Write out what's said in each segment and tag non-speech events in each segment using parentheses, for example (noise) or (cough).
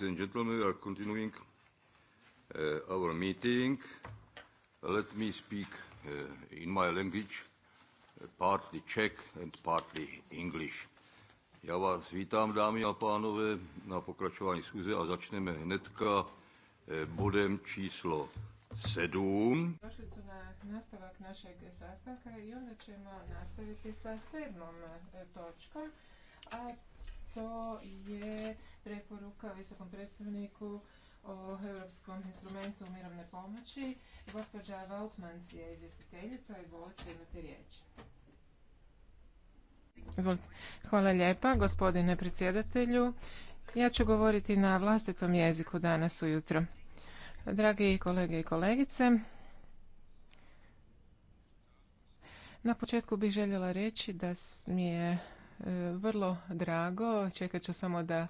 Ladies and gentlemen, we are continuing uh, our meeting. Let me speak uh, in my language, uh, partly Czech and partly English. Já vás vítám, dámy a pánové, na pokračování schůze a začneme hnedka uh, bodem číslo sedm. Došli su na nastavak našeg sastanka i onda ćemo nastaviti sa sedmom točkom, a to je preporuka visokom predstavniku o Europskom instrumentu mirovne pomoći. Gospođa Vautmans je izvjestiteljica. Izvolite, imate riječ. Izvolite. Hvala lijepa, gospodine predsjedatelju. Ja ću govoriti na vlastitom jeziku danas ujutro. Dragi kolege i kolegice, na početku bih željela reći da mi je E, vrlo drago. Čekat ću samo da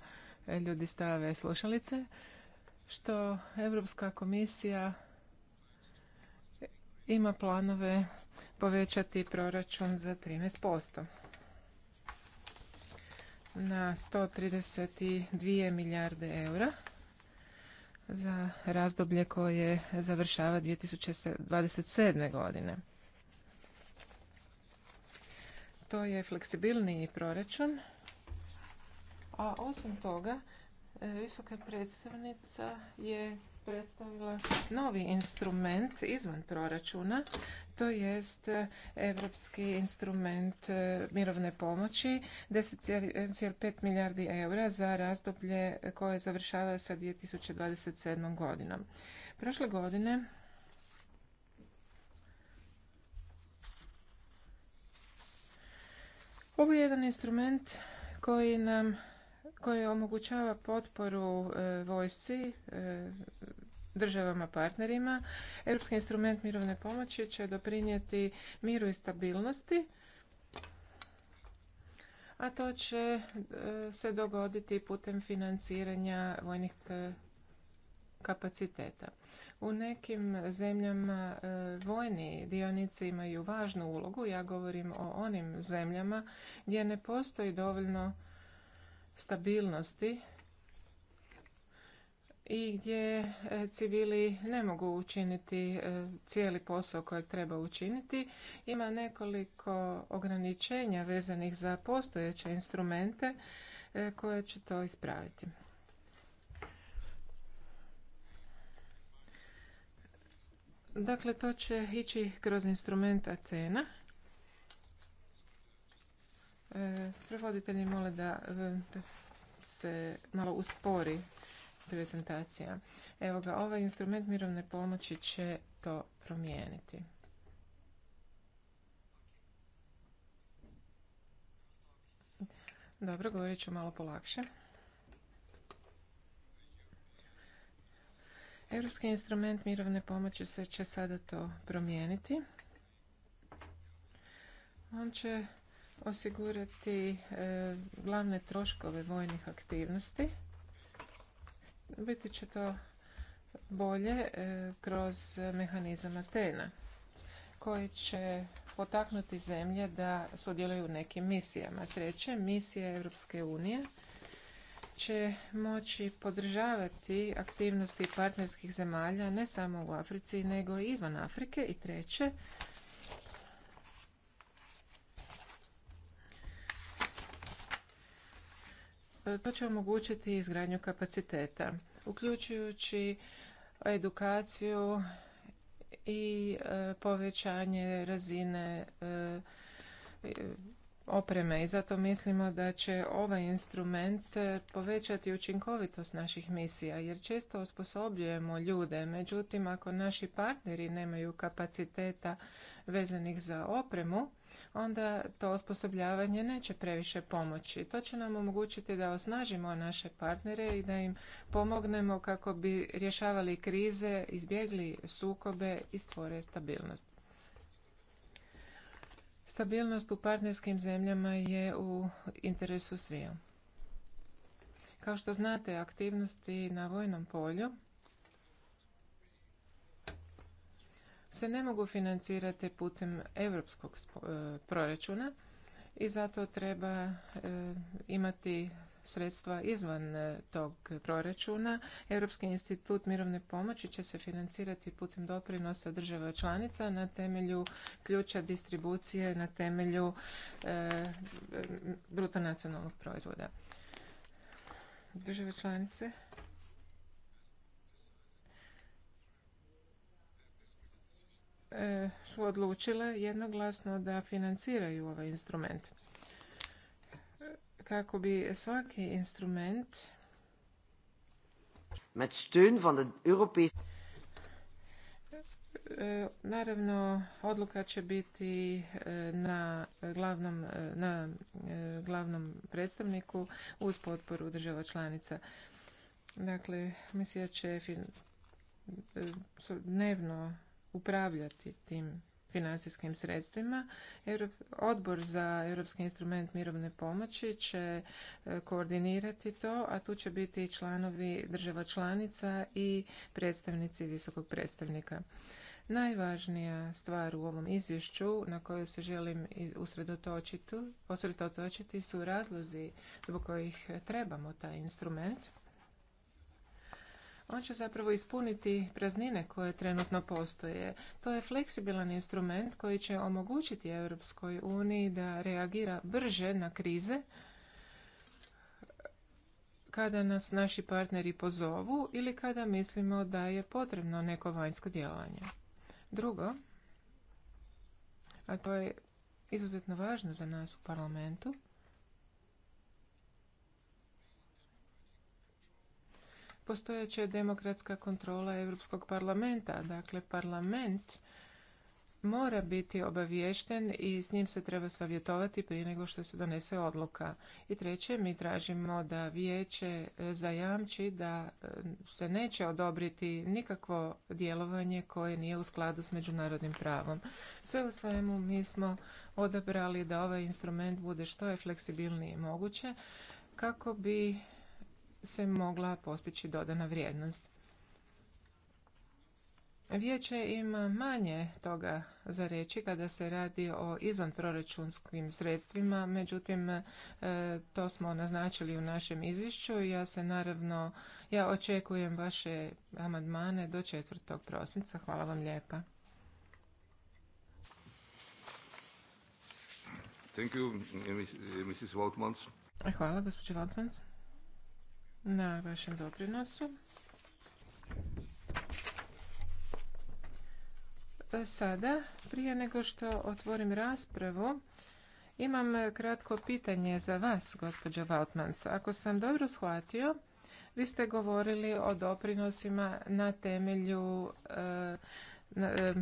ljudi stave slušalice. Što Europska komisija ima planove povećati proračun za 13%. Na 132 milijarde eura za razdoblje koje završava 2027. godine. To je fleksibilniji proračun. A osim toga, e, visoka predstavnica je predstavila novi instrument izvan proračuna, to jest Europski instrument e, mirovne pomoći 10,5 milijardi eura za razdoblje koje završava sa 2027. godinom. Prošle godine Ovo je jedan instrument koji nam koji omogućava potporu e, vojsci e, državama partnerima. Europski instrument mirovne pomoći će doprinijeti miru i stabilnosti, a to će e, se dogoditi putem financiranja vojnih kapaciteta. U nekim zemljama e, vojni dionici imaju važnu ulogu. Ja govorim o onim zemljama gdje ne postoji dovoljno stabilnosti i gdje e, civili ne mogu učiniti e, cijeli posao kojeg treba učiniti. Ima nekoliko ograničenja vezanih za postojeće instrumente koje će to ispraviti. Dakle, to će ići kroz instrument Atena. E, prevoditelji mole e, da se malo uspori prezentacija. Evo ga, ovaj instrument mirovne pomoći će to promijeniti. Dobro, govorit ću malo polakše. Europski instrument mirovne pomoći se će sada to promijeniti. On će osigurati e, glavne troškove vojnih aktivnosti. Biti će to bolje e, kroz mehanizam Atena koji će potaknuti zemlje da sudjeluju u nekim misijama. Treće, misije Europske unije će moći podržavati aktivnosti partnerskih zemalja ne samo u Africi nego i izvan Afrike i treće to će omogućiti izgradnju kapaciteta uključujući edukaciju i e, povećanje razine e, opreme i zato mislimo da će ovaj instrument e, povećati učinkovitost naših misija jer često osposobljujemo ljude međutim ako naši partneri nemaju kapaciteta vezanih za opremu onda to osposobljavanje neće previše pomoći to će nam omogućiti da osnažimo naše partnere i da im pomognemo kako bi rješavali krize izbjegli sukobe i stvore stabilnost Stabilnost u partnerskim zemljama je u interesu sviju. Kao što znate, aktivnosti na vojnom polju se ne mogu financirati putem europskog e, proračuna i zato treba e, imati sredstva izvan e, tog proračuna. Europski institut mirovne pomoći će se financirati putem doprinosa država članica na temelju ključa distribucije na temelju e, bruto nacionalnog proizvoda. Države članice e, su odlučile jednoglasno da financiraju ovaj instrument kako bi svaki instrument met steun van de Europese e, Naravno, odluka će biti e, na glavnom, e, na glavnom predstavniku uz potporu država članica. Dakle, mislija će dnevno upravljati tim financijskim sredstvima. Odbor za Europski instrument mirovne pomoći će e, koordinirati to, a tu će biti članovi država članica i predstavnici visokog predstavnika. Najvažnija stvar u ovom izvješću na koju se želim usredotočiti su razlozi zbog kojih trebamo taj instrument on će zapravo ispuniti praznine koje trenutno postoje. To je fleksibilan instrument koji će omogućiti Europskoj uniji da reagira brže na krize kada nas naši partneri pozovu ili kada mislimo da je potrebno neko vanjsko djelovanje. Drugo, a to je izuzetno važno za nas u parlamentu, će demokratska kontrola Europskog parlamenta. Dakle, parlament mora biti obaviješten i s njim se treba savjetovati prije nego što se donese odluka. I treće, mi tražimo da vijeće e, zajamči da e, se neće odobriti nikakvo djelovanje koje nije u skladu s međunarodnim pravom. Sve u svemu mi smo odabrali da ovaj instrument bude što je fleksibilniji moguće kako bi se mogla postići dodana vrijednost. Vijeće ima manje toga za reći kada se radi o izvanproračunskim sredstvima, međutim e, to smo naznačili u našem izvješću. Ja se naravno, ja očekujem vaše amandmane do 4. prosinca. Hvala vam lijepa. Hvala, gospođo na vašem doprinosu. Sada, prije nego što otvorim raspravu, imam kratko pitanje za vas, gospođo Vautmans. Ako sam dobro shvatio, vi ste govorili o doprinosima na temelju e, na, e,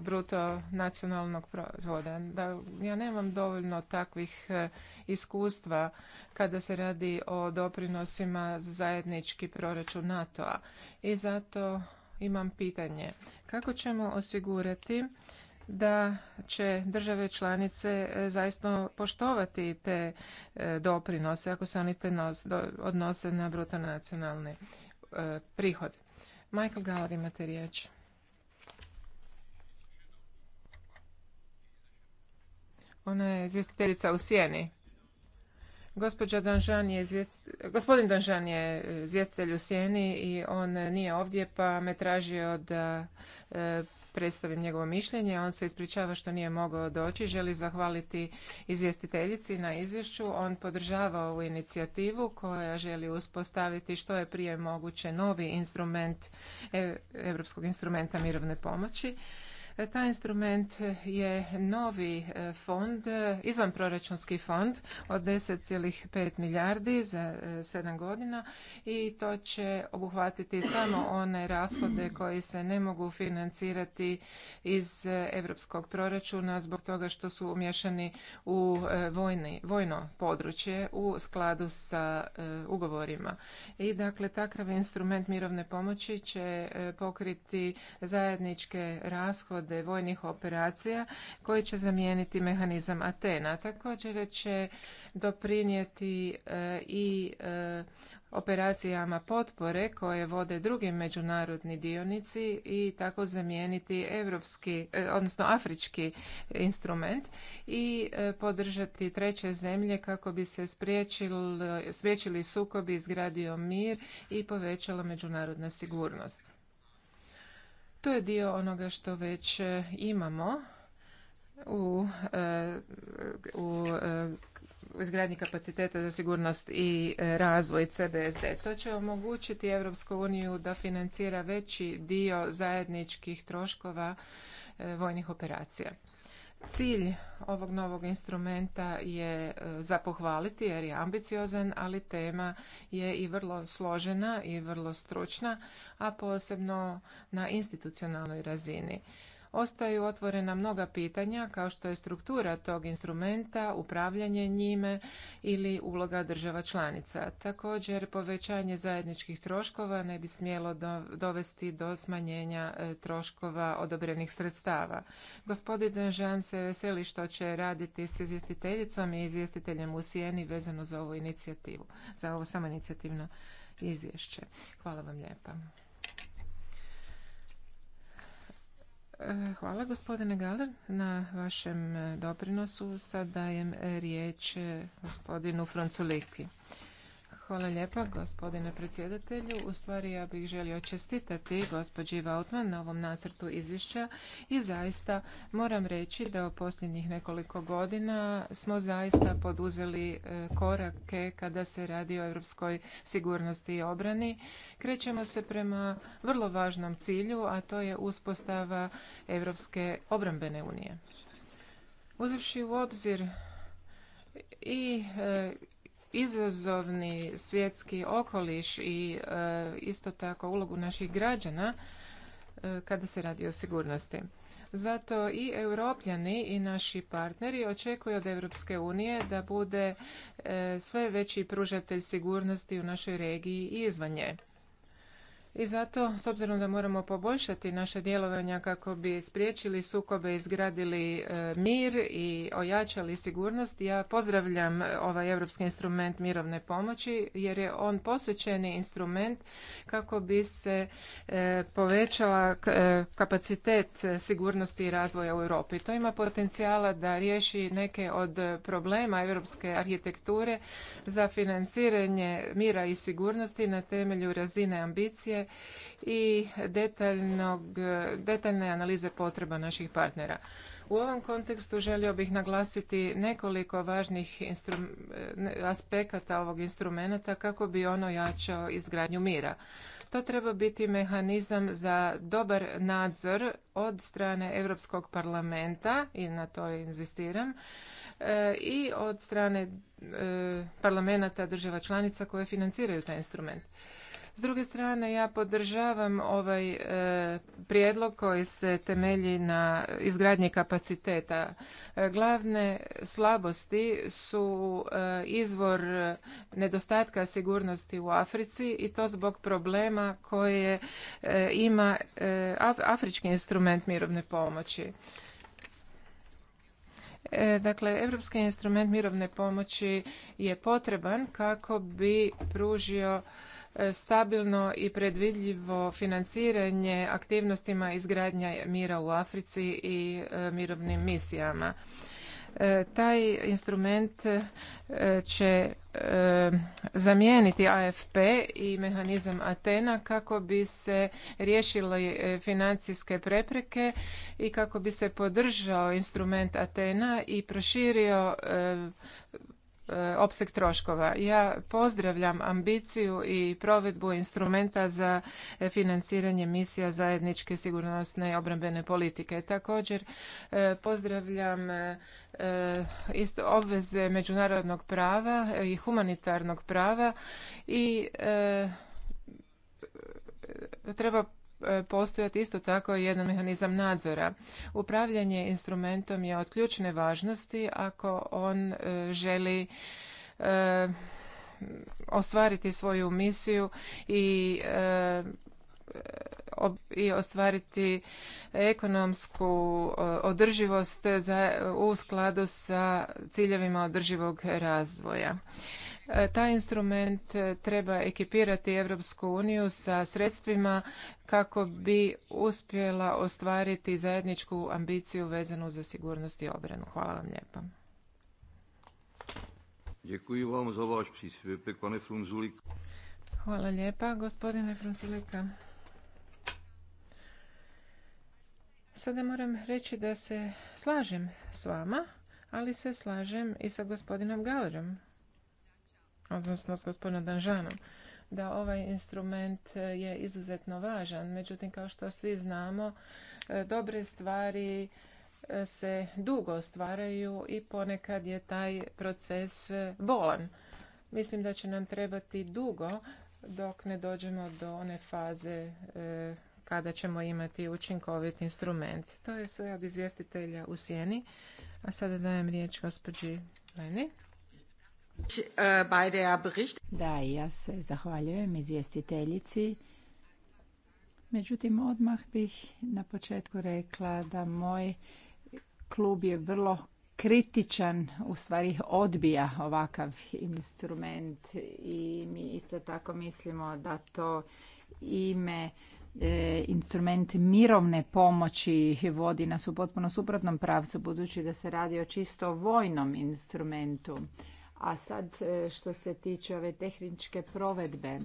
bruto nacionalnog proizvoda. Da, ja nemam dovoljno takvih e, iskustva kada se radi o doprinosima za zajednički proračun NATO-a i zato imam pitanje kako ćemo osigurati da će države članice e, zaista poštovati te e, doprinose ako se oni odnose na bruto nacionalni prihod. Michael Galler, imate riječ. Ona je izvjestiteljica u sjeni. Gospođa je Gospodin Danžan je izvjestitelj u sjeni i on nije ovdje pa me tražio da e, predstavim njegovo mišljenje. On se ispričava što nije mogao doći. Želi zahvaliti izvjestiteljici na izvješću. On podržava ovu inicijativu koja želi uspostaviti što je prije moguće novi instrument, e, Europskog instrumenta mirovne pomoći. E, taj instrument je novi e, fond, e, izvanproračunski fond od 10,5 milijardi za 7 godina i to će obuhvatiti samo one rashode koji se ne mogu financirati iz europskog proračuna zbog toga što su umješani u vojno područje u skladu sa ugovorima. I dakle takav instrument mirovne pomoći će pokriti zajedničke rashode vojnih operacija koji će zamijeniti mehanizam Atena. Također će doprinijeti e, i e, operacijama potpore koje vode drugi međunarodni dionici i tako zamijeniti evropski, e, odnosno afrički instrument i podržati treće zemlje kako bi se spriječili, sukobi, izgradio mir i povećala međunarodna sigurnost. To je dio onoga što već e, imamo u, e, u e, izgradnji kapaciteta za sigurnost i razvoj CBSD. To će omogućiti EU da financira veći dio zajedničkih troškova vojnih operacija. Cilj ovog novog instrumenta je e, za pohvaliti jer je ambiciozan, ali tema je i vrlo složena i vrlo stručna, a posebno na institucionalnoj razini. Ostaju otvorena mnoga pitanja kao što je struktura tog instrumenta, upravljanje njime ili uloga država članica. Također povećanje zajedničkih troškova ne bi smjelo dovesti do smanjenja e, troškova odobrenih sredstava. Gospodin Dežan se veseli što će raditi s izvjestiteljicom i izvjestiteljem u Sijeni vezano za ovu inicijativu, za ovo samo inicijativno izvješće. Hvala vam lijepa. E, hvala gospodine Galer na vašem e, doprinosu. Sad dajem e, riječ gospodinu Franculiki. Hvala lijepa gospodine predsjedatelju. U stvari ja bih želio čestitati gospođi Vautman na ovom nacrtu izvješća i zaista moram reći da u posljednjih nekoliko godina smo zaista poduzeli e, korake kada se radi o europskoj sigurnosti i obrani. Krećemo se prema vrlo važnom cilju, a to je uspostava Europske obrambene unije. Uzevši u obzir i e, izazovni svjetski okoliš i e, isto tako ulogu naših građana e, kada se radi o sigurnosti. Zato i europljani i naši partneri očekuju od Europske unije da bude e, sve veći pružatelj sigurnosti u našoj regiji i izvan nje. I zato, s obzirom da moramo poboljšati naše djelovanja kako bi spriječili sukobe, izgradili e, mir i ojačali sigurnost, ja pozdravljam e, ovaj Europski instrument mirovne pomoći jer je on posvećeni instrument kako bi se e, povećala kapacitet sigurnosti i razvoja u Europi. To ima potencijala da riješi neke od problema europske arhitekture za financiranje mira i sigurnosti na temelju razine ambicije i detaljne analize potreba naših partnera. U ovom kontekstu želio bih naglasiti nekoliko važnih aspekata ovog instrumenta kako bi ono jačao izgradnju mira. To treba biti mehanizam za dobar nadzor od strane Europskog parlamenta i na to inzistiram e, i od strane e, parlamenta država članica koje financiraju taj instrument. S druge strane, ja podržavam ovaj e, prijedlog koji se temelji na izgradnji kapaciteta. E, glavne slabosti su e, izvor nedostatka sigurnosti u Africi i to zbog problema koje ima afrički instrument mirovne pomoći. Dakle, Europski instrument mirovne pomoći je potreban kako bi pružio stabilno i predvidljivo financiranje aktivnostima izgradnja mira u Africi i e, mirovnim misijama. E, taj instrument e, će zamijeniti AFP i mehanizam Atena kako bi se riješile financijske prepreke i kako bi se podržao instrument Atena i proširio E, opseg troškova. Ja pozdravljam ambiciju i provedbu instrumenta za financiranje misija zajedničke sigurnosne i obrambene politike. Također e, pozdravljam e, isto obveze međunarodnog prava i humanitarnog prava i treba E, postojati isto tako jedan mehanizam nadzora. Upravljanje instrumentom je od ključne važnosti ako on e, želi e, ostvariti svoju misiju i i ostvariti ekonomsku održivost u skladu sa ciljevima održivog razvoja. E, taj instrument e, treba ekipirati Europsku uniju sa sredstvima kako bi uspjela ostvariti zajedničku ambiciju vezanu za sigurnost i obranu. Hvala vam lijepa. Hvala lijepa, gospodine Frunzulika. Sada moram reći da se slažem s vama, ali se slažem i sa gospodinom Gaurom odnosno s gospodinom Danžanom, da ovaj instrument e, je izuzetno važan. Međutim, kao što svi znamo, e, dobre stvari e, se dugo stvaraju i ponekad je taj proces bolan. Mislim da će nam trebati dugo dok ne dođemo do one faze kada ćemo imati učinkovit instrument. To je sve od izvjestitelja u sjeni. A sada dajem riječ gospođi Leni. Da, ja se zahvaljujem izvjestiteljici. Međutim, odmah bih na početku rekla da moj klub je vrlo kritičan, u stvari odbija ovakav instrument i mi isto tako mislimo da to ime e, instrument mirovne pomoći vodi nas u potpuno suprotnom pravcu budući da se radi o čisto vojnom instrumentu. A sad e, što se tiče ove tehničke provedbe,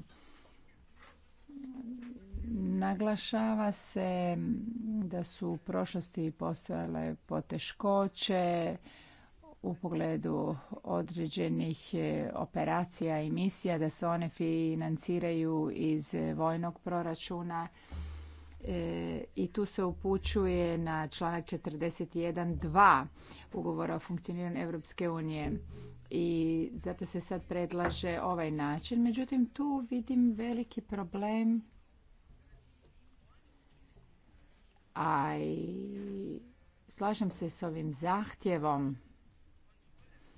naglašava se da su u prošlosti postojale poteškoće u pogledu određenih e, operacija i misija, da se one financiraju iz vojnog proračuna E, i tu se upućuje na članak 41.2 ugovora o funkcioniranju Europske unije i zato se sad predlaže ovaj način. Međutim, tu vidim veliki problem a i slažem se s ovim zahtjevom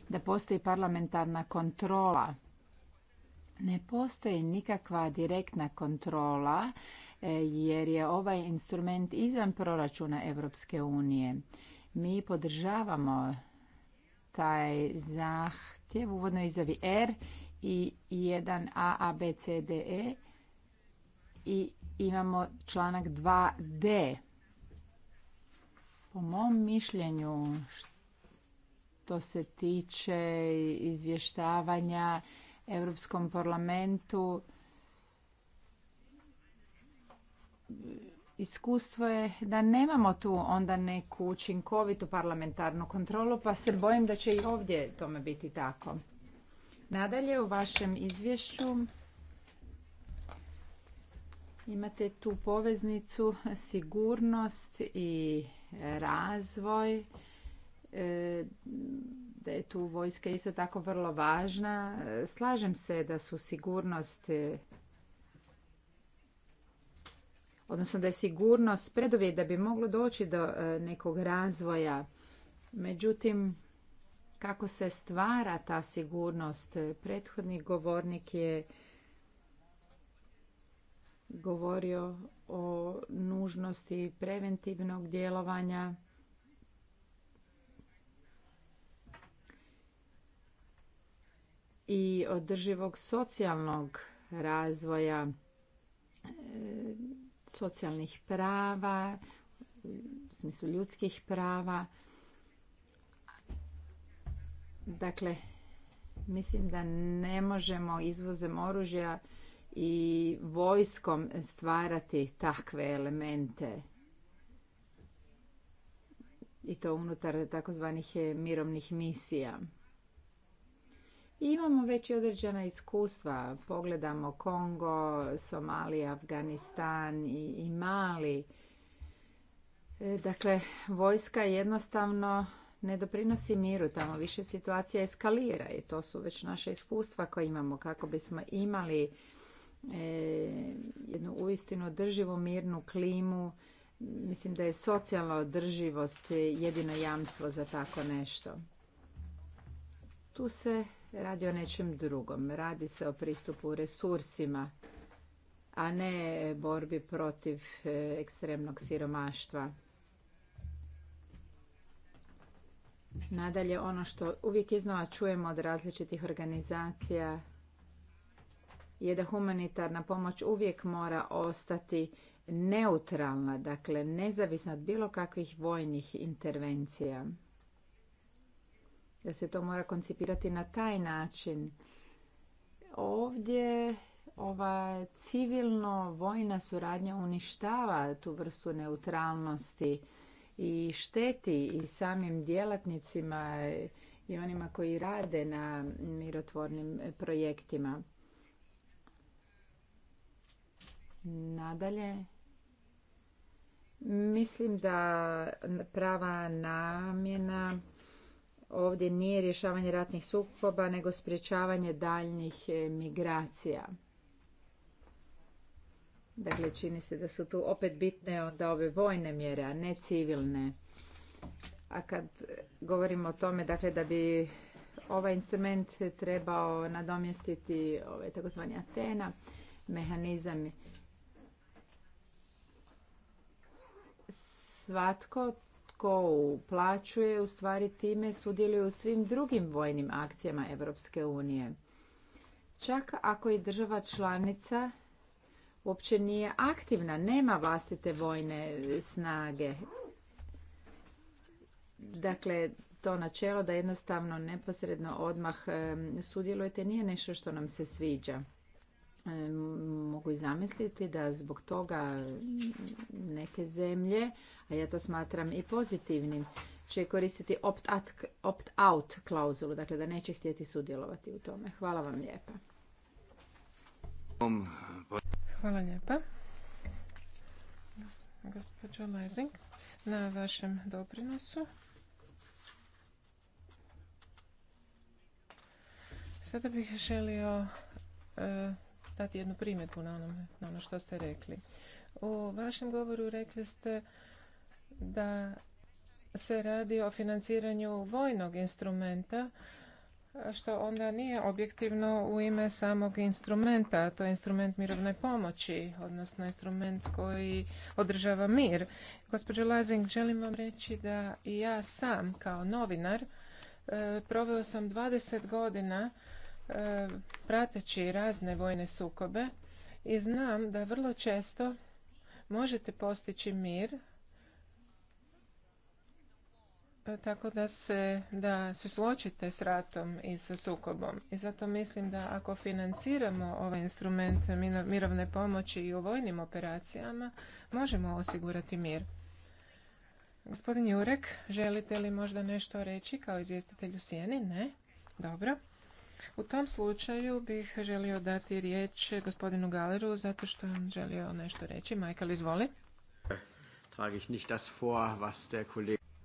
da postoji parlamentarna kontrola. Ne postoji nikakva direktna kontrola E, jer je ovaj instrument izvan proračuna Europske unije. Mi podržavamo taj zahtjev uvodno izavi R i 1A, A, B, C, D, E i imamo članak 2D. Po mom mišljenju, što se tiče izvještavanja Europskom parlamentu, iskustvo je da nemamo tu onda neku učinkovitu parlamentarnu kontrolu, pa se bojim da će i ovdje tome biti tako. Nadalje u vašem izvješću imate tu poveznicu sigurnost i razvoj. E, da je tu vojska isto tako vrlo važna. Slažem se da su sigurnost odnosno da je sigurnost preduvjet da bi moglo doći do e, nekog razvoja. Međutim, kako se stvara ta sigurnost? Prethodni govornik je govorio o nužnosti preventivnog djelovanja. i održivog socijalnog razvoja. E, socijalnih prava, u smislu ljudskih prava. Dakle, mislim da ne možemo izvozem oružja i vojskom stvarati takve elemente i to unutar takozvanih mirovnih misija imamo već i određena iskustva. Pogledamo Kongo, Somalija, Afganistan i, Mali. E, dakle, vojska jednostavno ne doprinosi miru, tamo više situacija eskalira i to su već naše iskustva koje imamo kako bismo imali e, jednu uistinu održivu mirnu klimu. Mislim da je socijalna održivost jedino jamstvo za tako nešto. Tu se radi o nečem drugom. Radi se o pristupu resursima, a ne borbi protiv e, ekstremnog siromaštva. Nadalje, ono što uvijek iznova čujemo od različitih organizacija je da humanitarna pomoć uvijek mora ostati neutralna, dakle nezavisna od bilo kakvih vojnih intervencija da se to mora koncipirati na taj način. Ovdje ova civilno-vojna suradnja uništava tu vrstu neutralnosti i šteti i samim djelatnicima i onima koji rade na mirotvornim projektima. Nadalje, mislim da prava namjena ovdje nije rješavanje ratnih sukoba, nego sprječavanje daljnjih e, migracija. Dakle, čini se da su tu opet bitne onda ove vojne mjere, a ne civilne. A kad govorimo o tome, dakle, da bi ovaj instrument trebao nadomjestiti ovaj takozvani Atena, mehanizam svatko tko uplaćuje, u stvari time sudjeluje u svim drugim vojnim akcijama Europske unije. Čak ako i država članica uopće nije aktivna, nema vlastite vojne snage. Dakle, to načelo da jednostavno neposredno odmah sudjelujete nije nešto što nam se sviđa. E, mogu i zamisliti da zbog toga neke zemlje, a ja to smatram i pozitivnim, će koristiti opt-out klauzulu, dakle da neće htjeti sudjelovati u tome. Hvala vam lijepa. Hvala lijepa. Gospođo Lezing, na vašem doprinosu. Sada bih želio e, dati jednu primjedbu na, ono, na ono što ste rekli. U vašem govoru rekli ste da se radi o financiranju vojnog instrumenta, što onda nije objektivno u ime samog instrumenta, to je instrument mirovne pomoći, odnosno instrument koji održava mir. Gospođo Lazing, želim vam reći da i ja sam kao novinar e, proveo sam 20 godina E, prateći razne vojne sukobe i znam da vrlo često možete postići mir e, tako da se, da se suočite s ratom i sa sukobom. I zato mislim da ako financiramo ovaj instrument mirovne pomoći i u vojnim operacijama, možemo osigurati mir. Gospodin Jurek, želite li možda nešto reći kao izvjestitelj u Sjeni? Ne? Dobro. U tom slučaju bih želio dati riječ gospodinu Galeru zato što on želio nešto reći. Michael, izvoli.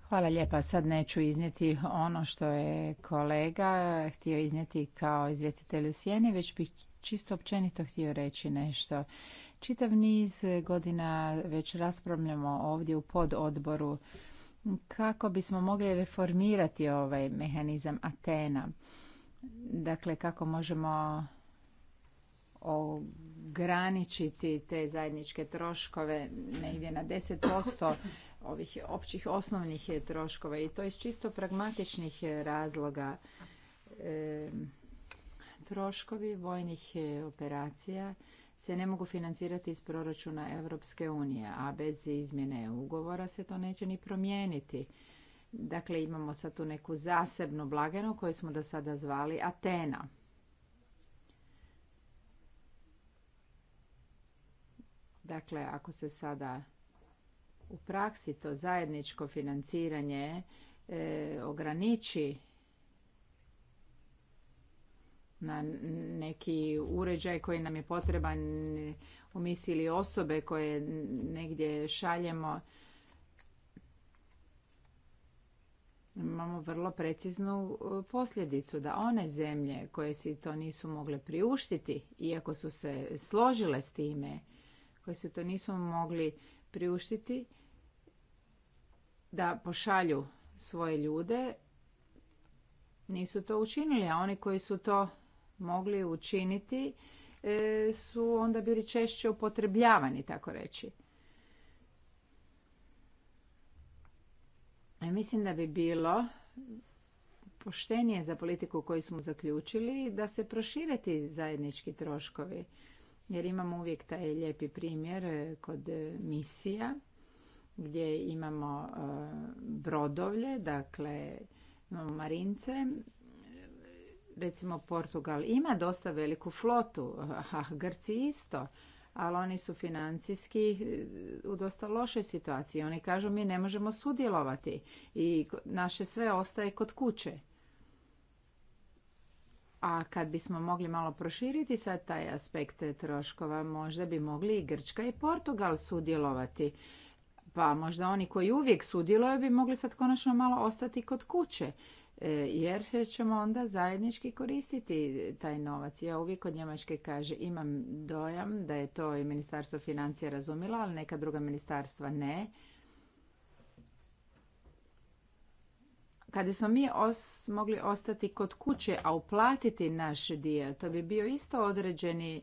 Hvala lijepa. Sad neću iznijeti ono što je kolega htio iznijeti kao izvjestitelj u sjeni, već bih čisto općenito htio reći nešto. Čitav niz godina već raspravljamo ovdje u pododboru kako bismo mogli reformirati ovaj mehanizam Atena. Dakle, kako možemo ograničiti te zajedničke troškove negdje na 10% ovih općih osnovnih troškova i to iz čisto pragmatičnih razloga. E, troškovi vojnih operacija se ne mogu financirati iz proračuna Europske unije, a bez izmjene ugovora se to neće ni promijeniti. Dakle, imamo sad tu neku zasebnu blagenu koju smo da sada zvali Atena. Dakle, ako se sada u praksi to zajedničko financiranje e, ograniči na neki uređaj koji nam je potreban u misiji ili osobe koje negdje šaljemo, imamo vrlo preciznu e, posljedicu da one zemlje koje si to nisu mogle priuštiti, iako su se složile s time, koje se to nisu mogli priuštiti, da pošalju svoje ljude, nisu to učinili, a oni koji su to mogli učiniti e, su onda bili češće upotrebljavani, tako reći. Mislim da bi bilo poštenije za politiku koju smo zaključili da se prošire ti zajednički troškovi. Jer imamo uvijek taj lijepi primjer eh, kod eh, misija gdje imamo eh, brodovlje, dakle imamo marince. Recimo Portugal ima dosta veliku flotu, (laughs) a Grci isto ali oni su financijski e, u dosta lošoj situaciji. Oni kažu mi ne možemo sudjelovati i naše sve ostaje kod kuće. A kad bismo mogli malo proširiti sad taj aspekt troškova, možda bi mogli i Grčka i Portugal sudjelovati. Pa možda oni koji uvijek sudjeluju bi mogli sad konačno malo ostati kod kuće E, jer ćemo onda zajednički koristiti taj novac. Ja uvijek od Njemačke kaže imam dojam da je to i ministarstvo financija razumjelo, ali neka druga ministarstva ne. Kada smo mi os mogli ostati kod kuće, a uplatiti naš dio, to bi bio isto određeni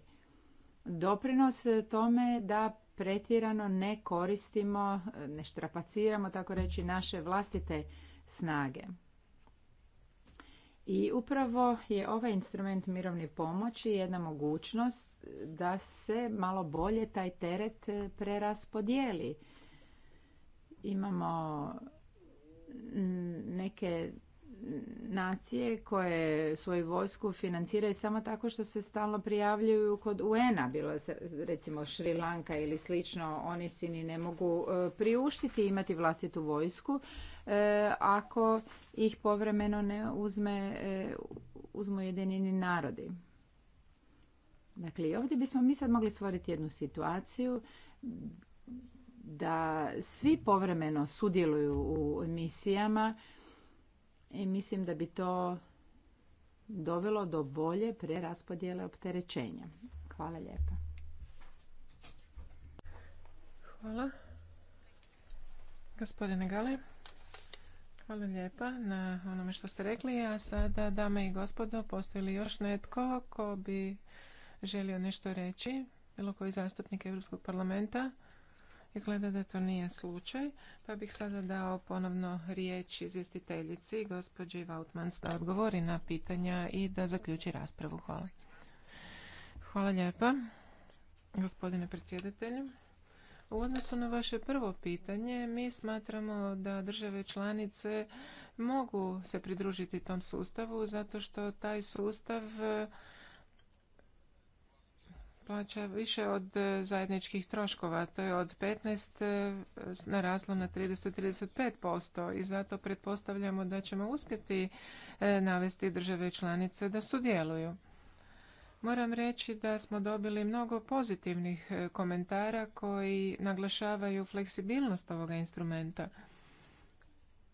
doprinos tome da pretjerano ne koristimo, ne štrapaciramo, tako reći, naše vlastite snage. I upravo je ovaj instrument mirovne pomoći jedna mogućnost da se malo bolje taj teret e, preraspodijeli. Imamo neke nacije koje svoju vojsku financiraju samo tako što se stalno prijavljuju kod UN-a, bilo recimo Šri Lanka ili slično, oni si ni ne mogu e, priuštiti imati vlastitu vojsku e, ako ih povremeno ne uzme, e, uzmu jedinini narodi. Dakle, ovdje bismo mi sad mogli stvoriti jednu situaciju da svi povremeno sudjeluju u misijama i mislim da bi to dovelo do bolje preraspodjele opterećenja. Hvala lijepa. Hvala. Gospodine Gale, hvala lijepa na onome što ste rekli. A sada, dame i gospodo, postoji li još netko ko bi želio nešto reći? Bilo koji zastupnik Europskog parlamenta? Izgleda da to nije slučaj, pa bih sada dao ponovno riječ izvjestiteljici, gospođi Vautmans, da odgovori na pitanja i da zaključi raspravu. Hvala. Hvala lijepa, gospodine predsjedatelju. U odnosu na vaše prvo pitanje, mi smatramo da države članice mogu se pridružiti tom sustavu zato što taj sustav plaća više od e, zajedničkih troškova. To je od 15 e, naraslo na 30-35% i zato pretpostavljamo da ćemo uspjeti e, navesti države članice da sudjeluju. Moram reći da smo dobili mnogo pozitivnih komentara koji naglašavaju fleksibilnost ovoga instrumenta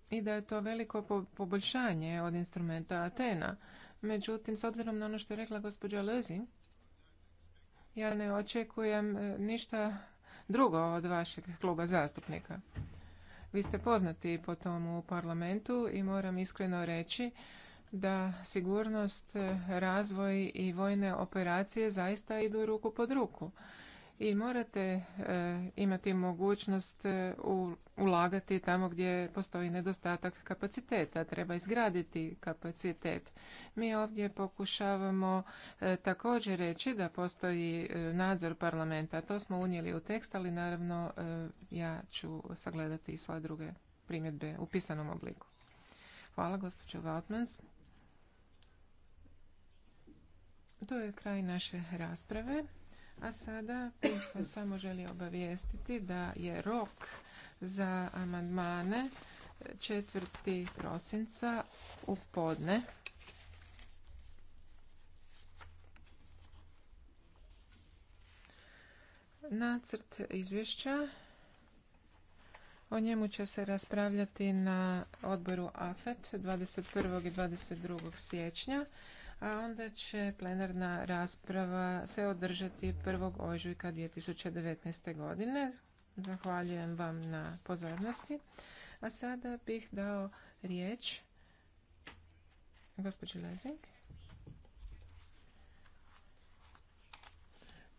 i da je to veliko poboljšanje od instrumenta Atena. Međutim, s obzirom na ono što je rekla gospođa Lezi, ja ne očekujem e, ništa drugo od vašeg kluba zastupnika. Vi ste poznati po tom u parlamentu i moram iskreno reći da sigurnost, e, razvoj i vojne operacije zaista idu ruku pod ruku i morate e, imati mogućnost e, ulagati tamo gdje postoji nedostatak kapaciteta treba izgraditi kapacitet mi ovdje pokušavamo e, također reći da postoji nadzor parlamenta to smo unijeli u tekst ali naravno ja ću sagledati i svoje druge primjedbe u pisanom obliku hvala gospođo Valtmans. to je kraj naše rasprave a sada bih samo želi obavijestiti da je rok za amandmane 4. prosinca u podne. Nacrt izvješća o njemu će se raspravljati na odboru AFET e 21. i 22. siječnja a onda će plenarna rasprava se održati 1. ožujka 2019. godine. Zahvaljujem vam na pozornosti. A sada bih dao riječ gospođi Lezing.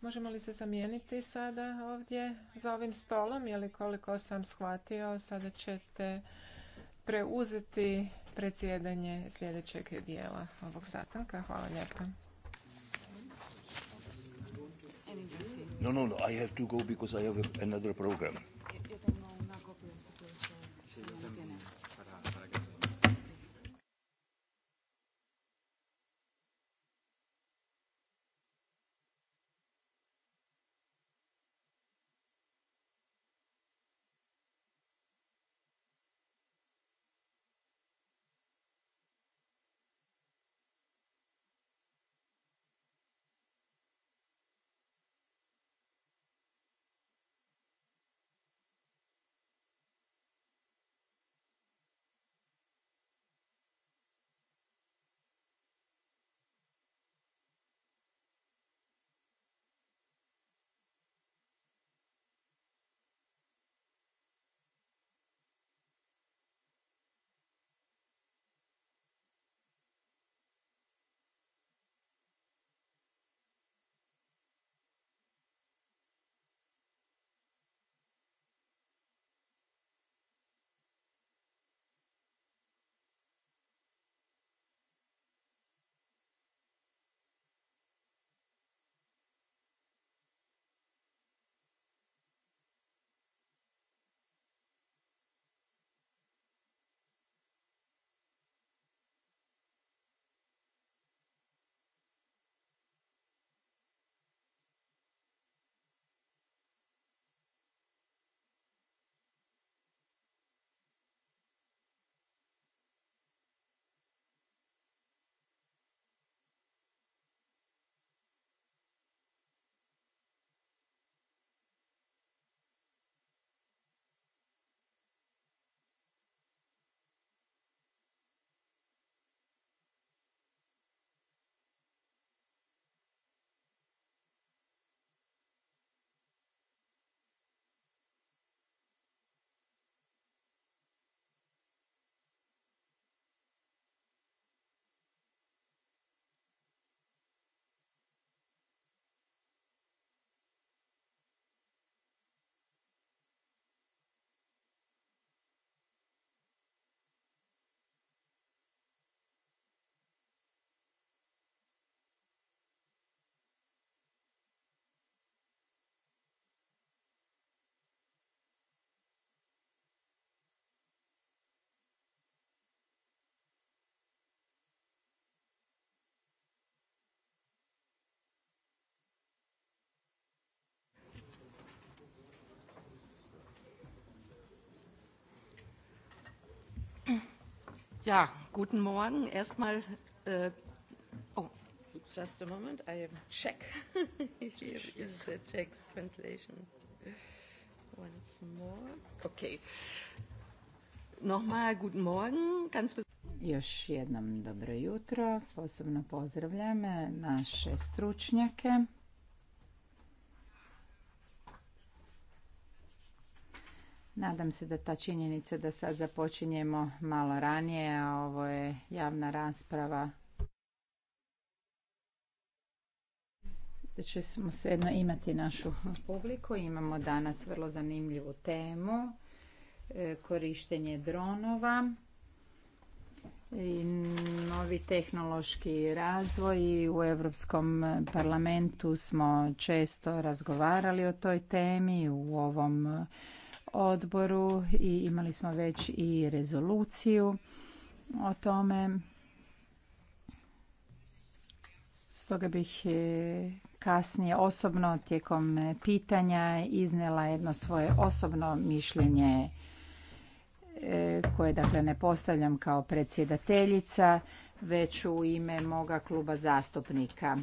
Možemo li se zamijeniti sada ovdje za ovim stolom? ili koliko sam shvatio, sada ćete preuzeti predsjedanje sljedećeg dijela ovog sastanka. Hvala lijepa. No, no, no, I have to go because I have another program. Ja, guten Morgen. Erstmal, äh, oh, just a moment, I have check. (laughs) Here is the text translation. Once more. Okay. Nochmal guten Morgen. Ganz Još jednom dobro jutro. Posebno pozdravljam naše stručnjake. Nadam se da ta činjenica da sad započinjemo malo ranije, a ovo je javna rasprava, da ćemo jedno imati našu publiku. Imamo danas vrlo zanimljivu temu, e, korištenje dronova i novi tehnološki razvoj u Europskom parlamentu smo često razgovarali o toj temi u ovom odboru i imali smo već i rezoluciju o tome. Stoga bih e, kasnije osobno tijekom pitanja iznela jedno svoje osobno mišljenje e, koje dakle ne postavljam kao predsjedateljica već u ime moga kluba zastupnika.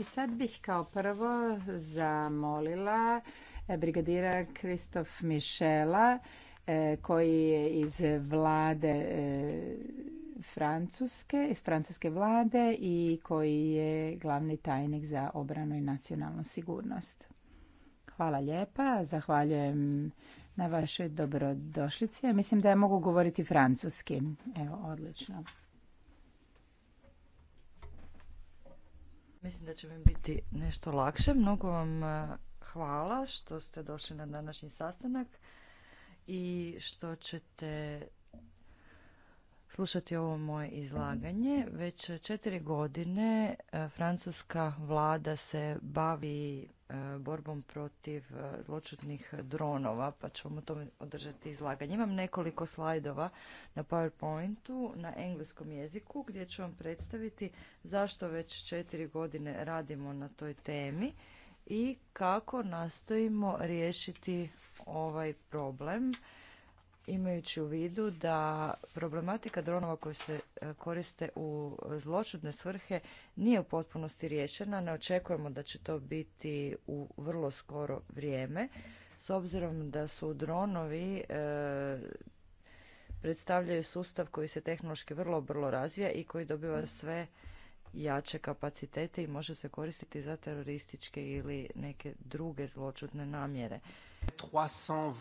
I sad bih kao prvo zamolila e, brigadira Kristof Mišela e, koji je iz vlade e, Francuske, iz francuske vlade i koji je glavni tajnik za obranu i nacionalnu sigurnost. Hvala lijepa, zahvaljujem na vašoj dobrodošlici. mislim da ja mogu govoriti francuski. Evo, odlično. Mislim da će vam biti nešto lakše. Mnogo vam e, hvala što ste došli na današnji sastanak i što ćete slušati ovo moje izlaganje. Već četiri godine e, francuska vlada se bavi E, borbom protiv e, zločutnih dronova, pa ćemo tome održati izlaganje. Imam nekoliko slajdova na PowerPointu na engleskom jeziku gdje ću vam predstaviti zašto već četiri godine radimo na toj temi i kako nastojimo riješiti ovaj problem imajući u vidu da problematika dronova koji se e, koriste u zločudne svrhe nije u potpunosti riješena. Ne očekujemo da će to biti u vrlo skoro vrijeme. S obzirom da su dronovi e, predstavljaju sustav koji se tehnološki vrlo, vrlo razvija i koji dobiva sve jače kapacitete i može se koristiti za terorističke ili neke druge zločudne namjere. 300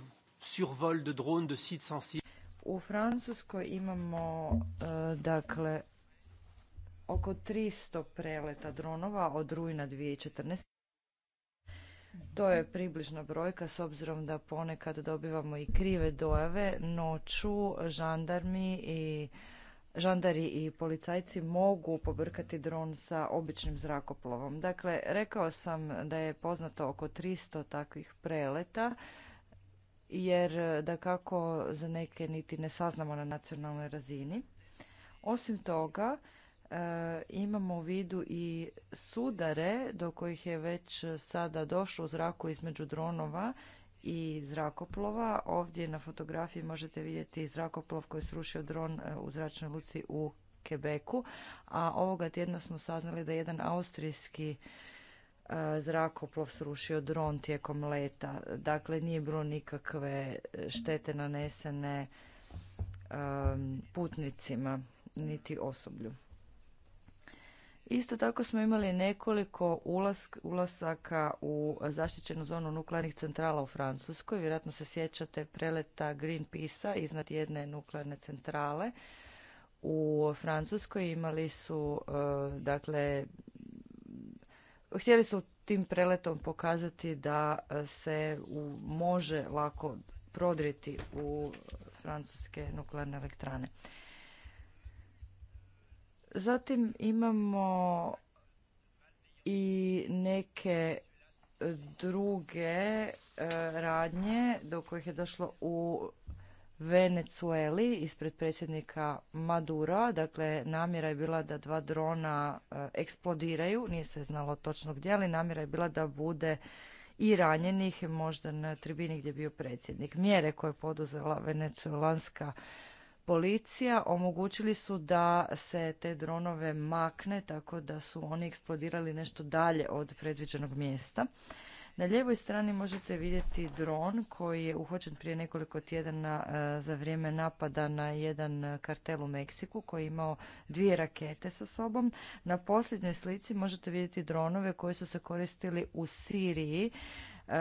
survol de de sites sensibles. U Francuskoj imamo e, dakle oko 300 preleta dronova od rujna 2014. To je približna brojka s obzirom da ponekad dobivamo i krive dojave. Noću žandarmi i žandari i policajci mogu pobrkati dron sa običnim zrakoplovom. Dakle, rekao sam da je poznato oko 300 takvih preleta jer e, da kako za neke niti ne saznamo na nacionalnoj razini. Osim toga, e, imamo u vidu i sudare do kojih je već sada došlo u zraku između dronova i zrakoplova. Ovdje na fotografiji možete vidjeti zrakoplov koji je srušio dron e, u zračnoj luci u Kebeku, a ovoga tjedna smo saznali da jedan austrijski E, zrakoplov srušio dron tijekom leta. Dakle, nije bilo nikakve štete nanesene putnicima niti osoblju. Isto tako smo imali nekoliko ulasaka u zaštićenu zonu nuklearnih centrala u Francuskoj. Vjerojatno se sjećate preleta Greenpeace-a iznad jedne nuklearne centrale. U Francuskoj imali su e, dakle Htjeli su tim preletom pokazati da e, se u, može lako prodriti u francuske nuklearne elektrane. Zatim imamo i neke druge e, radnje do kojih je došlo u Venecueli ispred predsjednika Madura. Dakle, namjera je bila da dva drona e, eksplodiraju, nije se znalo točno gdje, ali namjera je bila da bude i ranjenih, možda na tribini gdje je bio predsjednik. Mjere koje je poduzela venecuelanska policija omogućili su da se te dronove makne tako da su oni eksplodirali nešto dalje od predviđenog mjesta. Na lijevoj strani možete vidjeti dron koji je uhvaćen prije nekoliko tjedana e, za vrijeme napada na jedan kartel u Meksiku koji je imao dvije rakete sa sobom. Na posljednjoj slici možete vidjeti dronove koji su se koristili u Siriji e,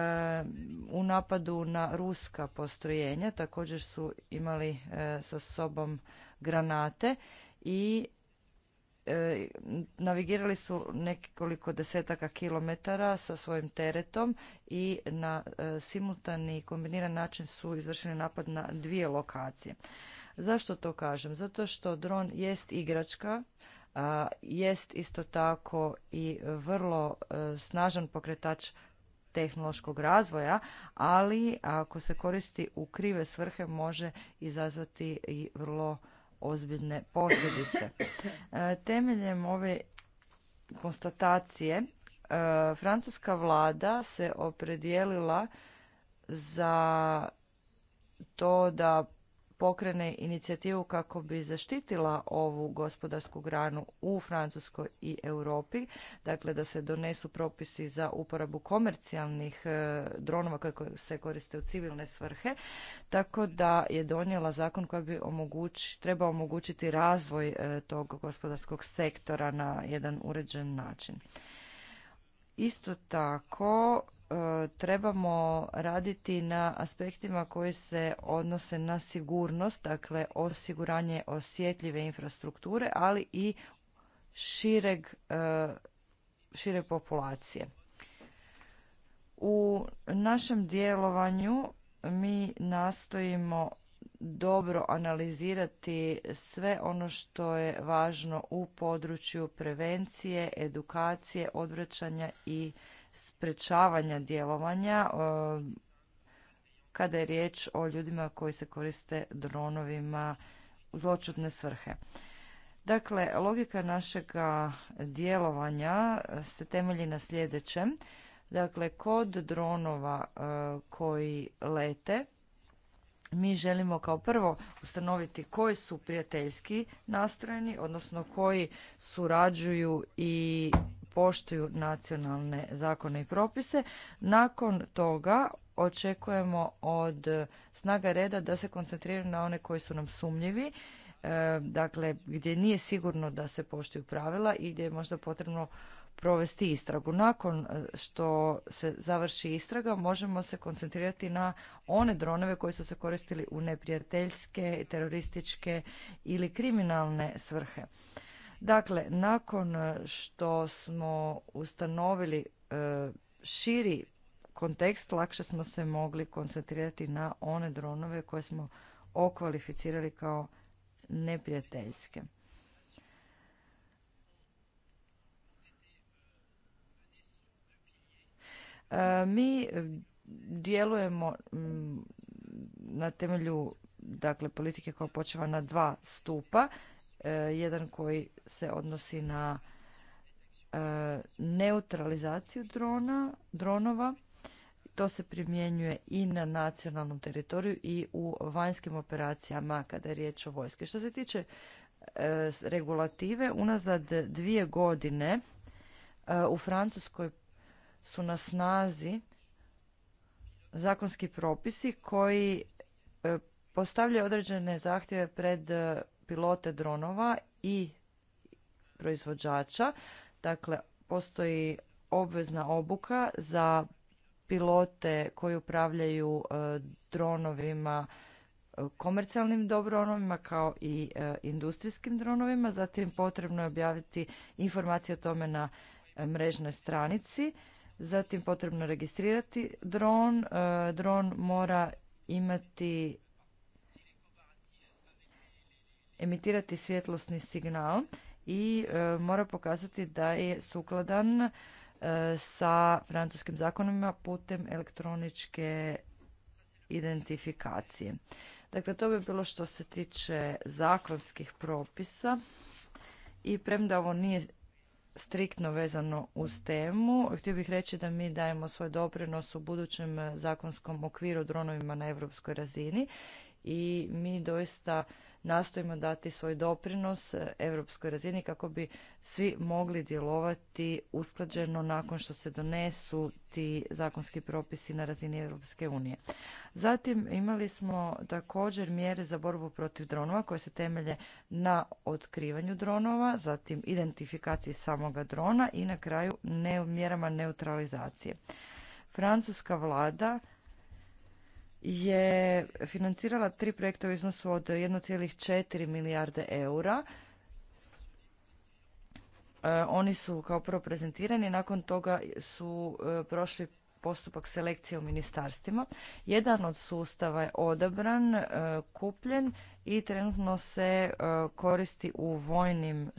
u napadu na ruska postrojenja. Također su imali e, sa sobom granate i E, navigirali su nekoliko desetaka kilometara sa svojim teretom i na e, simultani kombiniran način su izvršili napad na dvije lokacije. Zašto to kažem? Zato što dron jest igračka, jest isto tako i vrlo e, snažan pokretač tehnološkog razvoja, ali ako se koristi u krive svrhe može izazvati i vrlo ozbiljne posljedice. (coughs) E, temeljem ove konstatacije e, francuska vlada se opredijelila za to da pokrene inicijativu kako bi zaštitila ovu gospodarsku granu u Francuskoj i Europi, dakle da se donesu propisi za uporabu komercijalnih e, dronova koji se koriste u civilne svrhe, tako da je donijela zakon koji bi omogući, treba omogućiti razvoj e, tog gospodarskog sektora na jedan uređen način. Isto tako E, trebamo raditi na aspektima koji se odnose na sigurnost, dakle osiguranje osjetljive infrastrukture, ali i šireg, e, šire populacije. U našem djelovanju mi nastojimo dobro analizirati sve ono što je važno u području prevencije, edukacije, odvraćanja i sprečavanja djelovanja e, kada je riječ o ljudima koji se koriste dronovima u zločudne svrhe. Dakle, logika našeg djelovanja se temelji na sljedećem. Dakle, kod dronova e, koji lete, mi želimo kao prvo ustanoviti koji su prijateljski nastrojeni, odnosno koji surađuju i poštuju nacionalne zakone i propise. Nakon toga očekujemo od snaga reda da se koncentriraju na one koji su nam sumnjivi, e, dakle gdje nije sigurno da se poštuju pravila i gdje je možda potrebno provesti istragu. Nakon e, što se završi istraga možemo se koncentrirati na one dronove koji su se koristili u neprijateljske, terorističke ili kriminalne svrhe. Dakle, nakon e, što smo ustanovili e, širi kontekst, lakše smo se mogli koncentrirati na one dronove koje smo okvalificirali kao neprijateljske. E, mi djelujemo na temelju dakle, politike koja počeva na dva stupa. Eh, jedan koji se odnosi na eh, neutralizaciju drona, dronova. To se primjenjuje i na nacionalnom teritoriju i u vanjskim operacijama kada je riječ o vojske. Što se tiče eh, regulative, unazad dvije godine u Francuskoj su na snazi zakonski propisi koji postavljaju određene zahtjeve pred pilote dronova i proizvođača. Dakle, postoji obvezna obuka za pilote koji upravljaju e, dronovima, e, komercijalnim dronovima kao i e, industrijskim dronovima. Zatim potrebno je objaviti informacije o tome na mrežnoj stranici. Zatim potrebno je registrirati dron. Dron mora imati emitirati svjetlosni signal i e, mora pokazati da je sukladan e, sa francuskim zakonima putem elektroničke identifikacije. Dakle, to bi bilo što se tiče zakonskih propisa i premda ovo nije striktno vezano uz temu. Htio bih reći da mi dajemo svoj doprinos u budućem zakonskom okviru dronovima na europskoj razini i mi doista nastojimo dati svoj doprinos europskoj razini kako bi svi mogli djelovati usklađeno nakon što se donesu ti zakonski propisi na razini Europske unije. Zatim imali smo također mjere za borbu protiv dronova koje se temelje na otkrivanju dronova, zatim identifikaciji samoga drona i na kraju mjerama neutralizacije. Francuska vlada je financirala tri projekta u iznosu od 1,4 milijarde eura. E, oni su kao prvo prezentirani, nakon toga su e, prošli postupak selekcije u ministarstvima. Jedan od sustava je odabran, e, kupljen i trenutno se koristi u vojnim,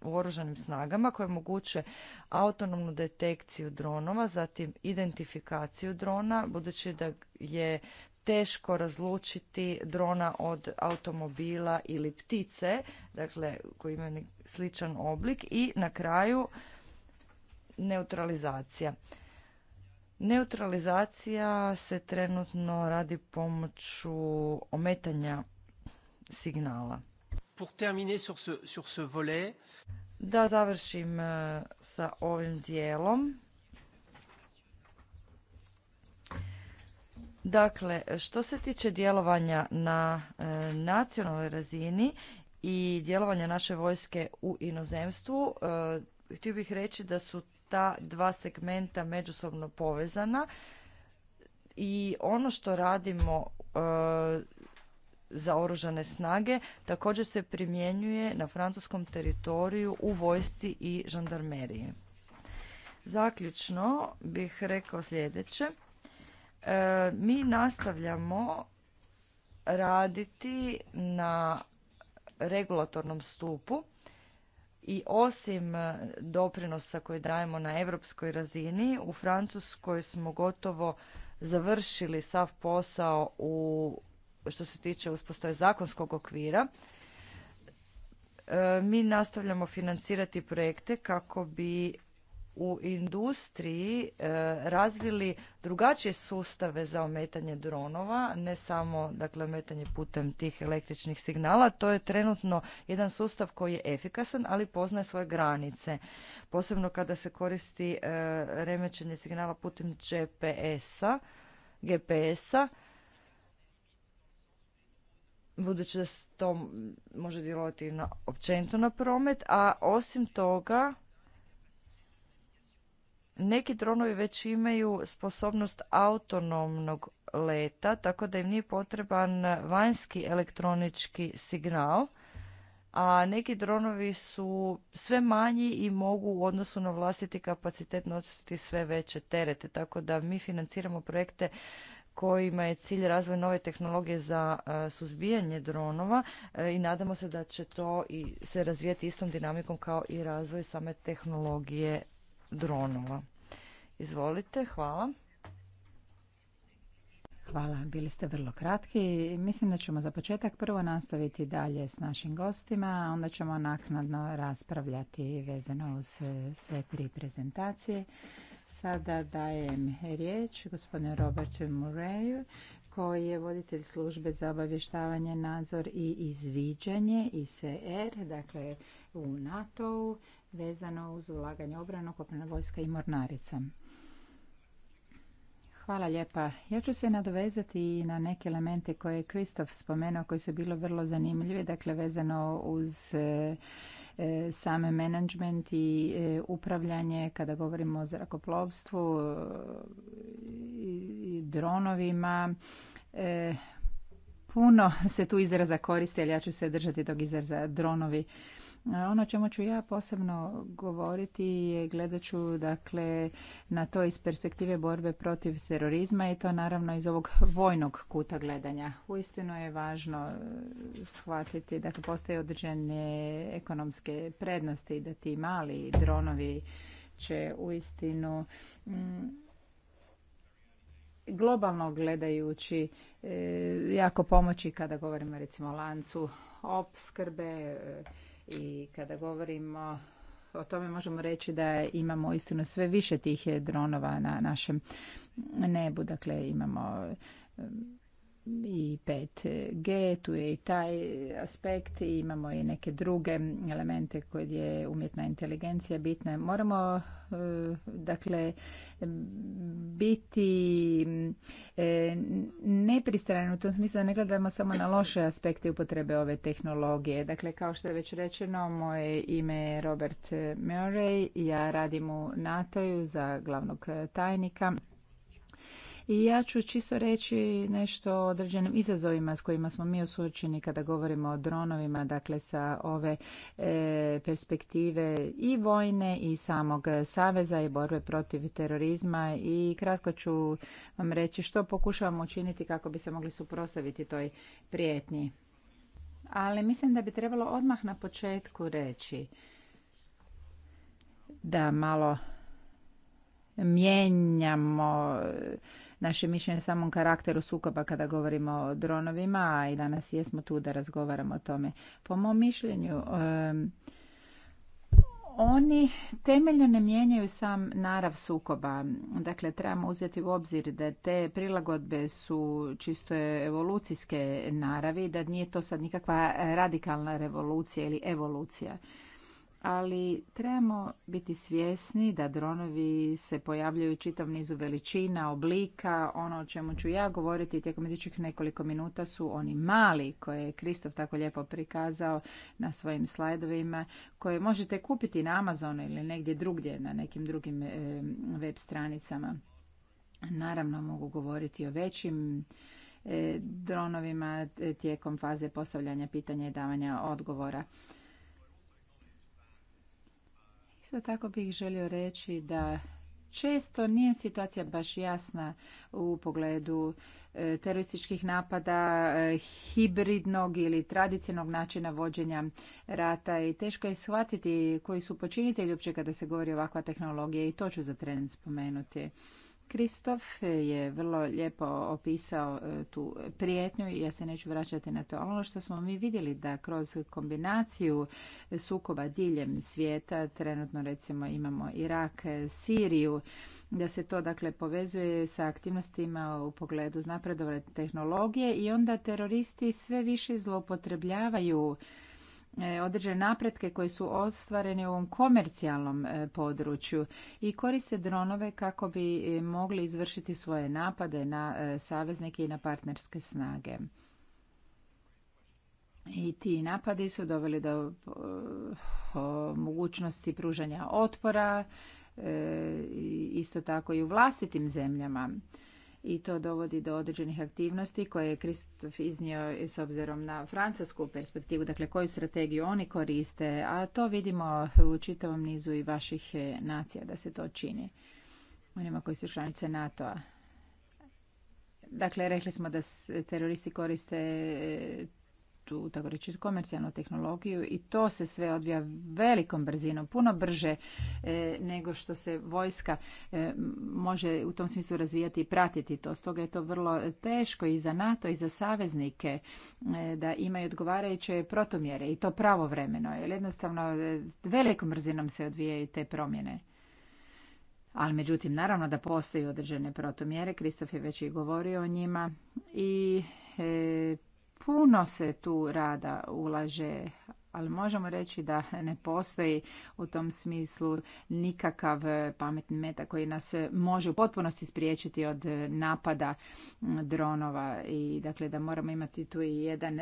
u oružanim snagama koje moguće autonomnu detekciju dronova, zatim identifikaciju drona, budući da je teško razlučiti drona od automobila ili ptice, dakle koji imaju sličan oblik i na kraju neutralizacija. Neutralizacija se trenutno radi pomoću ometanja signala. Pour terminer sur Da završim eh, sa ovim dijelom. Dakle, što se tiče djelovanja na e, nacionalnoj razini i djelovanja naše vojske u inozemstvu, e, htio bih reći da su ta dva segmenta međusobno povezana i ono što radimo e, za oružane snage također se primjenjuje na francuskom teritoriju u vojsci i žandarmeriji. Zaključno bih rekao sljedeće. E, mi nastavljamo raditi na regulatornom stupu i osim e, doprinosa koje dajemo na europskoj razini, u Francuskoj smo gotovo završili sav posao u što se tiče uspostave zakonskog okvira. E, mi nastavljamo financirati projekte kako bi u industriji e, razvili drugačije sustave za ometanje dronova, ne samo dakle ometanje putem tih električnih signala. To je trenutno jedan sustav koji je efikasan, ali poznaje svoje granice. Posebno kada se koristi e, remećenje signala putem GPS-a, GPS-a, budući da se to može djelovati na općenito na promet, a osim toga neki dronovi već imaju sposobnost autonomnog leta, tako da im nije potreban vanjski elektronički signal, a neki dronovi su sve manji i mogu u odnosu na vlastiti kapacitet nositi sve veće terete, tako da mi financiramo projekte kojima je cilj razvoj nove tehnologije za e, suzbijanje dronova e, i nadamo se da će to i se razvijati istom dinamikom kao i razvoj same tehnologije dronova. Izvolite, hvala. Hvala, bili ste vrlo kratki. Mislim da ćemo za početak prvo nastaviti dalje s našim gostima, a onda ćemo naknadno raspravljati vezano uz e, sve tri prezentacije. Sada dajem riječ gospodinu Robertu Murray, koji je voditelj službe za obavještavanje, nadzor i izviđanje ICR, dakle u NATO-u vezano uz ulaganje obranu, kopnena vojska i mornarica. Hvala lijepa. Ja ću se nadovezati i na neke elemente koje je Kristof spomenuo, koji su bilo vrlo zanimljivi, dakle vezano uz e, e, same management i e, upravljanje kada govorimo o zrakoplovstvu i, dronovima. puno se tu izraza koriste, ali ja ću se držati tog izraza dronovi ono čemu ću ja posebno govoriti je gledat ću dakle, na to iz perspektive borbe protiv terorizma i to naravno iz ovog vojnog kuta gledanja. Uistinu je važno e, shvatiti da dakle, postoje određene ekonomske prednosti da ti mali dronovi će uistinu mm, globalno gledajući e, jako pomoći kada govorimo recimo o lancu opskrbe i kada govorimo o tome možemo reći da imamo istinu sve više tih dronova na našem nebu. Dakle, imamo i 5G, tu je i taj aspekt i imamo i neke druge elemente koje je umjetna inteligencija bitna. Moramo e, dakle biti e, nepristrani u tom smislu da ne gledamo samo na loše aspekte upotrebe ove tehnologije. Dakle, kao što je već rečeno, moje ime je Robert Murray, ja radim u NATO-ju za glavnog tajnika i ja ću čisto reći nešto o određenim izazovima s kojima smo mi osuočeni kada govorimo o dronovima, dakle sa ove e, perspektive i vojne i samog saveza i borbe protiv terorizma i kratko ću vam reći što pokušavamo učiniti kako bi se mogli suprotstaviti toj prijetnji. Ali mislim da bi trebalo odmah na početku reći da malo mijenjamo e, naše mišljenje samom karakteru sukoba kada govorimo o dronovima, a i danas jesmo tu da razgovaramo o tome. Po mom mišljenju, e, oni temeljno ne mijenjaju sam narav sukoba. Dakle, trebamo uzeti u obzir da te prilagodbe su čisto evolucijske naravi, da nije to sad nikakva radikalna revolucija ili evolucija ali trebamo biti svjesni da dronovi se pojavljaju u čitav nizu veličina, oblika. Ono o čemu ću ja govoriti tijekom idućih nekoliko minuta su oni mali koje je Kristof tako lijepo prikazao na svojim slajdovima koje možete kupiti na Amazonu ili negdje drugdje na nekim drugim e, web stranicama. Naravno mogu govoriti o većim e, dronovima e, tijekom faze postavljanja pitanja i davanja odgovora. Isto tako bih želio reći da često nije situacija baš jasna u pogledu e, terorističkih napada, e, hibridnog ili tradicionalnog načina vođenja rata i teško je shvatiti koji su počinitelji uopće kada se govori ovakva tehnologija i to ću za tren spomenuti. Kristof je vrlo lijepo opisao e, tu prijetnju i ja se neću vraćati na to. Ono što smo mi vidjeli da kroz kombinaciju sukoba diljem svijeta, trenutno recimo imamo Irak, Siriju, da se to dakle povezuje sa aktivnostima u pogledu napredovanja tehnologije i onda teroristi sve više zloupotrebljavaju E, određene napretke koji su ostvareni u ovom komercijalnom e, području i koriste dronove kako bi e, mogli izvršiti svoje napade na saveznike i na partnerske snage. I ti napadi su doveli do mogućnosti pružanja otpora, isto tako i u vlastitim zemljama i to dovodi do određenih aktivnosti koje je Kristof iznio s obzirom na francusku perspektivu, dakle koju strategiju oni koriste, a to vidimo u čitavom nizu i vaših e, nacija da se to čini, onima koji su članice NATO-a. Dakle, rekli smo da se teroristi koriste e, tu tako reći komercijalnu tehnologiju i to se sve odvija velikom brzinom, puno brže e, nego što se vojska e, može u tom smislu razvijati i pratiti to. Stoga je to vrlo teško i za NATO i za saveznike e, da imaju odgovarajuće protomjere i to pravovremeno. Jer jednostavno velikom brzinom se odvijaju te promjene. Ali međutim, naravno da postoji određene protomjere, Kristof je već i govorio o njima i Puno se tu rada ulaže, ali možemo reći da ne postoji u tom smislu nikakav pametni meta koji nas može u potpunosti spriječiti od napada dronova i dakle da moramo imati tu i jedan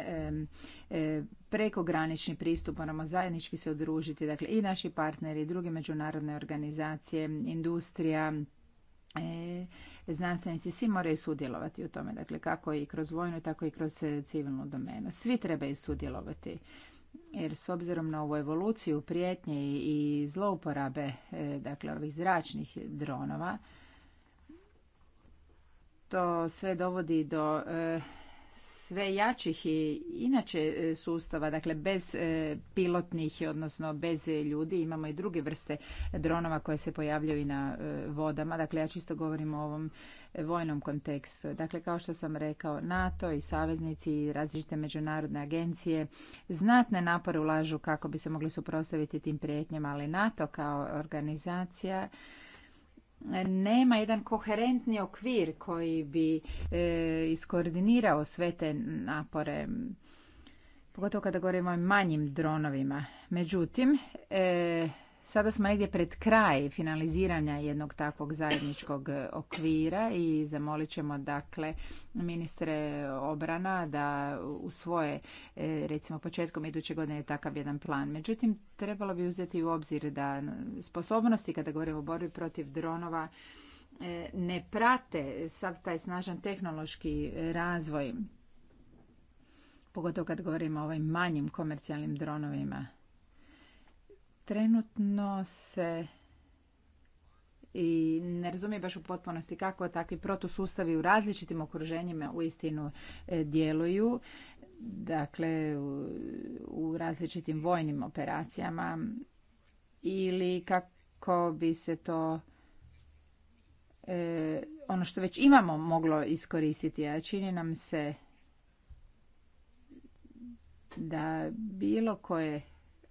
prekogranični pristup, moramo zajednički se udružiti, dakle i naši partneri, i druge međunarodne organizacije, industrija, E, znanstvenici svi moraju sudjelovati u tome, dakle kako i kroz vojnu, tako i kroz e, civilnu domenu. Svi trebaju sudjelovati jer s obzirom na ovu evoluciju prijetnje i zlouporabe e, dakle ovih zračnih dronova to sve dovodi do sve jačih i inače e, sustava, dakle bez e, pilotnih, odnosno bez ljudi, imamo i druge vrste dronova koje se pojavljuju i na e, vodama. Dakle, ja čisto govorim o ovom vojnom kontekstu. Dakle, kao što sam rekao, NATO i saveznici i različite međunarodne agencije znatne napore ulažu kako bi se mogli suprotstaviti tim prijetnjama, ali NATO kao organizacija nema jedan koherentni okvir koji bi e, iskoordinirao sve te napore pogotovo kada govorimo o manjim dronovima međutim e, Sada smo negdje pred kraj finaliziranja jednog takvog zajedničkog e, okvira i zamolit ćemo dakle ministre obrana da u svoje e, recimo početkom iduće godine takav jedan plan. Međutim, trebalo bi uzeti u obzir da sposobnosti kada govorimo o borbi protiv dronova e, ne prate sav taj snažan tehnološki razvoj, pogotovo kad govorimo o ovim manjim komercijalnim dronovima. Trenutno se i ne razumije baš u potpunosti kako takvi protusustavi u različitim okruženjima u istinu e, djeluju. Dakle, u različitim vojnim operacijama ili kako bi se to e, ono što već imamo moglo iskoristiti. A čini nam se da bilo koje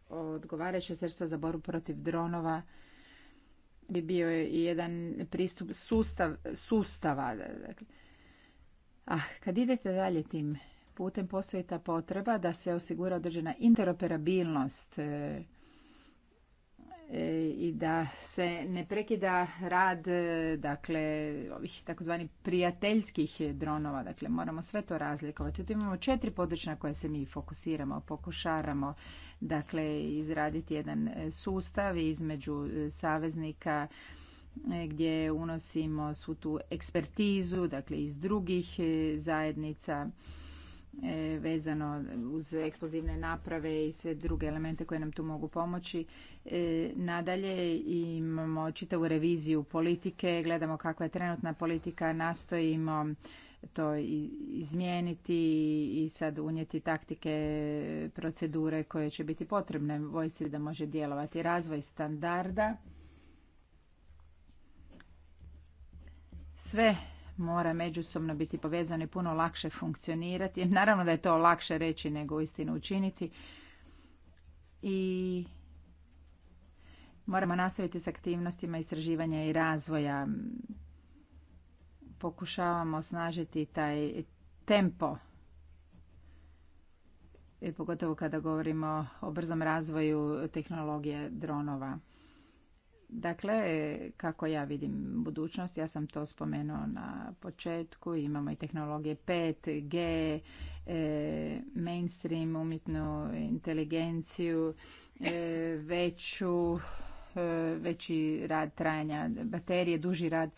odgovarajuće sredstva za borbu protiv dronova bi bio je i jedan pristup sustav, sustava. Dakle, ah, kad idete dalje tim putem, postoji ta potreba da se osigura određena interoperabilnost e, E, i da se ne prekida rad e, dakle ovih takozvani prijateljskih dronova dakle moramo sve to razlikovati tu imamo četiri područja na koje se mi fokusiramo pokušaramo dakle izraditi jedan e, sustav između saveznika gdje unosimo svu tu ekspertizu dakle iz drugih zajednica E, vezano uz eksplozivne naprave i sve druge elemente koje nam tu mogu pomoći. E, nadalje imamo čitavu reviziju politike, gledamo kakva je trenutna politika, nastojimo to izmijeniti i sad unijeti taktike, procedure koje će biti potrebne vojsci da može djelovati. Razvoj standarda, sve mora međusobno biti povezano i puno lakše funkcionirati. (laughs) Naravno da je to lakše reći nego istinu učiniti. I moramo nastaviti s aktivnostima istraživanja i razvoja. Pokušavamo snažiti taj tempo e, pogotovo kada govorimo o brzom razvoju tehnologije dronova. Dakle, kako ja vidim budućnost, ja sam to spomenuo na početku, imamo i tehnologije 5G, e, mainstream, umjetnu inteligenciju, e, veću, e, veći rad trajanja baterije, duži rad.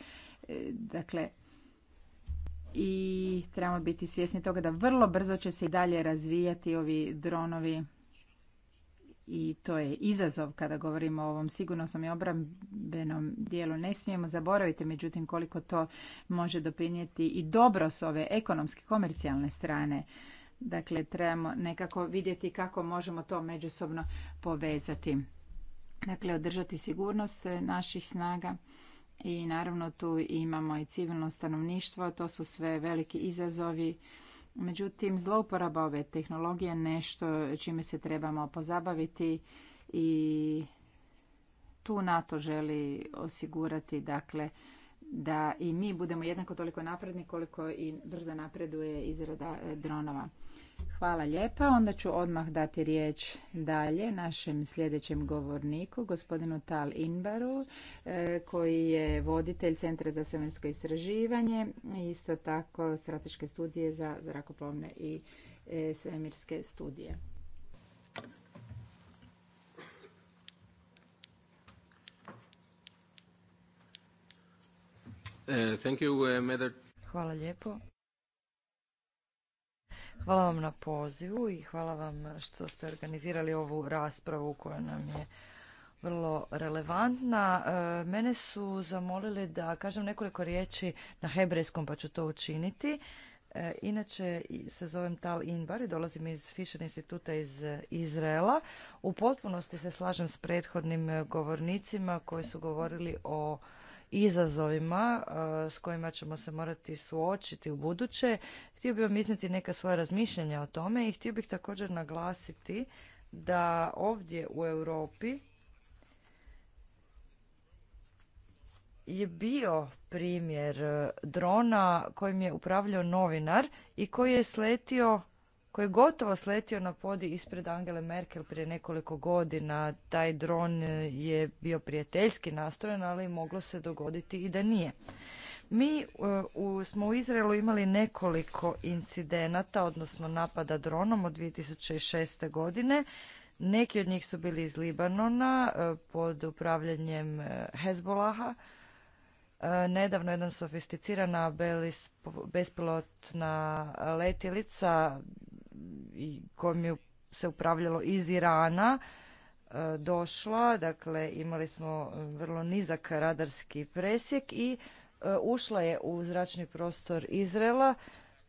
Dakle, i trebamo biti svjesni toga da vrlo brzo će se i dalje razvijati ovi dronovi i to je izazov kada govorimo o ovom sigurnosnom i obrambenom dijelu. Ne smijemo zaboraviti, međutim, koliko to može doprinijeti i dobro s ove ekonomske, komercijalne strane. Dakle, trebamo nekako vidjeti kako možemo to međusobno povezati. Dakle, održati sigurnost naših snaga i naravno tu imamo i civilno stanovništvo, to su sve veliki izazovi Međutim, zlouporaba ove tehnologije je nešto čime se trebamo pozabaviti i tu NATO želi osigurati dakle, da i mi budemo jednako toliko napredni koliko i brzo napreduje izrada dronova. Hvala lijepa. Onda ću odmah dati riječ dalje našem sljedećem govorniku, gospodinu Tal Inbaru, e, koji je voditelj Centra za svemirsko istraživanje, isto tako strateške studije za zrakoplovne i e, svemirske studije. E, Hvala lijepo. Hvala vam na pozivu i hvala vam što ste organizirali ovu raspravu koja nam je vrlo relevantna. E, mene su zamolili da kažem nekoliko riječi na hebrejskom pa ću to učiniti. E, inače se zovem Tal Inbar i dolazim iz Fisher instituta iz Izraela. U potpunosti se slažem s prethodnim govornicima koji su govorili o izazovima e, s kojima ćemo se morati suočiti u buduće. Htio bih vam iznijeti neka svoja razmišljanja o tome i htio bih također naglasiti da ovdje u Europi je bio primjer drona kojim je upravljao novinar i koji je sletio koji je gotovo sletio na podi ispred Angele Merkel prije nekoliko godina. Taj dron e, je bio prijateljski nastrojen, ali moglo se dogoditi i da nije. Mi e, u, smo u Izraelu imali nekoliko incidenata, odnosno napada dronom od 2006. godine. Neki od njih su bili iz Libanona e, pod upravljanjem Hezbolaha. Nedavno jedan sofisticirana bespilotna letjelica kojom je se upravljalo iz Irana e, došla, dakle imali smo e, vrlo nizak radarski presjek i e, ušla je u zračni prostor Izrela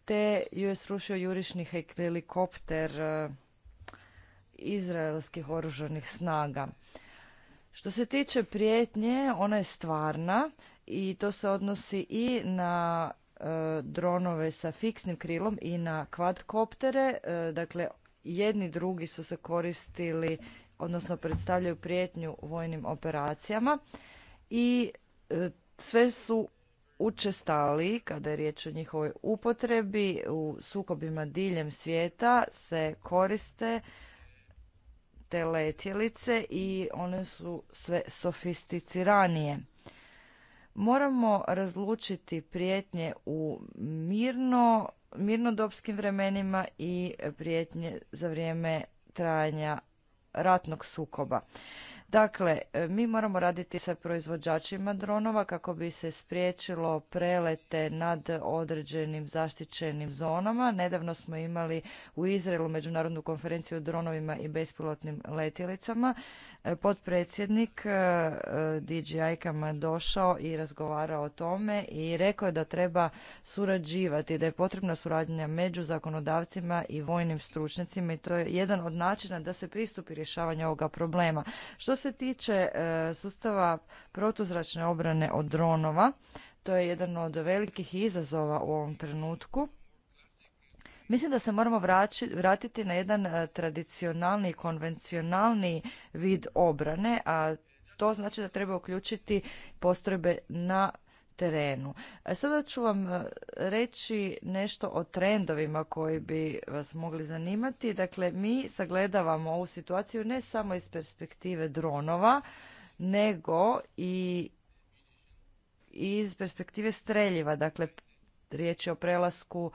te ju je srušio jurišni helikopter izraelskih oružanih snaga. Što se tiče prijetnje, ona je stvarna i to se odnosi i na E, dronove sa fiksnim krilom i na kvadkoptere. E, dakle, jedni drugi su se koristili, odnosno predstavljaju prijetnju vojnim operacijama i e, sve su učestali, kada je riječ o njihovoj upotrebi u sukobima diljem svijeta se koriste te letjelice i one su sve sofisticiranije. Moramo razlučiti prijetnje u mirno, mirnodopskim vremenima i prijetnje za vrijeme trajanja ratnog sukoba. Dakle, e, mi moramo raditi sa proizvođačima dronova kako bi se spriječilo prelete nad određenim zaštićenim zonama. Nedavno smo imali u Izraelu međunarodnu konferenciju o dronovima i bespilotnim letjelicama. E, potpredsjednik e, DJI-kama došao i razgovarao o tome i rekao je da treba surađivati, da je potrebna suradnja među zakonodavcima i vojnim stručnjacima i to je jedan od načina da se pristupi rješavanju ovoga problema. Što se tiče e, sustava protuzračne obrane od dronova, to je jedan od velikih izazova u ovom trenutku. Mislim da se moramo vratiti na jedan e, tradicionalni, konvencionalni vid obrane, a to znači da treba uključiti postrojbe na terenu. E, sada ću vam e, reći nešto o trendovima koji bi vas mogli zanimati. Dakle, mi sagledavamo ovu situaciju ne samo iz perspektive dronova, nego i iz perspektive streljiva. Dakle, riječ je o prelasku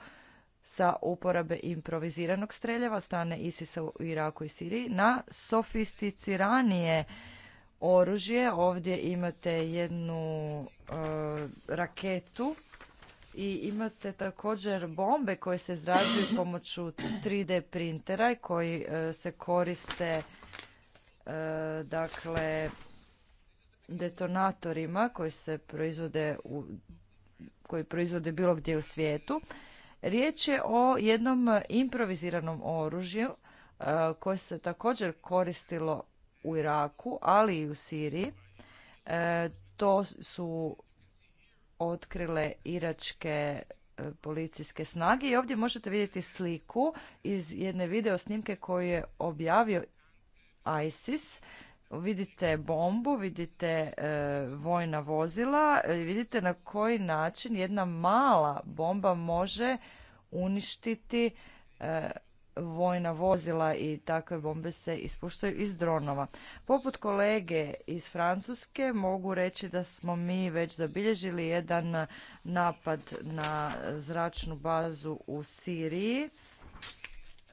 sa uporabe improviziranog streljeva od strane ISIS-a u Iraku i Siriji na sofisticiranije oružje. Ovdje imate jednu E, raketu i imate također bombe koje se izrađuju pomoću 3D printera koji e, se koriste e, dakle detonatorima koji se proizvode u, koji proizvode bilo gdje u svijetu. Riječ je o jednom improviziranom oružju koje se također koristilo u Iraku, ali i u Siriji. To su otkrile iračke e, policijske snage i ovdje možete vidjeti sliku iz jedne video snimke koju je objavio ISIS. Vidite bombu, vidite e, vojna vozila, e, vidite na koji način jedna mala bomba može uništiti vojna vozila i takve bombe se ispuštaju iz dronova. Poput kolege iz Francuske mogu reći da smo mi već zabilježili jedan napad na zračnu bazu u Siriji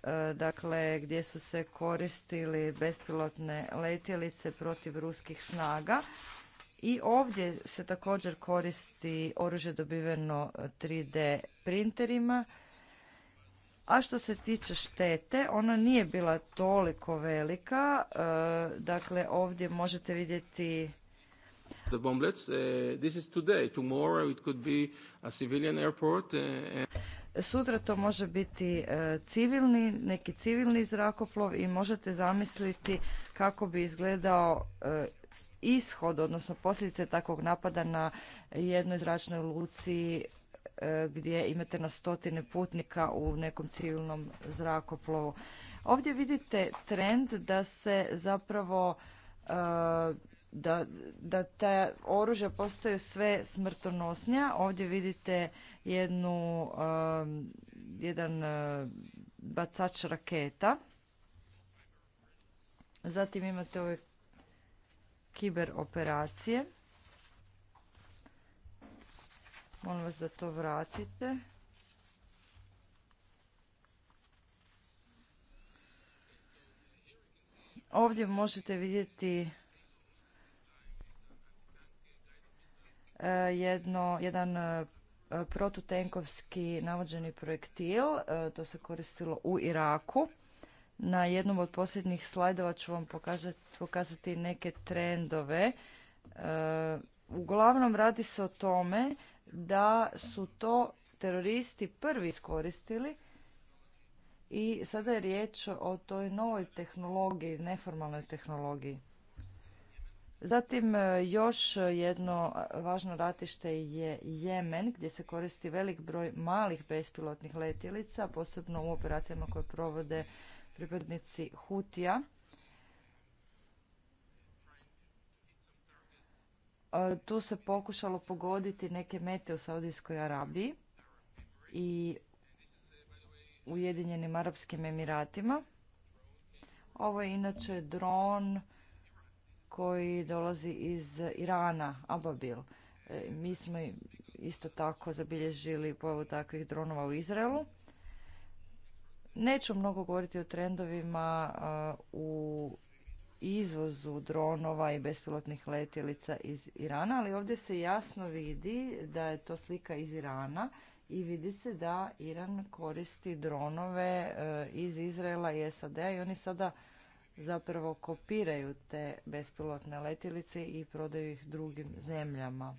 e, dakle gdje su se koristili bespilotne letjelice protiv ruskih snaga. I ovdje se također koristi oružje dobiveno 3D printerima a što se tiče štete, ona nije bila toliko velika. E, dakle, ovdje možete vidjeti this Sutra to može biti e, civilni, neki civilni zrakoplov i možete zamisliti kako bi izgledao e, ishod, odnosno posljedice takvog napada na jednoj zračnoj luci E, gdje imate na stotine putnika u nekom civilnom zrakoplovu. Ovdje vidite trend da se zapravo e, da, da ta oružja postaju sve smrtonosnija. Ovdje vidite jednu, e, jedan bacač raketa. Zatim imate ove kiber operacije. Molim vas da to vratite. Ovdje možete vidjeti e, jedno, jedan e, protutenkovski navođeni projektil. E, to se koristilo u Iraku. Na jednom od posljednjih slajdova ću vam pokazati, pokazati neke trendove. Uglavnom radi se o tome da su to teroristi prvi iskoristili i sada je riječ o toj novoj tehnologiji, neformalnoj tehnologiji. Zatim e, još jedno važno ratište je Jemen gdje se koristi velik broj malih bespilotnih letjelica, posebno u operacijama koje provode pripadnici Hutija E, tu se pokušalo pogoditi neke mete u Saudijskoj Arabiji i Ujedinjenim Arabskim Emiratima. Ovo je inače dron koji dolazi iz Irana, Ababil. E, mi smo isto tako zabilježili pojavu takvih dronova u Izraelu. Neću mnogo govoriti o trendovima e, u izvozu dronova i bespilotnih letjelica iz Irana, ali ovdje se jasno vidi da je to slika iz Irana i vidi se da Iran koristi dronove e, iz Izraela i sad i oni sada zapravo kopiraju te bespilotne letjelice i prodaju ih drugim zemljama.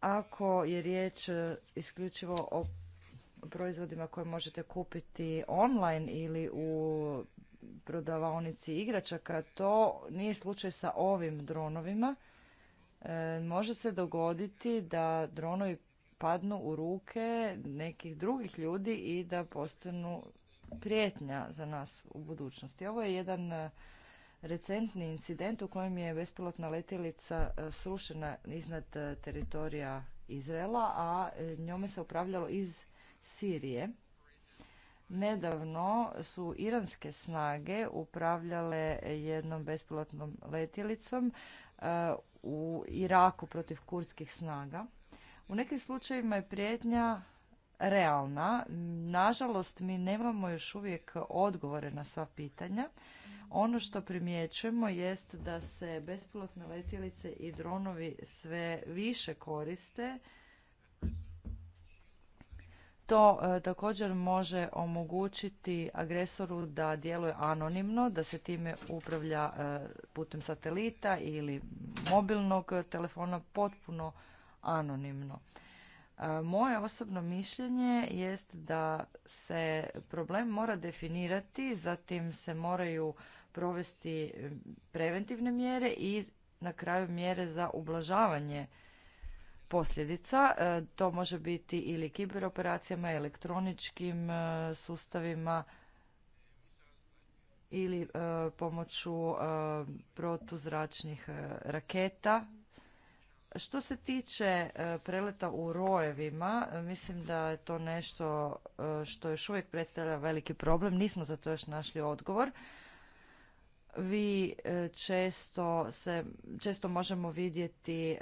Ako je riječ e, isključivo o proizvodima koje možete kupiti online ili u prodavaonici igračaka, to nije slučaj sa ovim dronovima. E, može se dogoditi da dronovi padnu u ruke nekih drugih ljudi i da postanu prijetnja za nas u budućnosti. Ovo je jedan e, recentni incident u kojem je bespilotna letjelica e, srušena iznad teritorija Izrela, a njome se upravljalo iz Sirije. Nedavno su iranske snage upravljale jednom bespilotnom letjelicom e, u Iraku protiv kurdskih snaga. U nekim slučajevima je prijetnja realna. Nažalost, mi nemamo još uvijek odgovore na sva pitanja. Ono što primjećujemo jest da se bespilotne letjelice i dronovi sve više koriste to e, također može omogućiti agresoru da djeluje anonimno, da se time upravlja e, putem satelita ili mobilnog telefona potpuno anonimno. E, moje osobno mišljenje jest da se problem mora definirati, zatim se moraju provesti preventivne mjere i na kraju mjere za ublažavanje posljedica. E, to može biti ili kiberoperacijama, elektroničkim e, sustavima ili e, pomoću protuzračnih raketa. Što se tiče preleta u rojevima, mislim da je to nešto što još uvijek predstavlja veliki problem. Nismo za to još našli odgovor. Vi često se, često možemo vidjeti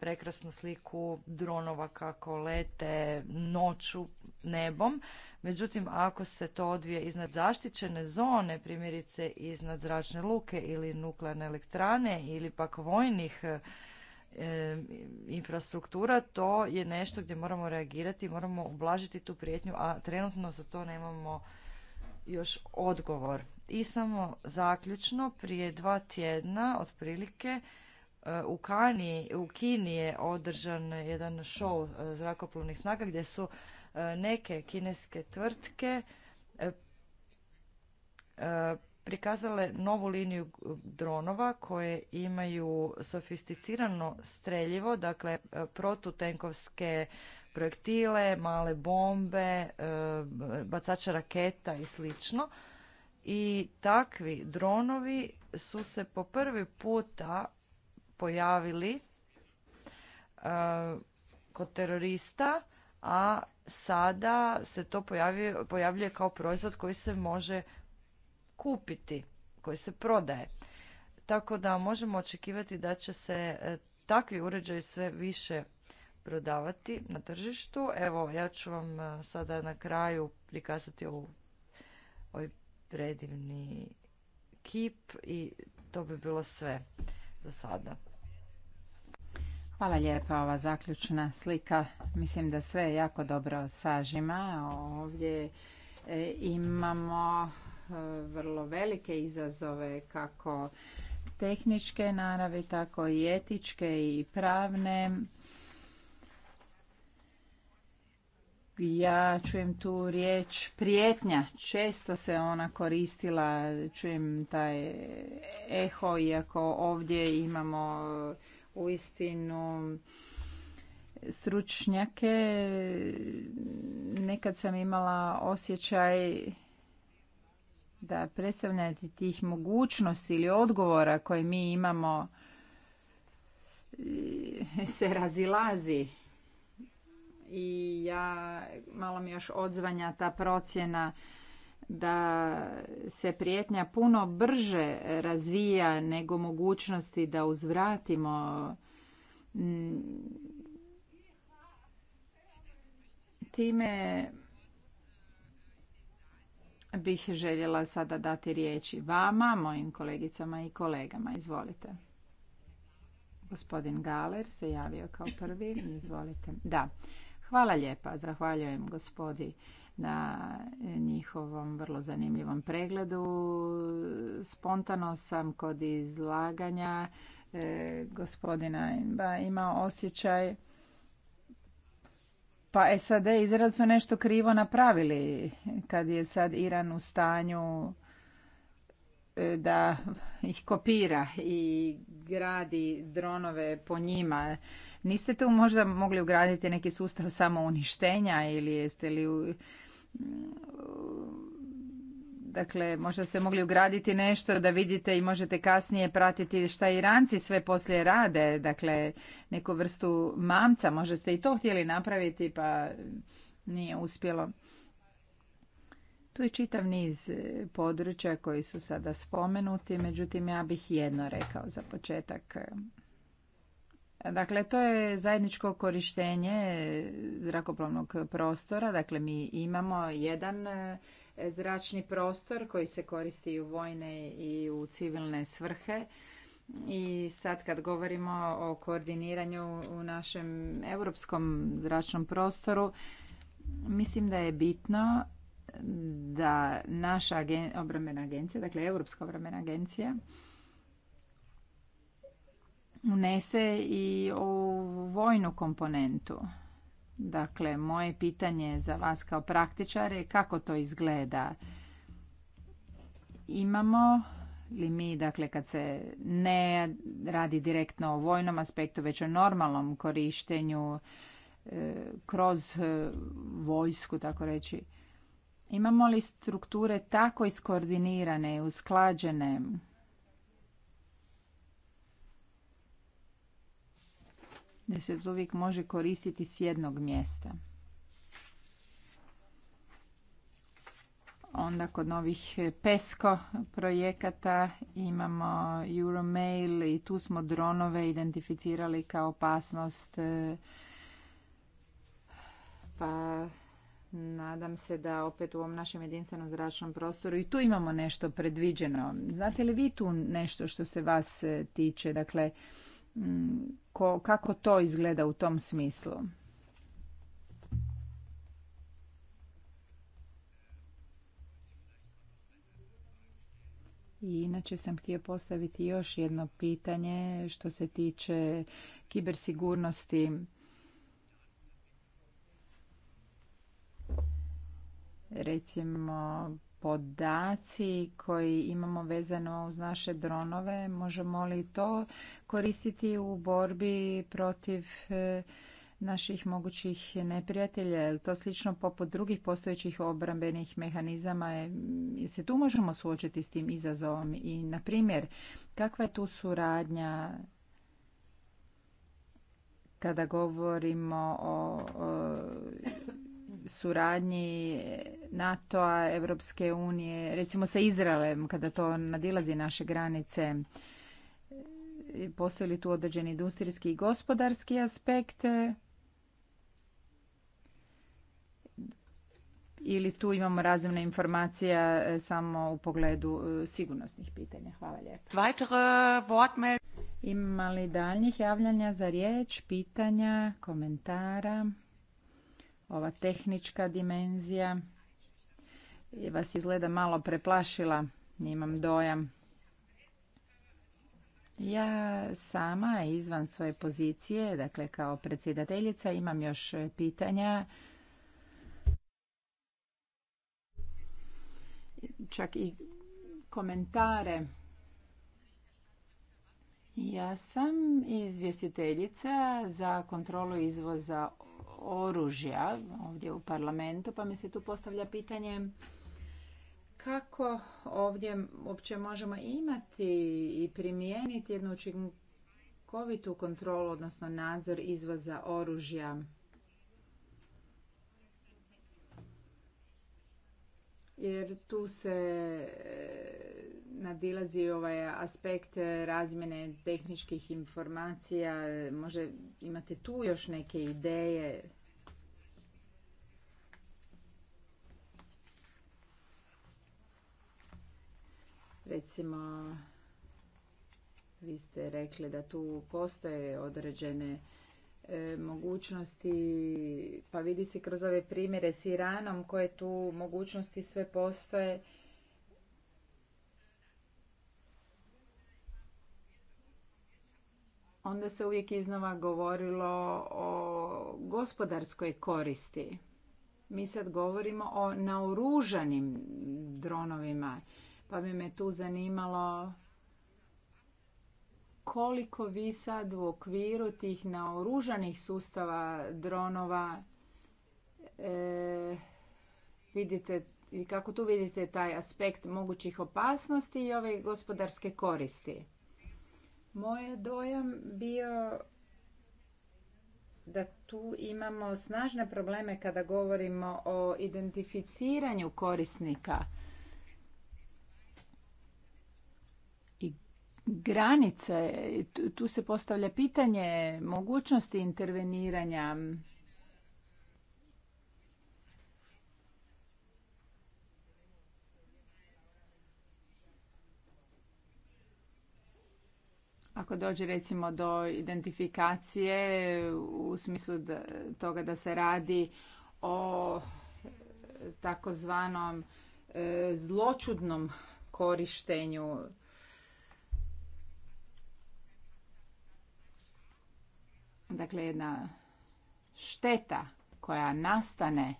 prekrasnu sliku dronova kako lete noću nebom. Međutim, ako se to odvije iznad zaštićene zone, primjerice iznad zračne luke ili nuklearne elektrane ili pak vojnih e, infrastruktura, to je nešto gdje moramo reagirati, i moramo ublažiti tu prijetnju, a trenutno za to nemamo još odgovor. I samo zaključno, prije dva tjedna otprilike u, Kani, u Kini je održan jedan show e, zrakoplovnih snaga gdje su e, neke kineske tvrtke e, prikazale novu liniju dronova koje imaju sofisticirano streljivo, dakle protutenkovske projektile, male bombe, bacače raketa i slično. I takvi dronovi su se po prvi puta pojavili e, kod terorista, a sada se to pojavljuje, kao proizvod koji se može kupiti, koji se prodaje. Tako da možemo očekivati da će se e, takvi uređaji sve više prodavati na tržištu. Evo, ja ću vam e, sada na kraju prikazati ovu, ovaj predivni kip i to bi bilo sve za sada. Hvala lijepa ova zaključna slika. Mislim da sve jako dobro sažima. Ovdje e, imamo e, vrlo velike izazove kako tehničke naravi, tako i etičke i pravne ja čujem tu riječ prijetnja. Često se ona koristila, čujem taj eho, iako ovdje imamo uistinu stručnjake. Nekad sam imala osjećaj da predstavljati tih mogućnosti ili odgovora koje mi imamo e, se razilazi i ja malo mi još odzvanja ta procjena da se prijetnja puno brže razvija nego mogućnosti da uzvratimo mm, time bih željela sada dati riječi vama, mojim kolegicama i kolegama. Izvolite. Gospodin Galer se javio kao prvi. Izvolite. Da. Hvala lijepa, zahvaljujem gospodi na njihovom vrlo zanimljivom pregledu. Spontano sam kod izlaganja e, gospodina ba imao osjećaj pa SAD i Izrael su nešto krivo napravili kad je sad Iran u stanju e, da ih kopira i gradi dronove po njima. Niste tu možda mogli ugraditi neki sustav samouništenja ili jeste li u... Dakle, možda ste mogli ugraditi nešto da vidite i možete kasnije pratiti šta Iranci sve poslije rade. Dakle, neku vrstu mamca. Možda ste i to htjeli napraviti pa nije uspjelo. Tu je čitav niz e, područja koji su sada spomenuti, međutim ja bih jedno rekao za početak. Dakle, to je zajedničko korištenje e, zrakoplovnog prostora. Dakle, mi imamo jedan e, zračni prostor koji se koristi i u vojne i u civilne svrhe. I sad kad govorimo o koordiniranju u našem europskom zračnom prostoru, mislim da je bitno da naša obrambena agencija, dakle Europska obrambena agencija, unese i u vojnu komponentu. Dakle, moje pitanje za vas kao praktičare je kako to izgleda. Imamo li mi, dakle, kad se ne radi direktno o vojnom aspektu, već o normalnom korištenju e, kroz e, vojsku, tako reći, Imamo li strukture tako iskoordinirane i usklađene? Da se to uvijek može koristiti s jednog mjesta. Onda kod novih PESCO projekata imamo Euromail i tu smo dronove identificirali kao opasnost. Pa Nadam se da opet u ovom našem jedinstvenom zračnom prostoru i tu imamo nešto predviđeno. Znate li vi tu nešto što se vas e, tiče? Dakle, mm, ko, kako to izgleda u tom smislu? I inače sam htio postaviti još jedno pitanje što se tiče kibersigurnosti recimo podaci koji imamo vezano uz naše dronove, možemo li to koristiti u borbi protiv e, naših mogućih neprijatelja, je to slično poput drugih postojećih obrambenih mehanizama, je se tu možemo suočiti s tim izazovom i na primjer kakva je tu suradnja kada govorimo o suradnji NATO-a, Europske unije, recimo sa Izraelem kada to nadilazi naše granice. Postoji li tu određeni industrijski i gospodarski aspekt? Ili tu imamo razumna informacija e, samo u pogledu e, sigurnosnih pitanja? Hvala lijepo. Ima li daljnjih javljanja za riječ, pitanja, komentara? ova tehnička dimenzija vas izgleda malo preplašila, imam dojam. Ja sama izvan svoje pozicije, dakle kao predsjedateljica, imam još pitanja. Čak i komentare. Ja sam izvjestiteljica za kontrolu izvoza oružja ovdje u parlamentu, pa mi se tu postavlja pitanje kako ovdje uopće možemo imati i primijeniti jednu učinkovitu kontrolu, odnosno nadzor izvoza oružja. Jer tu se e, nadilazi ovaj aspekt razmjene tehničkih informacija. Može imate tu još neke ideje Recimo, vi ste rekli da tu postoje određene e, mogućnosti, pa vidi se kroz ove primjere s Iranom koje tu mogućnosti sve postoje. onda se uvijek iznova govorilo o gospodarskoj koristi. Mi sad govorimo o naoružanim dronovima pa bi me tu zanimalo koliko vi sad u okviru tih naoružanih sustava dronova e, vidite i kako tu vidite taj aspekt mogućih opasnosti i ove gospodarske koristi. Moj dojam bio da tu imamo snažne probleme kada govorimo o identificiranju korisnika granice, tu se postavlja pitanje mogućnosti interveniranja. Ako dođe recimo do identifikacije u smislu da, toga da se radi o eh, takozvanom eh, zločudnom korištenju Dakle, jedna šteta koja nastane,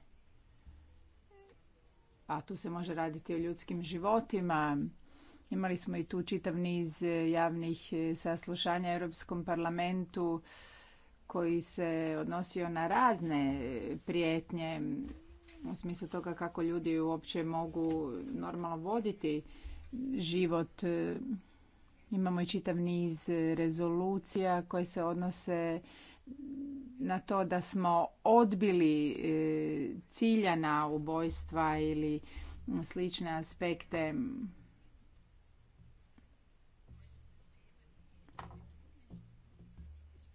a tu se može raditi o ljudskim životima, Imali smo i tu čitav niz javnih saslušanja u Europskom parlamentu koji se odnosio na razne prijetnje u smislu toga kako ljudi uopće mogu normalno voditi život Imamo i čitav niz rezolucija koje se odnose na to da smo odbili e, ciljana ubojstva ili slične aspekte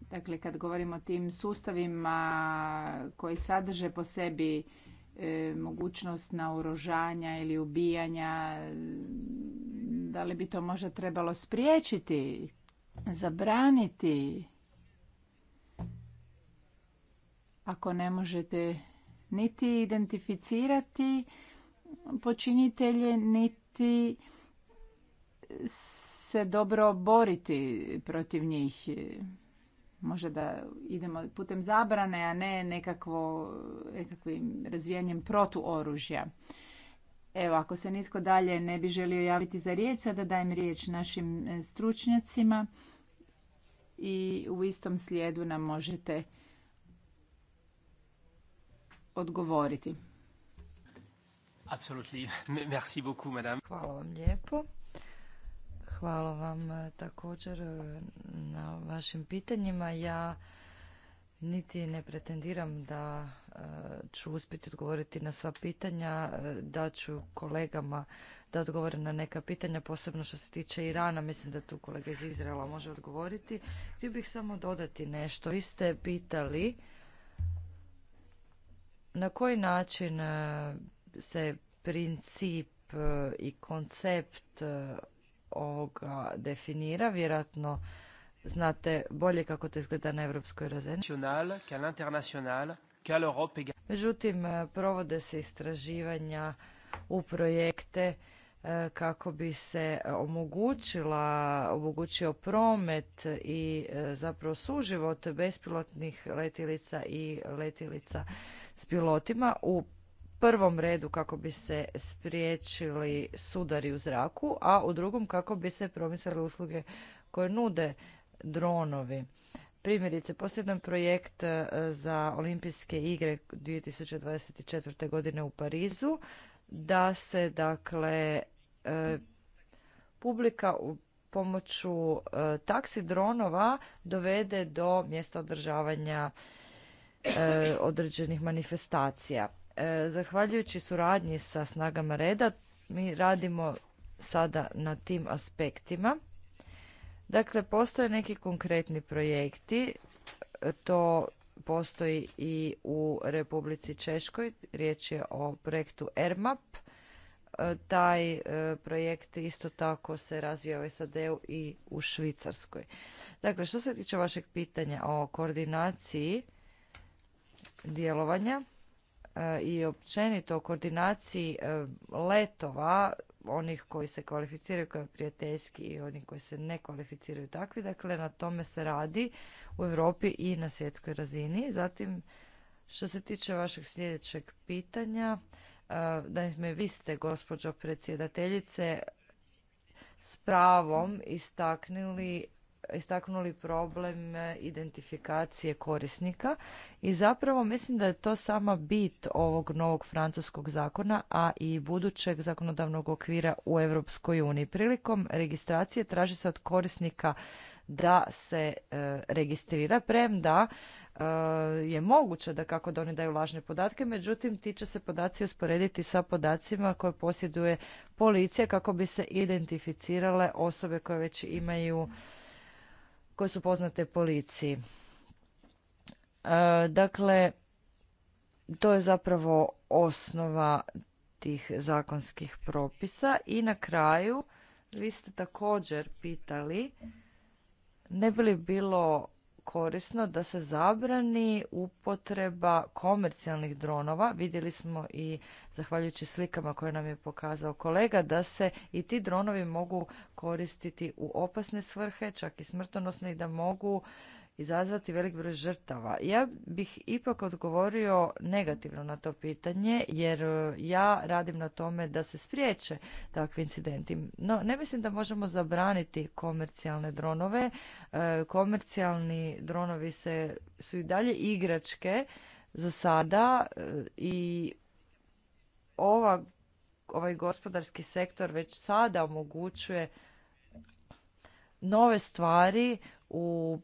Dakle, kad govorimo o tim sustavima koji sadrže po sebi e, mogućnost naoružanja ili ubijanja da li bi to možda trebalo spriječiti, zabraniti? Ako ne možete niti identificirati počinitelje, niti se dobro boriti protiv njih. Možda da idemo putem zabrane, a ne nekakvim razvijanjem protuoružja. Evo, ako se nitko dalje ne bi želio javiti za riječ, sada dajem riječ našim e, stručnjacima i u istom slijedu nam možete odgovoriti. Hvala vam lijepo. Hvala vam e, također e, na vašim pitanjima. Ja niti ne pretendiram da eh, ću uspjeti odgovoriti na sva pitanja, eh, da ću kolegama da odgovore na neka pitanja, posebno što se tiče Irana, mislim da tu kolega iz Izraela može odgovoriti. Htio bih samo dodati nešto. Vi ste pitali na koji način eh, se princip i koncept ovoga definira, vjerojatno znate bolje kako to izgleda na europskoj razini. Međutim, e, provode se istraživanja u projekte e, kako bi se omogućila, omogućio promet i e, zapravo suživot bespilotnih letilica i letilica s pilotima u prvom redu kako bi se spriječili sudari u zraku, a u drugom kako bi se promisali usluge koje nude dronovi. Primjerice, posebno projekt e, za olimpijske igre 2024. godine u Parizu, da se dakle e, publika u pomoću e, taksi dronova dovede do mjesta održavanja određenih manifestacija. Zahvaljujući suradnji sa snagama reda mi radimo sada na tim aspektima Dakle, postoje neki konkretni projekti, to postoji i u Republici Češkoj, riječ je o projektu ERMAP. E, taj e, projekt isto tako se razvija u SAD-u i u Švicarskoj. Dakle, što se tiče vašeg pitanja o koordinaciji djelovanja, e, i općenito o koordinaciji letova onih koji se kvalificiraju kao prijateljski i onih koji se ne kvalificiraju takvi. Dakle, na tome se radi u Europi i na svjetskoj razini. Zatim, što se tiče vašeg sljedećeg pitanja, e, da mi vi ste, gospođo predsjedateljice, s pravom istaknuli istaknuli problem e, identifikacije korisnika i zapravo mislim da je to sama bit ovog novog francuskog zakona, a i budućeg zakonodavnog okvira u Europskoj uniji. Prilikom registracije traži se od korisnika da se e, registrira, premda e, je moguće da kako da oni daju lažne podatke, međutim ti će se podaci usporediti sa podacima koje posjeduje policija kako bi se identificirale osobe koje već imaju koje su poznate policiji. E, dakle, to je zapravo osnova tih zakonskih propisa i na kraju vi ste također pitali ne bi li bilo korisno da se zabrani upotreba komercijalnih dronova. Vidjeli smo i, zahvaljujući slikama koje nam je pokazao kolega, da se i ti dronovi mogu koristiti u opasne svrhe, čak i smrtonosne i da mogu izazvati velik broj žrtava. Ja bih ipak odgovorio negativno na to pitanje jer e, ja radim na tome da se spriječe takvi incidenti. No, ne mislim da možemo zabraniti komercijalne dronove. E, komercijalni dronovi se, su i dalje igračke za sada e, i ova, ovaj gospodarski sektor već sada omogućuje nove stvari u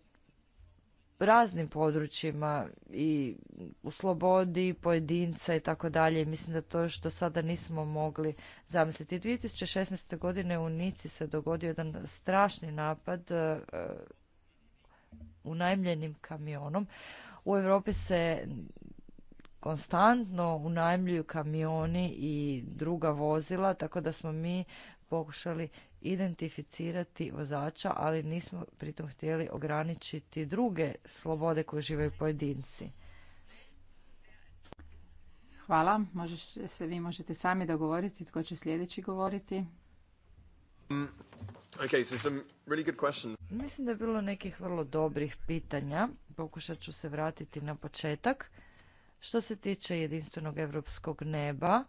raznim područjima i u slobodi pojedinca i tako dalje. Mislim da to što sada nismo mogli zamisliti. 2016. godine u Nici se dogodio jedan strašni napad u e, unajmljenim kamionom. U Europi se konstantno unajmljuju kamioni i druga vozila, tako da smo mi pokušali identificirati vozača, ali nismo pritom htjeli ograničiti druge slobode koje živaju pojedinci. Hvala. Možeš, se vi možete sami dogovoriti tko će sljedeći govoriti. Mm, okay, so some really good Mislim da je bilo nekih vrlo dobrih pitanja. Pokušat ću se vratiti na početak. Što se tiče jedinstvenog europskog neba,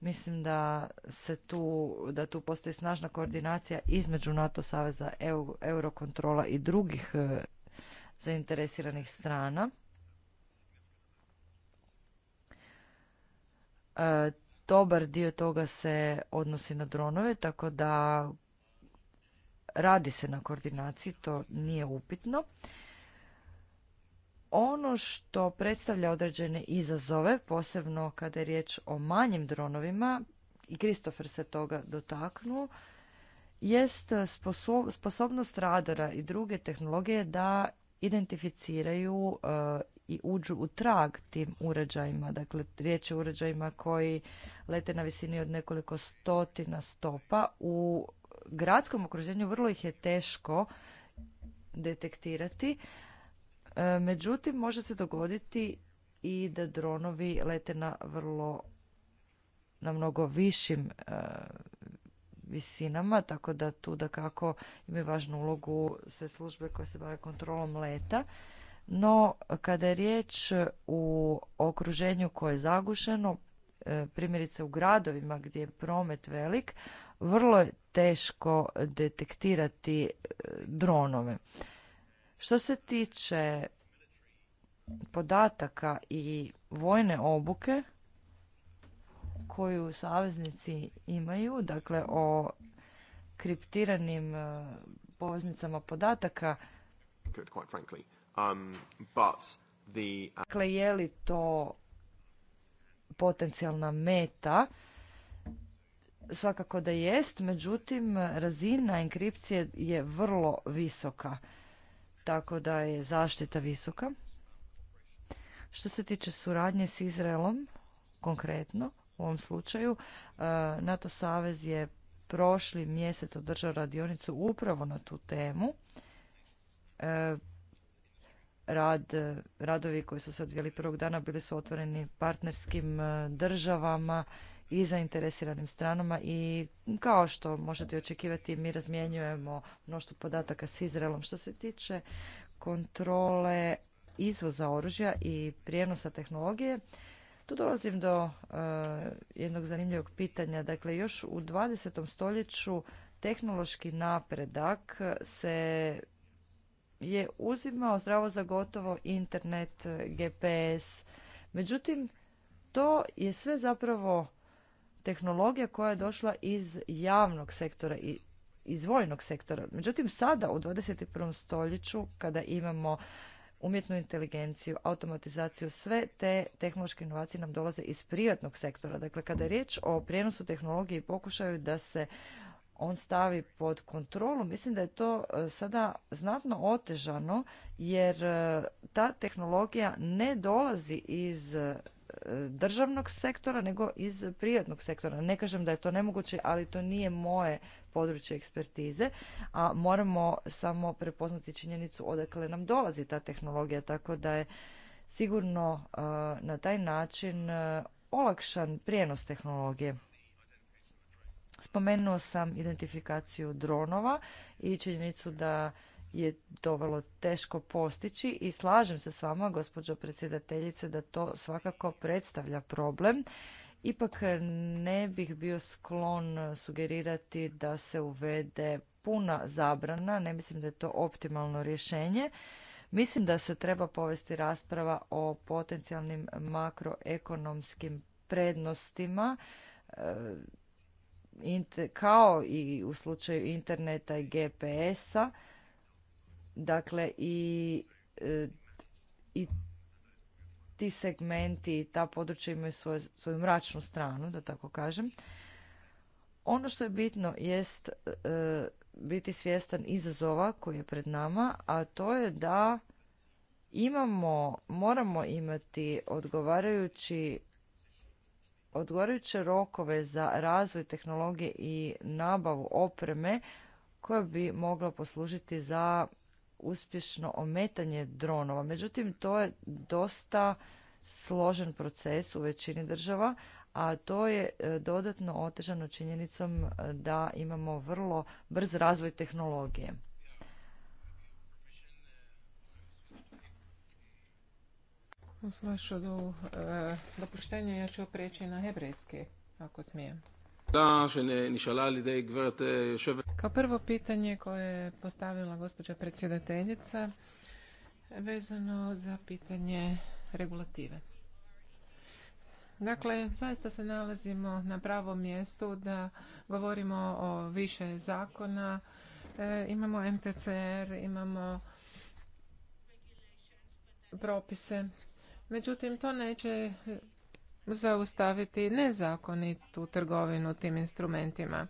Mislim da se tu, da tu postoji snažna koordinacija između NATO saveza, Eurokontrola i drugih e, zainteresiranih strana. E, dobar dio toga se odnosi na dronove, tako da radi se na koordinaciji, to nije upitno ono što predstavlja određene izazove, posebno kada je riječ o manjim dronovima, i Kristofer se toga dotaknuo, jest sposobnost radara i druge tehnologije da identificiraju e, i uđu u trag tim uređajima. Dakle, riječ je o uređajima koji lete na visini od nekoliko stotina stopa. U gradskom okruženju vrlo ih je teško detektirati, E, međutim, može se dogoditi i da dronovi lete na vrlo na mnogo višim e, visinama, tako da tu da kako imaju važnu ulogu sve službe koje se bave kontrolom leta. No, kada je riječ u okruženju koje je zagušeno, e, primjerice u gradovima gdje je promet velik, vrlo je teško detektirati dronove. Što se tiče podataka i vojne obuke koju saveznici imaju, dakle o kriptiranim e, poveznicama podataka, um, uh, dakle je li to potencijalna meta, svakako da jest, međutim razina enkripcije je vrlo visoka tako da je zaštita visoka. Što se tiče suradnje s Izraelom, konkretno u ovom slučaju, e, NATO Savez je prošli mjesec održao radionicu upravo na tu temu. E, rad, radovi koji su se odvijeli prvog dana bili su otvoreni partnerskim e, državama i zainteresiranim stranama i kao što možete očekivati mi razmjenjujemo mnoštvo podataka s Izraelom što se tiče kontrole izvoza oružja i prijenosa tehnologije. Tu dolazim do e, jednog zanimljivog pitanja. Dakle, još u 20. stoljeću tehnološki napredak se je uzimao zdravo za gotovo internet, GPS. Međutim, to je sve zapravo tehnologija koja je došla iz javnog sektora i iz vojnog sektora. Međutim, sada u 21. stoljeću, kada imamo umjetnu inteligenciju, automatizaciju, sve te tehnološke inovacije nam dolaze iz privatnog sektora. Dakle, kada je riječ o prijenosu tehnologije i pokušaju da se on stavi pod kontrolu, mislim da je to e, sada znatno otežano jer e, ta tehnologija ne dolazi iz državnog sektora nego iz privatnog sektora. Ne kažem da je to nemoguće, ali to nije moje područje ekspertize, a moramo samo prepoznati činjenicu odakle nam dolazi ta tehnologija, tako da je sigurno e, na taj način e, olakšan prijenos tehnologije. Spomenuo sam identifikaciju dronova i činjenicu da je to vrlo teško postići i slažem se s vama, gospođo predsjedateljice, da to svakako predstavlja problem. Ipak ne bih bio sklon sugerirati da se uvede puna zabrana, ne mislim da je to optimalno rješenje. Mislim da se treba povesti rasprava o potencijalnim makroekonomskim prednostima eh, kao i u slučaju interneta i GPS-a Dakle, i, e, i ti segmenti i ta područja imaju svoju, svoju mračnu stranu, da tako kažem. Ono što je bitno jest e, biti svjestan izazova koji je pred nama, a to je da imamo, moramo imati odgovarajući odgovarajuće rokove za razvoj tehnologije i nabavu opreme koja bi mogla poslužiti za uspješno ometanje dronova. Međutim, to je dosta složen proces u većini država, a to je e, dodatno otežano činjenicom e, da imamo vrlo brz razvoj tehnologije. Uz vašu e, dopuštenje ja ću prijeći na hebrejski, ako smijem. Kao prvo pitanje koje je postavila gospođa predsjedateljica vezano za pitanje regulative. Dakle, zaista se nalazimo na pravom mjestu da govorimo o više zakona. E, imamo MTCR, imamo propise. Međutim, to neće zaustaviti nezakonitu trgovinu tim instrumentima.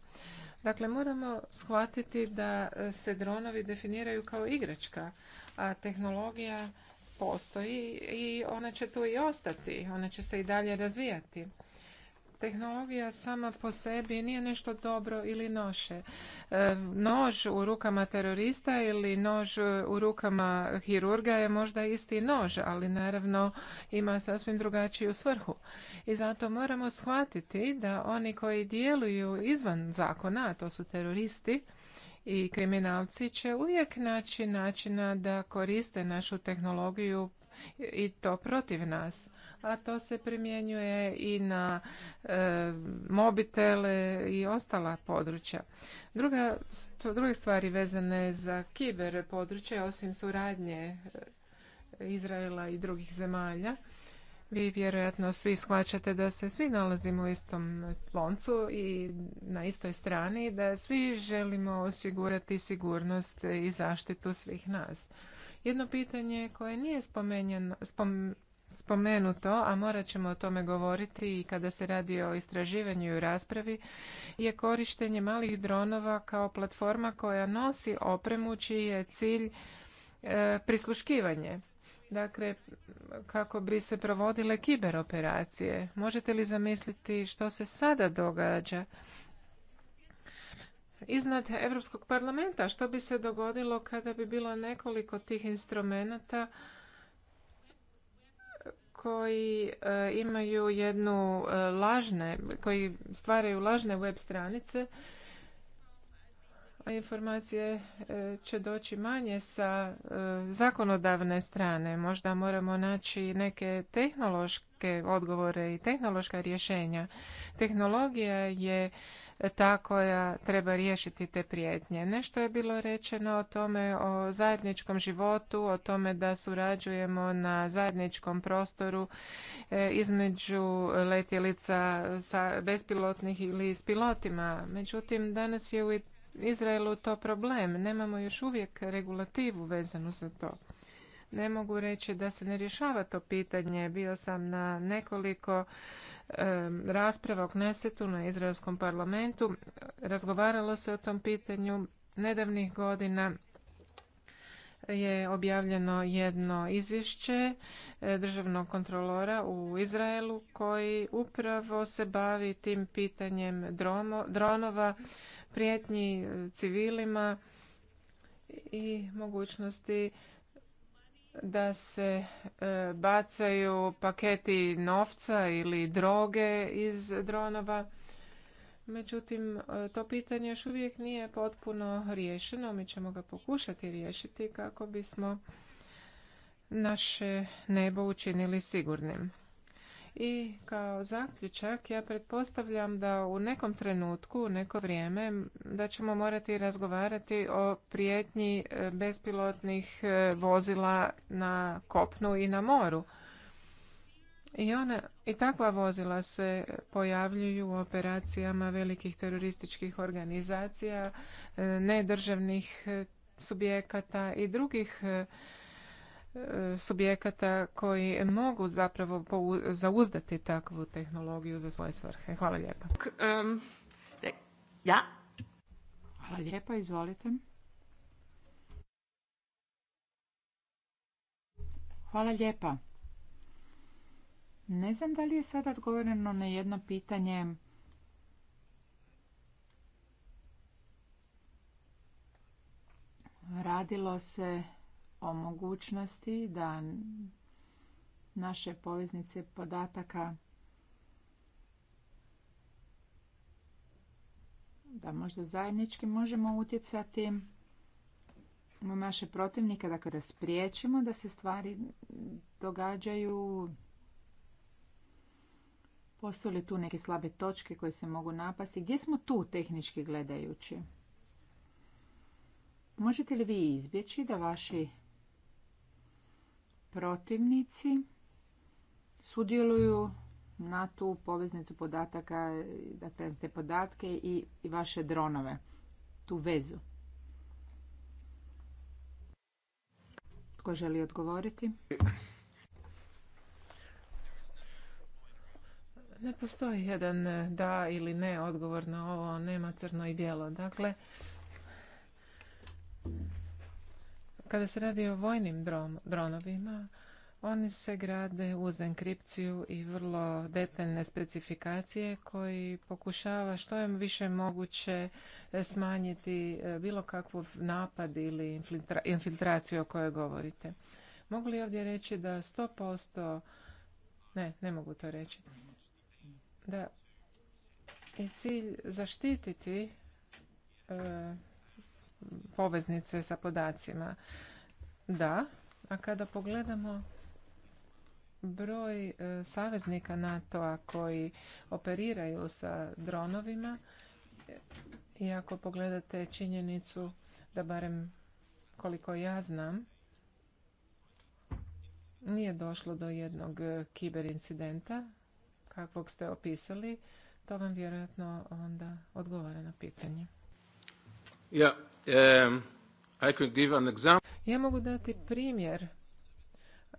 Dakle, moramo shvatiti da e, se dronovi definiraju kao igračka, a tehnologija postoji i ona će tu i ostati, ona će se i dalje razvijati tehnologija sama po sebi nije nešto dobro ili noše. E, nož u rukama terorista ili nož u rukama hirurga je možda isti nož, ali naravno ima sasvim drugačiju svrhu. I zato moramo shvatiti da oni koji djeluju izvan zakona, a to su teroristi, i kriminalci će uvijek naći načina da koriste našu tehnologiju i to protiv nas a to se primjenjuje i na e, mobitele i ostala područja. Druga, druge stvari vezane za kiber područje, osim suradnje e, Izraela i drugih zemalja, vi vjerojatno svi shvaćate da se svi nalazimo u istom loncu i na istoj strani, da svi želimo osigurati sigurnost i zaštitu svih nas. Jedno pitanje koje nije spomenjeno, spom, spomenuto, a morat ćemo o tome govoriti i kada se radi o istraživanju i raspravi, je korištenje malih dronova kao platforma koja nosi opremu čiji je cilj e, prisluškivanje. Dakle, kako bi se provodile kiberoperacije. Možete li zamisliti što se sada događa? Iznad Europskog parlamenta što bi se dogodilo kada bi bilo nekoliko tih instrumenata koji e, imaju jednu e, lažne, koji stvaraju lažne web stranice, a informacije e, će doći manje sa zakonodavne strane. Možda moramo naći neke tehnološke odgovore i tehnološka rješenja. Tehnologija je ta koja treba riješiti te prijetnje. Nešto je bilo rečeno o tome, o zajedničkom životu, o tome da surađujemo na zajedničkom prostoru e, između letjelica sa bespilotnih ili s pilotima. Međutim, danas je u Izraelu to problem. Nemamo još uvijek regulativu vezanu za to. Ne mogu reći da se ne rješava to pitanje. Bio sam na nekoliko rasprava o Knesetu na Izraelskom parlamentu. Razgovaralo se o tom pitanju nedavnih godina je objavljeno jedno izvješće e, državnog kontrolora u Izraelu koji upravo se bavi tim pitanjem dronova, prijetnji e, civilima i mogućnosti da se e, bacaju paketi novca ili droge iz dronova. Međutim, e, to pitanje još uvijek nije potpuno riješeno. Mi ćemo ga pokušati riješiti kako bismo naše nebo učinili sigurnim. I kao zaključak ja pretpostavljam da u nekom trenutku, u neko vrijeme, da ćemo morati razgovarati o prijetnji e, bespilotnih e, vozila na kopnu i na moru. I, ona, I takva vozila se pojavljuju u operacijama velikih terorističkih organizacija, e, nedržavnih subjekata i drugih subjekata koji mogu zapravo zauzdati takvu tehnologiju za svoje svrhe. Hvala lijepa. Um, ja. Hvala lijepa, izvolite. Hvala lijepa. Ne znam da li je sada odgovoreno na jedno pitanje. Radilo se o mogućnosti da naše poveznice podataka da možda zajednički možemo utjecati na naše protivnike, dakle da spriječimo da se stvari događaju. Postoje li tu neke slabe točke koje se mogu napasti? Gdje smo tu tehnički gledajući? Možete li vi izbjeći da vaši protivnici sudjeluju na tu poveznicu podataka, dakle te podatke i, vaše dronove, tu vezu. Tko želi odgovoriti? Ne postoji jedan e, da ili ne odgovor na ovo, nema crno i bijelo. Dakle, kada se radi o vojnim dronovima, oni se grade uz enkripciju i vrlo detaljne specifikacije koji pokušava što je više moguće e, smanjiti e, bilo kakvu napad ili infiltraciju o kojoj govorite. Mogu li ovdje reći da 100%, ne, ne mogu to reći, da je cilj zaštititi e, poveznice sa podacima. Da, a kada pogledamo broj e, saveznika NATO-a koji operiraju sa dronovima i ako pogledate činjenicu da barem koliko ja znam nije došlo do jednog e, kiberincidenta kakvog ste opisali, to vam vjerojatno onda odgovara na pitanje. Ja, Um, ja mogu dati primjer.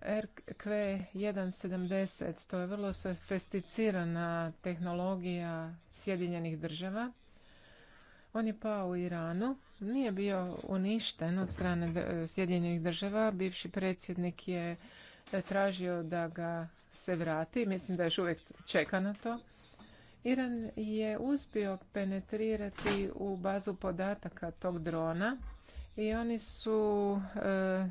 RQ170, to je vrlo sofisticirana tehnologija Sjedinjenih država. On je pao u Iranu, nije bio uništen od strane Sjedinjenih država. Bivši predsjednik je tražio da ga se vrati. Mislim da još uvijek čeka na to. Iran je uspio penetrirati u bazu podataka tog drona i oni su e,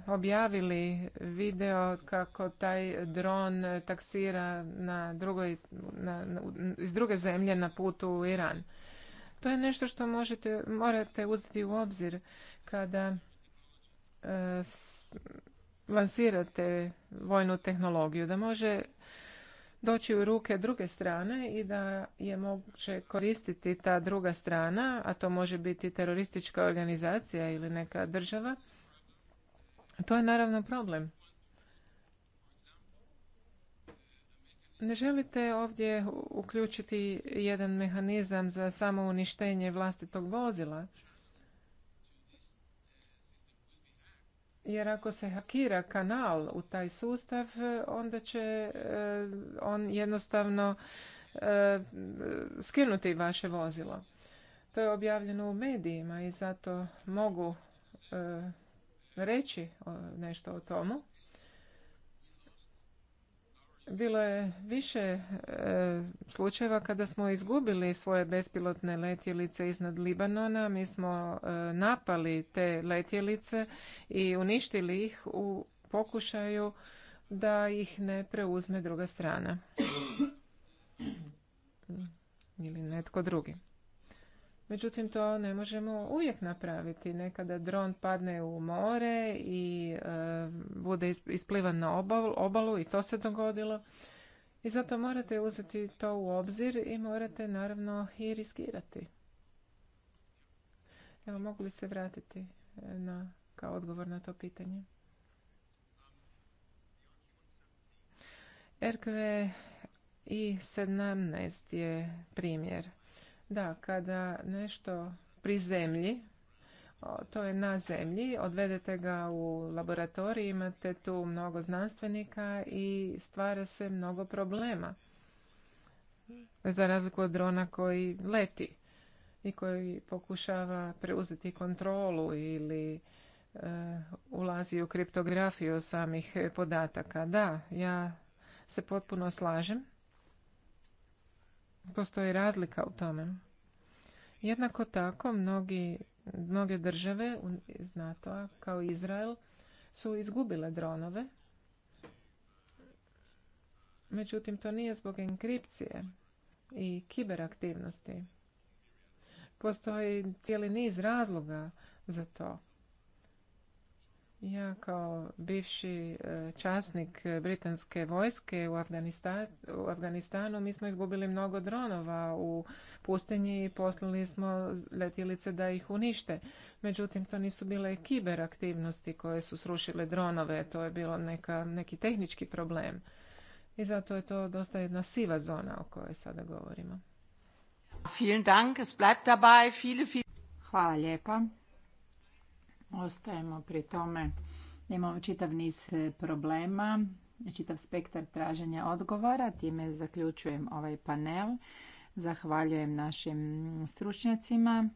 objavili video kako taj dron taksira na iz druge zemlje na putu u Iran. To je nešto što morate uzeti u obzir kada e, lansirate vojnu tehnologiju, da može doći u ruke druge strane i da je moguće koristiti ta druga strana, a to može biti teroristička organizacija ili neka država, to je naravno problem. Ne želite ovdje uključiti jedan mehanizam za samouništenje vlastitog vozila jer ako se hakira kanal u taj sustav, e, onda će e, on jednostavno e, skinuti vaše vozilo. To je objavljeno u medijima i zato mogu reći nešto o tomu bilo je više e, slučajeva kada smo izgubili svoje bespilotne letjelice iznad Libanona. Mi smo e, napali te letjelice i uništili ih u pokušaju da ih ne preuzme druga strana. (clears throat) Ili netko drugi. Međutim, to ne možemo uvijek napraviti. Nekada dron padne u more i e, bude isplivan na obalu, obalu i to se dogodilo. I zato morate uzeti to u obzir i morate naravno i riskirati. Evo, mogu li se vratiti e, na, kao odgovor na to pitanje? RKV e i 17 je primjer. Da, kada nešto pri zemlji, to je na zemlji, odvedete ga u laboratorij, imate tu mnogo znanstvenika i stvara se mnogo problema. Za razliku od drona koji leti i koji pokušava preuzeti kontrolu ili e, ulazi u kriptografiju samih podataka. Da, ja se potpuno slažem postoji razlika u tome. Jednako tako mnogi, mnoge države iz nato kao Izrael su izgubile dronove. Međutim, to nije zbog enkripcije i kiberaktivnosti. Postoji cijeli niz razloga za to. Ja kao bivši e, časnik e, britanske vojske u, u Afganistanu mi smo izgubili mnogo dronova u pustinji i poslali smo letjelice da ih unište. Međutim, to nisu bile kiberaktivnosti aktivnosti koje su srušile dronove, to je bilo neka, neki tehnički problem. I zato je to dosta jedna siva zona o kojoj sada govorimo. Hvala lijepa. Ostajemo pri tome. Imamo čitav niz e, problema, čitav spektar traženja odgovora. Time zaključujem ovaj panel. Zahvaljujem našim stručnjacima.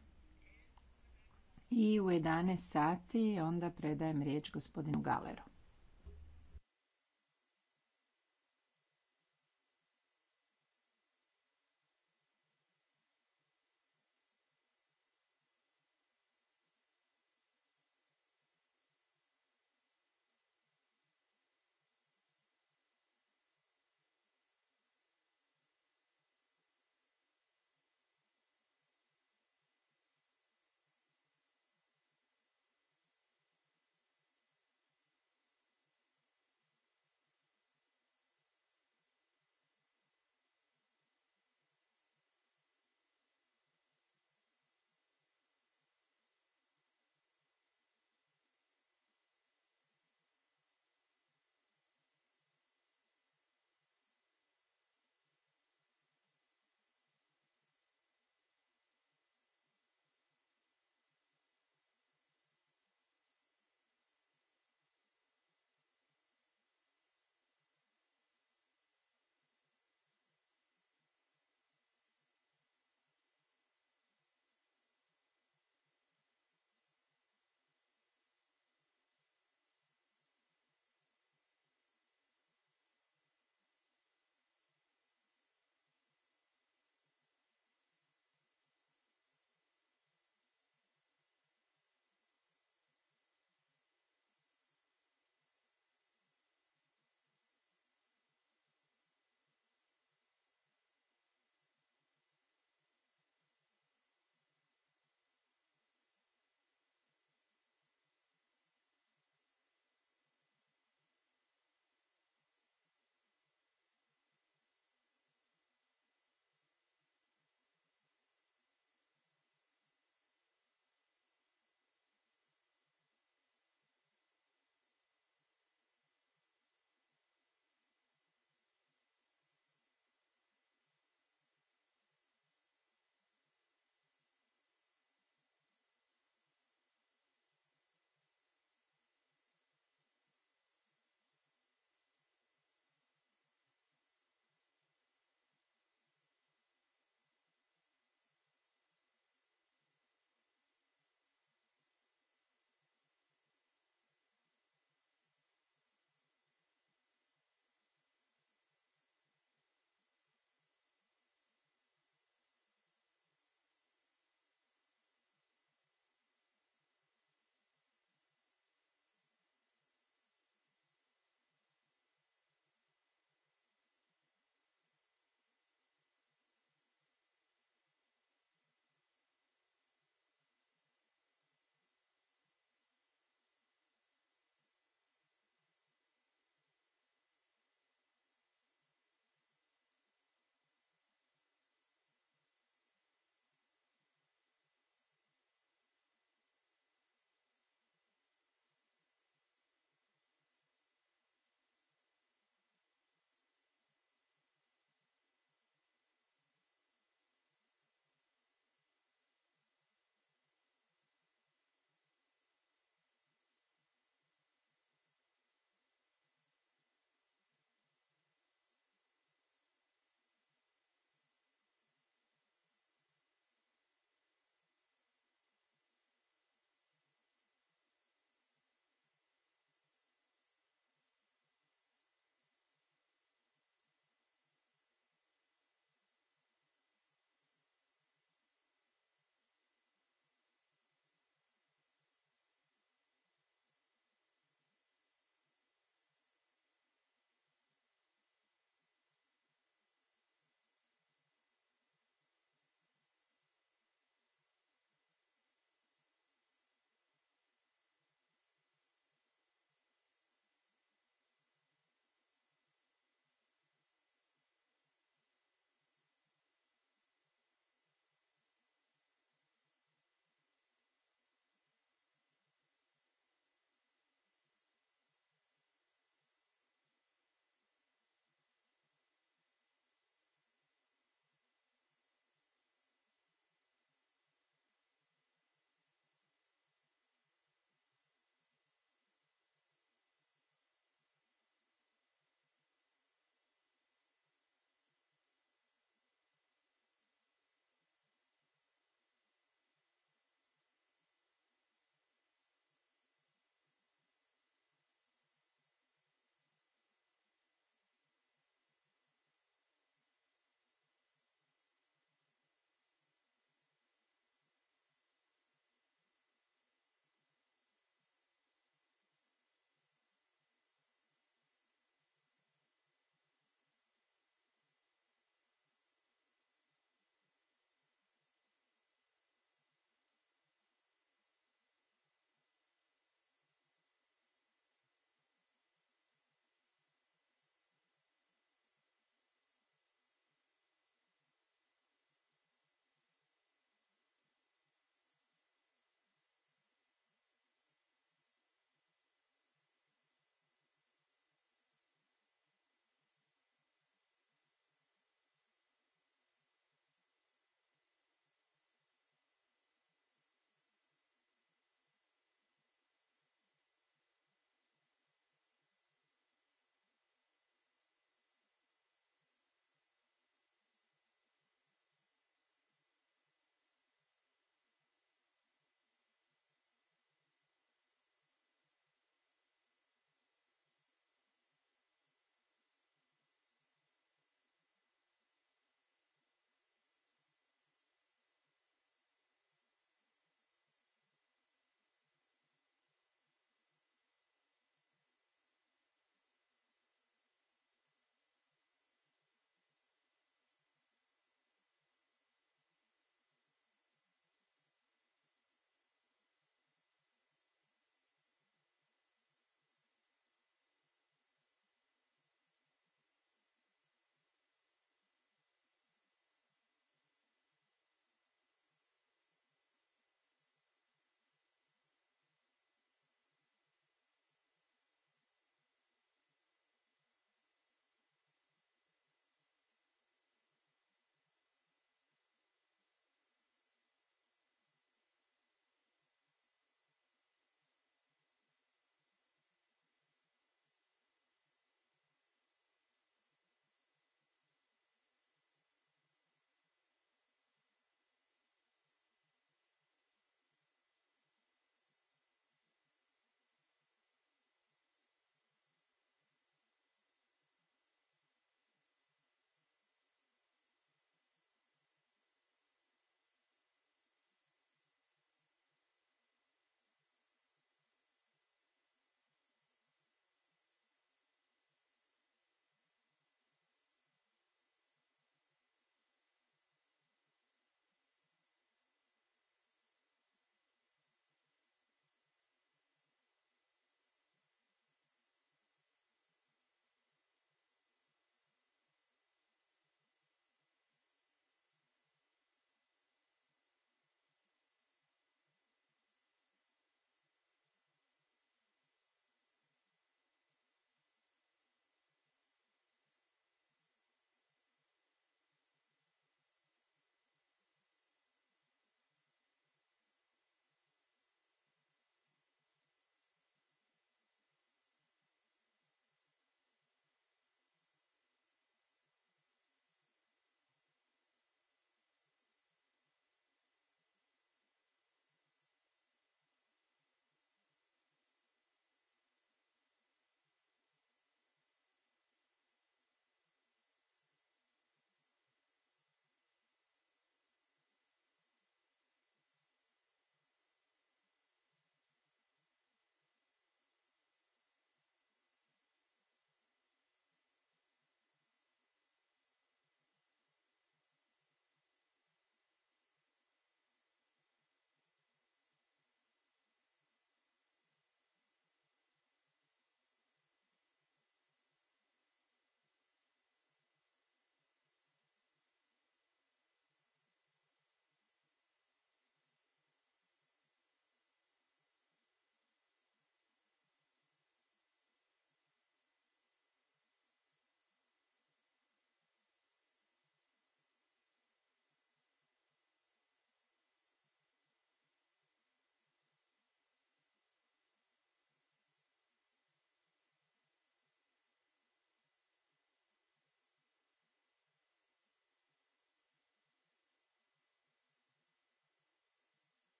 I u 11 sati onda predajem riječ gospodinu Galeru.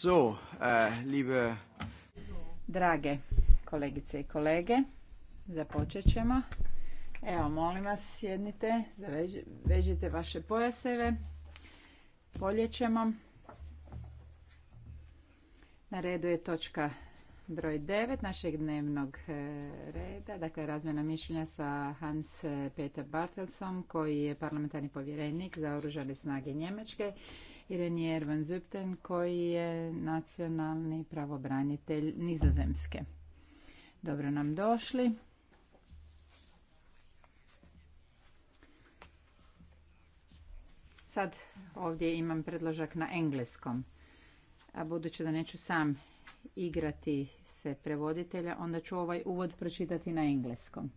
Eh, Drage kolegice i kolege, započet ćemo. Evo, molim vas, sjednite, vežite vaše pojaseve. Poljećemo. Na redu je točka broj devet našeg dnevnog e, reda, dakle razmjena mišljenja sa Hans e, Peter Bartelsom koji je parlamentarni povjerenik za oružane snage Njemačke i Renier van Zupten koji je nacionalni pravobranitelj Nizozemske. Dobro nam došli. Sad ovdje imam predložak na engleskom, a budući da neću sam igrati se prevoditelja, onda ću ovaj uvod pročitati na engleskom.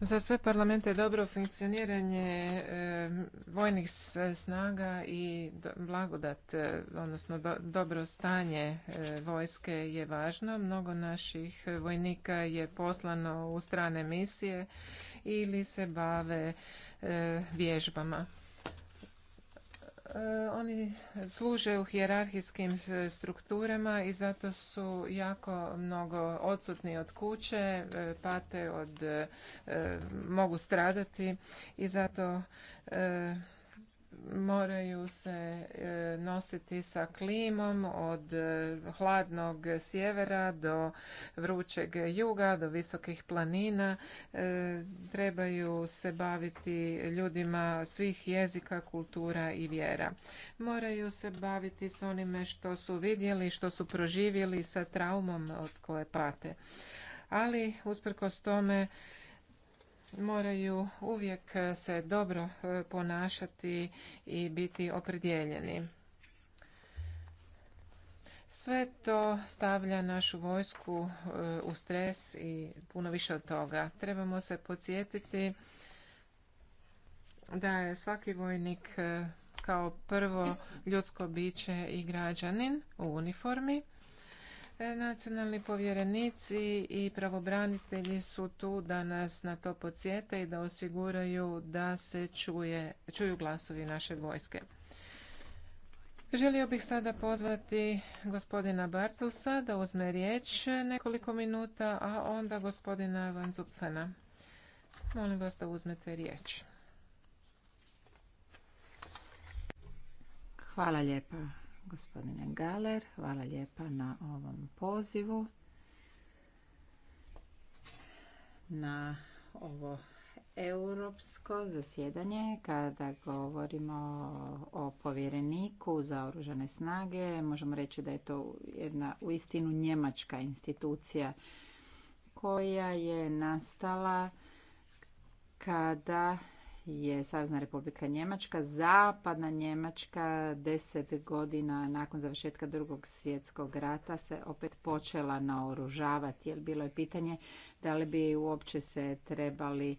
Za sve parlamente dobro funkcioniranje e, vojnih snaga i blagodat, e, odnosno dobro stanje e, vojske je važno. Mnogo naših vojnika je poslano u strane misije ili se bave vježbama. E, oni služe u hijerarhijskim strukturama i zato su jako mnogo odsutni od kuće, e, pate od, e, mogu stradati i zato moraju se e, nositi sa klimom od e, hladnog sjevera do vrućeg juga, do visokih planina. E, trebaju se baviti ljudima svih jezika, kultura i vjera. Moraju se baviti s onime što su vidjeli, što su proživjeli sa traumom od koje pate. Ali, usprkos tome, moraju uvijek se dobro e, ponašati i biti opredjeljeni. Sve to stavlja našu vojsku e, u stres i puno više od toga. Trebamo se podsjetiti da je svaki vojnik e, kao prvo ljudsko biće i građanin u uniformi E, nacionalni povjerenici i pravobranitelji su tu da nas na to podsjete i da osiguraju da se čuje, čuju glasovi naše vojske. Želio bih sada pozvati gospodina Bartelsa da uzme riječ nekoliko minuta, a onda gospodina Van Zupfena. Molim vas da uzmete riječ. Hvala lijepa gospodine Galer. Hvala lijepa na ovom pozivu. Na ovo europsko zasjedanje kada govorimo o povjereniku za oružane snage možemo reći da je to jedna uistinu njemačka institucija koja je nastala kada je Savezna republika Njemačka, zapadna Njemačka deset godina nakon završetka drugog svjetskog rata se opet počela naoružavati. Jer bilo je pitanje da li bi uopće se trebali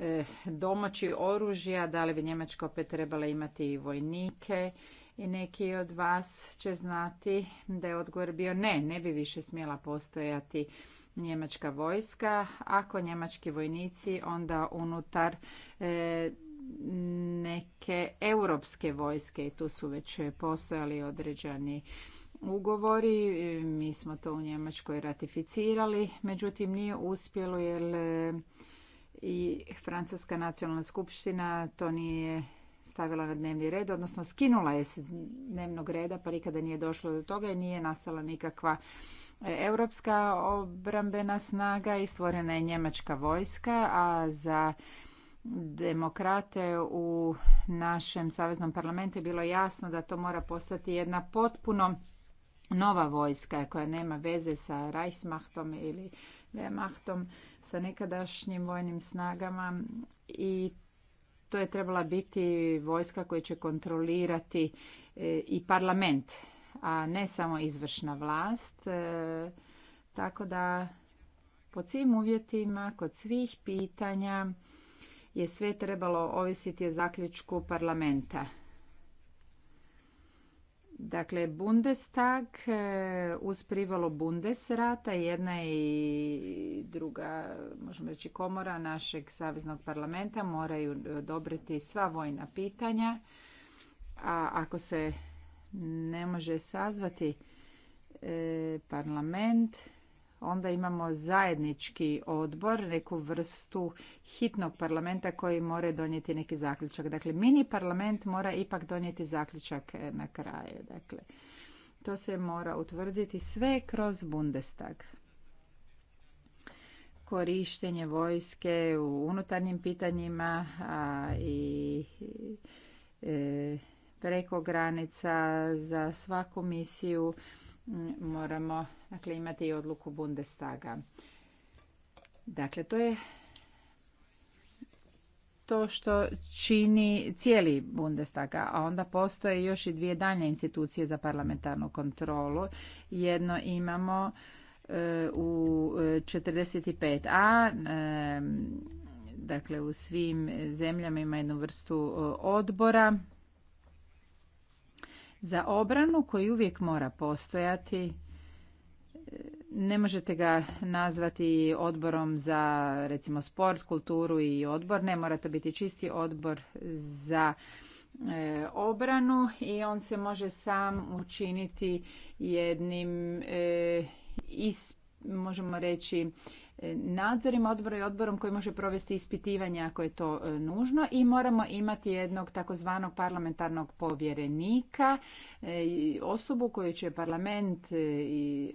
eh, domaći oružja, da li bi Njemačka opet trebala imati i vojnike i neki od vas će znati da je odgovor bio ne, ne bi više smjela postojati njemačka vojska, ako njemački vojnici onda unutar e, neke europske vojske i tu su već postojali određeni ugovori. E, mi smo to u Njemačkoj ratificirali, međutim nije uspjelo jer e, i Francuska nacionalna skupština to nije stavila na dnevni red, odnosno skinula je s dnevnog reda pa nikada nije došlo do toga i nije nastala nikakva e, europska obrambena snaga i stvorena je njemačka vojska, a za demokrate u našem saveznom parlamentu je bilo jasno da to mora postati jedna potpuno nova vojska koja nema veze sa Reichsmachtom ili Wehrmachtom, sa nekadašnjim vojnim snagama i to je trebala biti vojska koja će kontrolirati e, i parlament, a ne samo izvršna vlast. E, tako da pod svim uvjetima, kod svih pitanja je sve trebalo ovisiti o zaključku parlamenta. Dakle, Bundestag e, uz privalo Bundesrata, jedna i druga, možemo reći, komora našeg saveznog parlamenta moraju odobriti sva vojna pitanja, a ako se ne može sazvati e, parlament, onda imamo zajednički odbor, neku vrstu hitnog parlamenta koji mora donijeti neki zaključak. Dakle, mini parlament mora ipak donijeti zaključak e, na kraju. Dakle, to se mora utvrditi sve kroz Bundestag. Korištenje vojske u unutarnjim pitanjima i e, preko granica za svaku misiju moramo dakle, imati i odluku Bundestaga. Dakle, to je to što čini cijeli Bundestag, a onda postoje još i dvije dalje institucije za parlamentarnu kontrolu. Jedno imamo e, u 45a, e, e, dakle u svim zemljama ima jednu vrstu odbora za obranu koji uvijek mora postojati. E, ne možete ga nazvati odborom za recimo sport, kulturu i odbor, ne mora to biti čisti odbor za e, obranu i on se može sam učiniti jednim, e, možemo reći, Nadzorim odbora i odborom koji može provesti ispitivanje ako je to e, nužno i moramo imati jednog takozvanog parlamentarnog povjerenika, e, osobu koju će parlament e,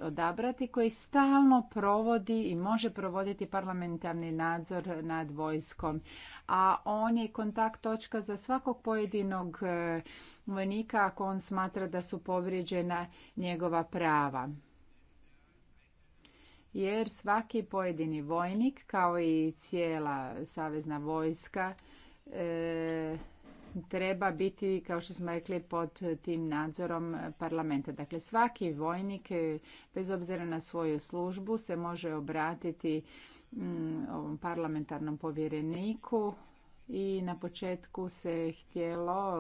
odabrati koji stalno provodi i može provoditi parlamentarni nadzor nad vojskom. A on je kontakt točka za svakog pojedinog vojnika ako on smatra da su povrijeđena njegova prava jer svaki pojedini vojnik kao i cijela savezna vojska e, treba biti, kao što smo rekli, pod tim nadzorom parlamenta. Dakle, svaki vojnik, e, bez obzira na svoju službu, se može obratiti mm, ovom parlamentarnom povjereniku i na početku se htjelo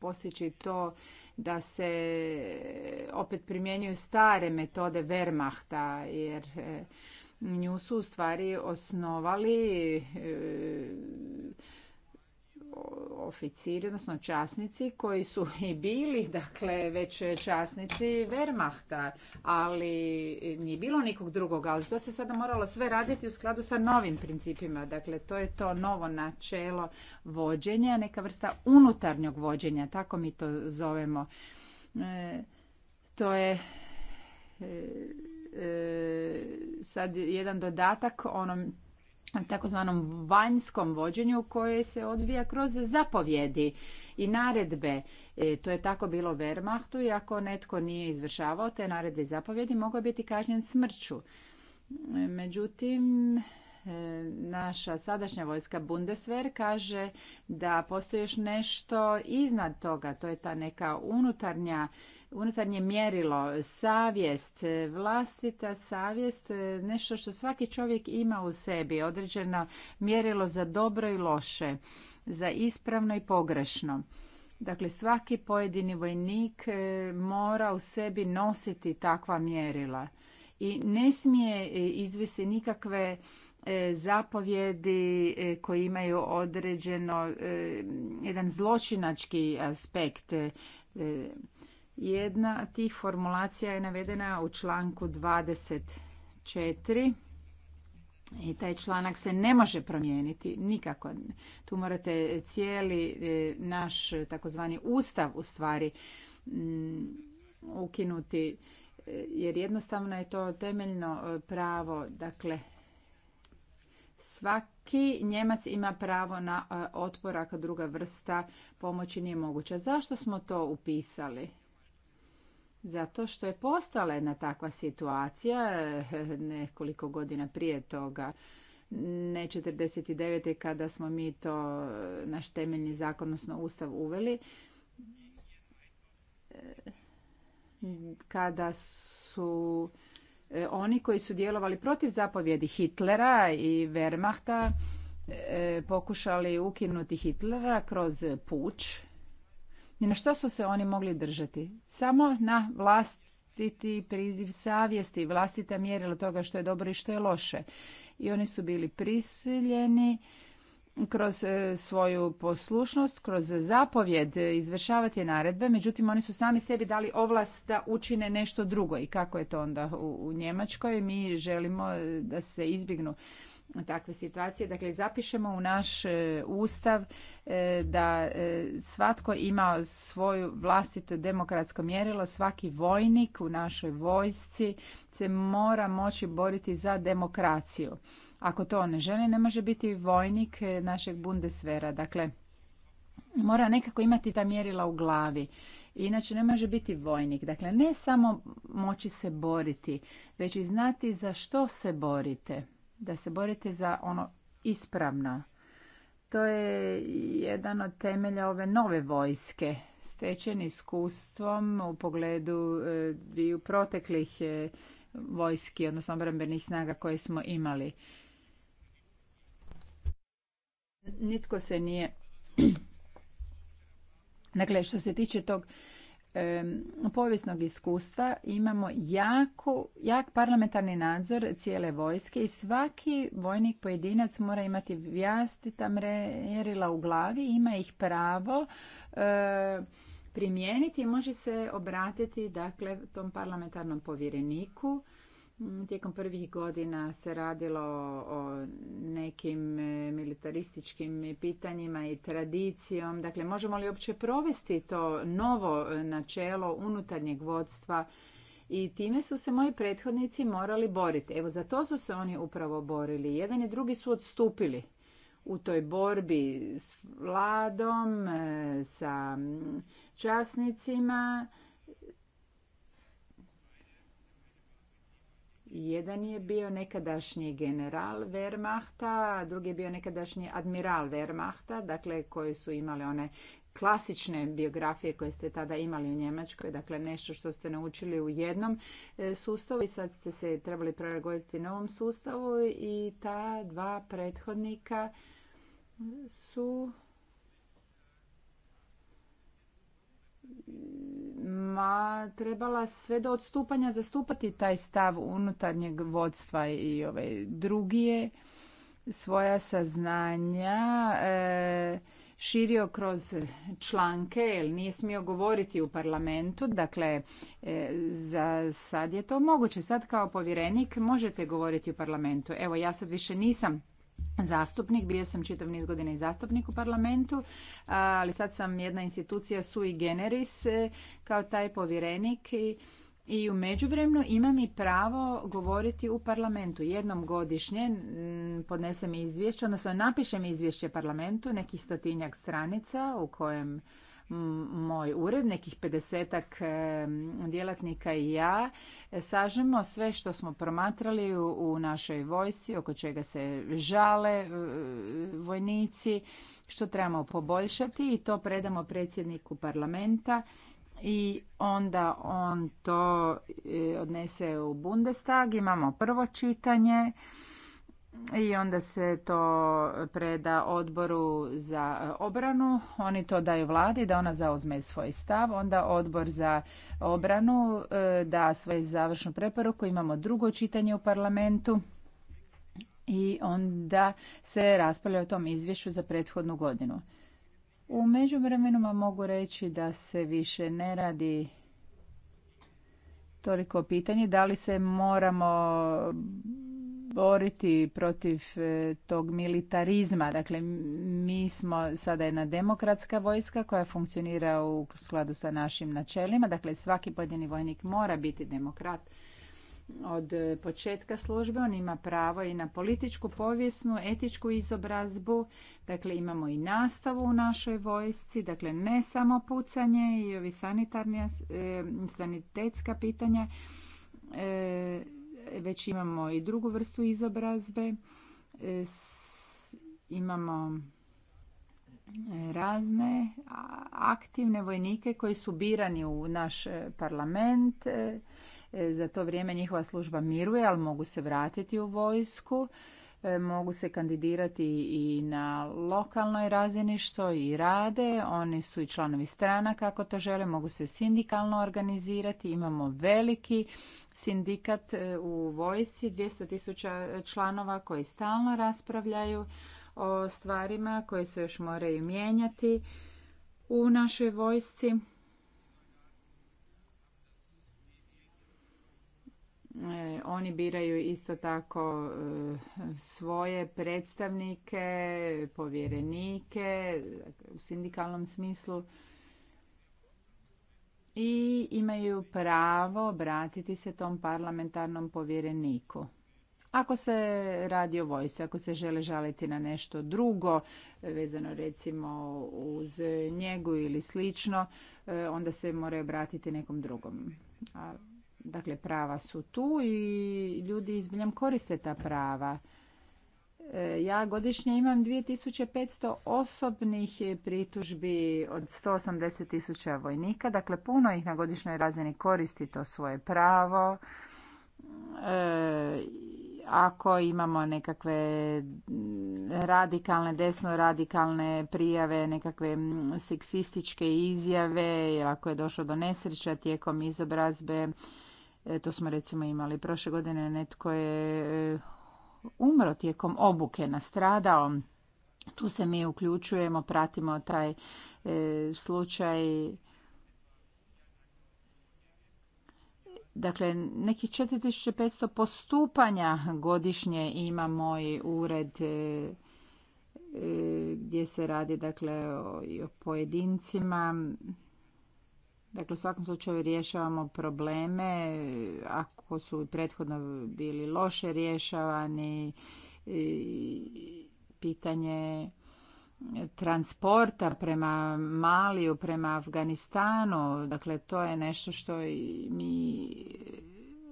postići to da se opet primjenjuju stare metode Wehrmachta, jer e, nju su u stvari osnovali e, oficiri, odnosno časnici koji su i bili, dakle, već časnici Wehrmachta, ali nije bilo nikog drugog, ali to se sada moralo sve raditi u skladu sa novim principima. Dakle, to je to novo načelo vođenja, neka vrsta unutarnjog vođenja, tako mi to zovemo. E, to je e, e, sad jedan dodatak onom takozvanom vanjskom vođenju koje se odvija kroz zapovjedi i naredbe. E, to je tako bilo Wehrmachtu i ako netko nije izvršavao te naredbe i zapovjedi, mogao biti kažnjen smrću. E, međutim, E, naša sadašnja vojska Bundeswehr kaže da postoji još nešto iznad toga, to je ta neka unutarnja unutarnje mjerilo, savjest, vlastita savjest, e, nešto što svaki čovjek ima u sebi, određeno mjerilo za dobro i loše, za ispravno i pogrešno. Dakle, svaki pojedini vojnik e, mora u sebi nositi takva mjerila i ne smije izvesti nikakve E, zapovjedi e, koji imaju određeno e, jedan zločinački aspekt. Jedna tih formulacija je navedena u članku 24 i taj članak se ne može promijeniti nikako. Tu morate cijeli naš takozvani ustav u stvari mm, ukinuti jer jednostavno je to temeljno pravo, dakle Svaki Njemac ima pravo na e, otpor ako druga vrsta pomoći nije moguća. Zašto smo to upisali? Zato što je postala jedna takva situacija (laughs) nekoliko godina prije toga ne 49. kada smo mi to e, naš temeljni zakon, odnosno ustav uveli, e, kada su E, oni koji su djelovali protiv zapovjedi Hitlera i Wehrmachta e, pokušali ukinuti Hitlera kroz puč I na što su se oni mogli držati? Samo na vlastiti priziv savjesti, vlastita mjerila toga što je dobro i što je loše. I oni su bili prisiljeni kroz e, svoju poslušnost, kroz zapovjed izvršavati naredbe, međutim oni su sami sebi dali ovlast da učine nešto drugo i kako je to onda u Njemačkoj. Mi želimo e, da se izbignu takve situacije. Dakle, zapišemo u naš e, ustav da svatko ima svoju vlastito demokratsko mjerilo, svaki vojnik u našoj vojsci se mora moći boriti za demokraciju. Ako to ne želi, ne može biti vojnik eh, našeg bundesvera. Dakle, mora nekako imati ta mjerila u glavi. Inače ne može biti vojnik. Dakle, ne samo moći se boriti, već i znati za što se borite. Da se borite za ono ispravno. To je jedan od temelja ove nove vojske. Stečen iskustvom u pogledu eh, u proteklih eh, vojski, odnosno obrambenih snaga koje smo imali. Nitko se nije... (clears throat) Dakle, što se tiče tog povijesnog iskustva, imamo jako, jak parlamentarni nadzor cijele vojske i svaki vojnik pojedinac mora imati vjastita mjerila u glavi, ima ih pravo e, primijeniti i može se obratiti dakle, tom parlamentarnom povjereniku Mm, tijekom prvih godina se radilo o nekim e, militarističkim pitanjima i tradicijom. Dakle, možemo li uopće provesti to novo e, načelo unutarnjeg vodstva i time su se moji prethodnici morali boriti. Evo, za to su se oni upravo borili. Jedan i drugi su odstupili u toj borbi s vladom, e, sa časnicima Jedan je bio nekadašnji general Wehrmachta, drugi je bio nekadašnji admiral Wehrmachta, dakle koji su imali one klasične biografije koje ste tada imali u Njemačkoj, dakle nešto što ste naučili u jednom e, sustavu i sad ste se trebali prilagoditi novom sustavu i ta dva prethodnika su ma trebala sve do odstupanja zastupati taj stav unutarnjeg vodstva i ovaj drugije svoja saznanja e, širio kroz članke jer nije smio govoriti u parlamentu. Dakle, e, za sad je to moguće. Sad kao povjerenik možete govoriti u parlamentu. Evo, ja sad više nisam zastupnik, bio sam čitav niz godina i zastupnik u parlamentu, ali sad sam jedna institucija sui generis e, kao taj povjerenik i i u međuvremenu imam i pravo govoriti u parlamentu. Jednom godišnje podnesem izvješće, odnosno napišem izvješće parlamentu, nekih stotinjak stranica u kojem moj ured, nekih 50-ak e, djelatnika i ja, sažemo sve što smo promatrali u našoj vojsci, oko čega se žale e, vojnici, što trebamo poboljšati i to predamo predsjedniku parlamenta i onda on to e, odnese u Bundestag. Imamo prvo čitanje i onda se to preda odboru za e, obranu, oni to daju vladi da ona zauzme svoj stav, onda odbor za obranu e, da svoju završnu preporuku, imamo drugo čitanje u parlamentu i onda se raspravlja o tom izvješću za prethodnu godinu. U međuvremenu mogu reći da se više ne radi toliko pitanje da li se moramo boriti protiv e, tog militarizma. Dakle, mi smo sada jedna demokratska vojska koja funkcionira u skladu sa našim načelima. Dakle, svaki pojedini vojnik mora biti demokrat od e, početka službe. On ima pravo i na političku, povijesnu, etičku izobrazbu. Dakle, imamo i nastavu u našoj vojsci. Dakle, ne samo pucanje i ovi sanitarni, e, sanitetska pitanja već imamo i drugu vrstu izobrazbe. E, imamo e, razne aktivne vojnike koji su birani u naš e, parlament. Za to vrijeme njihova služba miruje, ali mogu se vratiti u vojsku. E, mogu se kandidirati i na lokalnoj razini što i rade. Oni su i članovi strana kako to žele, mogu se sindikalno organizirati. Imamo veliki sindikat e, u vojsci, 200.000 članova koji stalno raspravljaju o stvarima koje se još moraju mijenjati u našoj vojsci. E, oni biraju isto tako e, svoje predstavnike, povjerenike u sindikalnom smislu i imaju pravo obratiti se tom parlamentarnom povjereniku. Ako se radi o vojsu, ako se žele žaliti na nešto drugo, vezano recimo uz njegu ili slično, e, onda se moraju obratiti nekom drugom. Dakle, prava su tu i ljudi izbiljam koriste ta prava. E, ja godišnje imam 2500 osobnih pritužbi od 180 tisuća vojnika. Dakle, puno ih na godišnjoj razini koristi to svoje pravo. E, ako imamo nekakve radikalne, desno radikalne prijave, nekakve seksističke izjave, ili ako je došlo do nesreća tijekom izobrazbe, E, to smo recimo imali prošle godine netko je e, umro tijekom obuke, nastradao. Tu se mi uključujemo, pratimo taj e, slučaj. Dakle, nekih 4500 postupanja godišnje ima moj ured gdje se radi dakle, o pojedincima. Dakle, u svakom slučaju rješavamo probleme ako su prethodno bili loše rješavani pitanje transporta prema Maliju, prema Afganistanu. Dakle, to je nešto što mi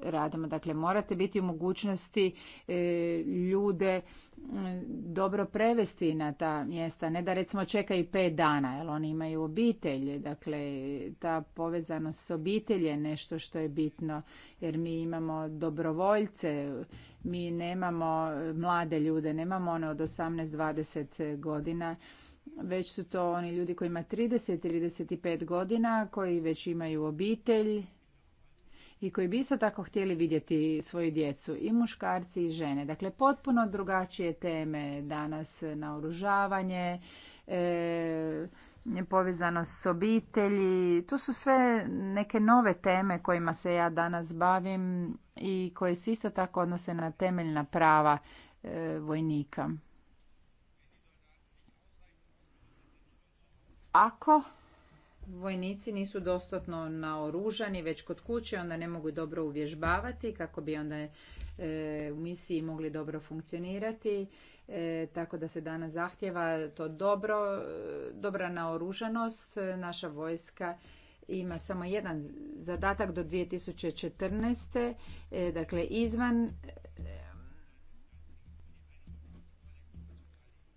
radimo. Dakle, morate biti u mogućnosti e, ljude dobro prevesti na ta mjesta, ne da recimo čeka i pet dana, jer oni imaju obitelj. Dakle, ta povezanost s obitelj je nešto što je bitno, jer mi imamo dobrovoljce, mi nemamo mlade ljude, nemamo one od 18-20 godina, već su to oni ljudi koji ima 30-35 godina, koji već imaju obitelj, i koji bi isto tako htjeli vidjeti svoju djecu i muškarci i žene. Dakle, potpuno drugačije teme danas naoružavanje, e, povezanost s obitelji. To su sve neke nove teme kojima se ja danas bavim i koje se isto tako odnose na temeljna prava e, vojnika. Ako vojnici nisu dostatno naoružani već kod kuće, onda ne mogu dobro uvježbavati kako bi onda e, u misiji mogli dobro funkcionirati. E, tako da se danas zahtjeva to dobro, dobra naoružanost. Naša vojska ima samo jedan zadatak do 2014. E, dakle, izvan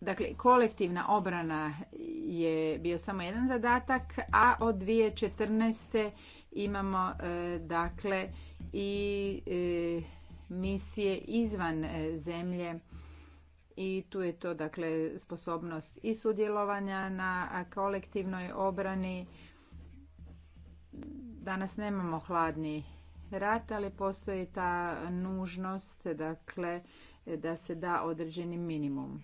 Dakle, kolektivna obrana je bio samo jedan zadatak, a od 2014. imamo e, dakle i e, misije izvan e, zemlje i tu je to dakle sposobnost i sudjelovanja na kolektivnoj obrani. Danas nemamo hladni rat, ali postoji ta nužnost dakle da se da određeni minimum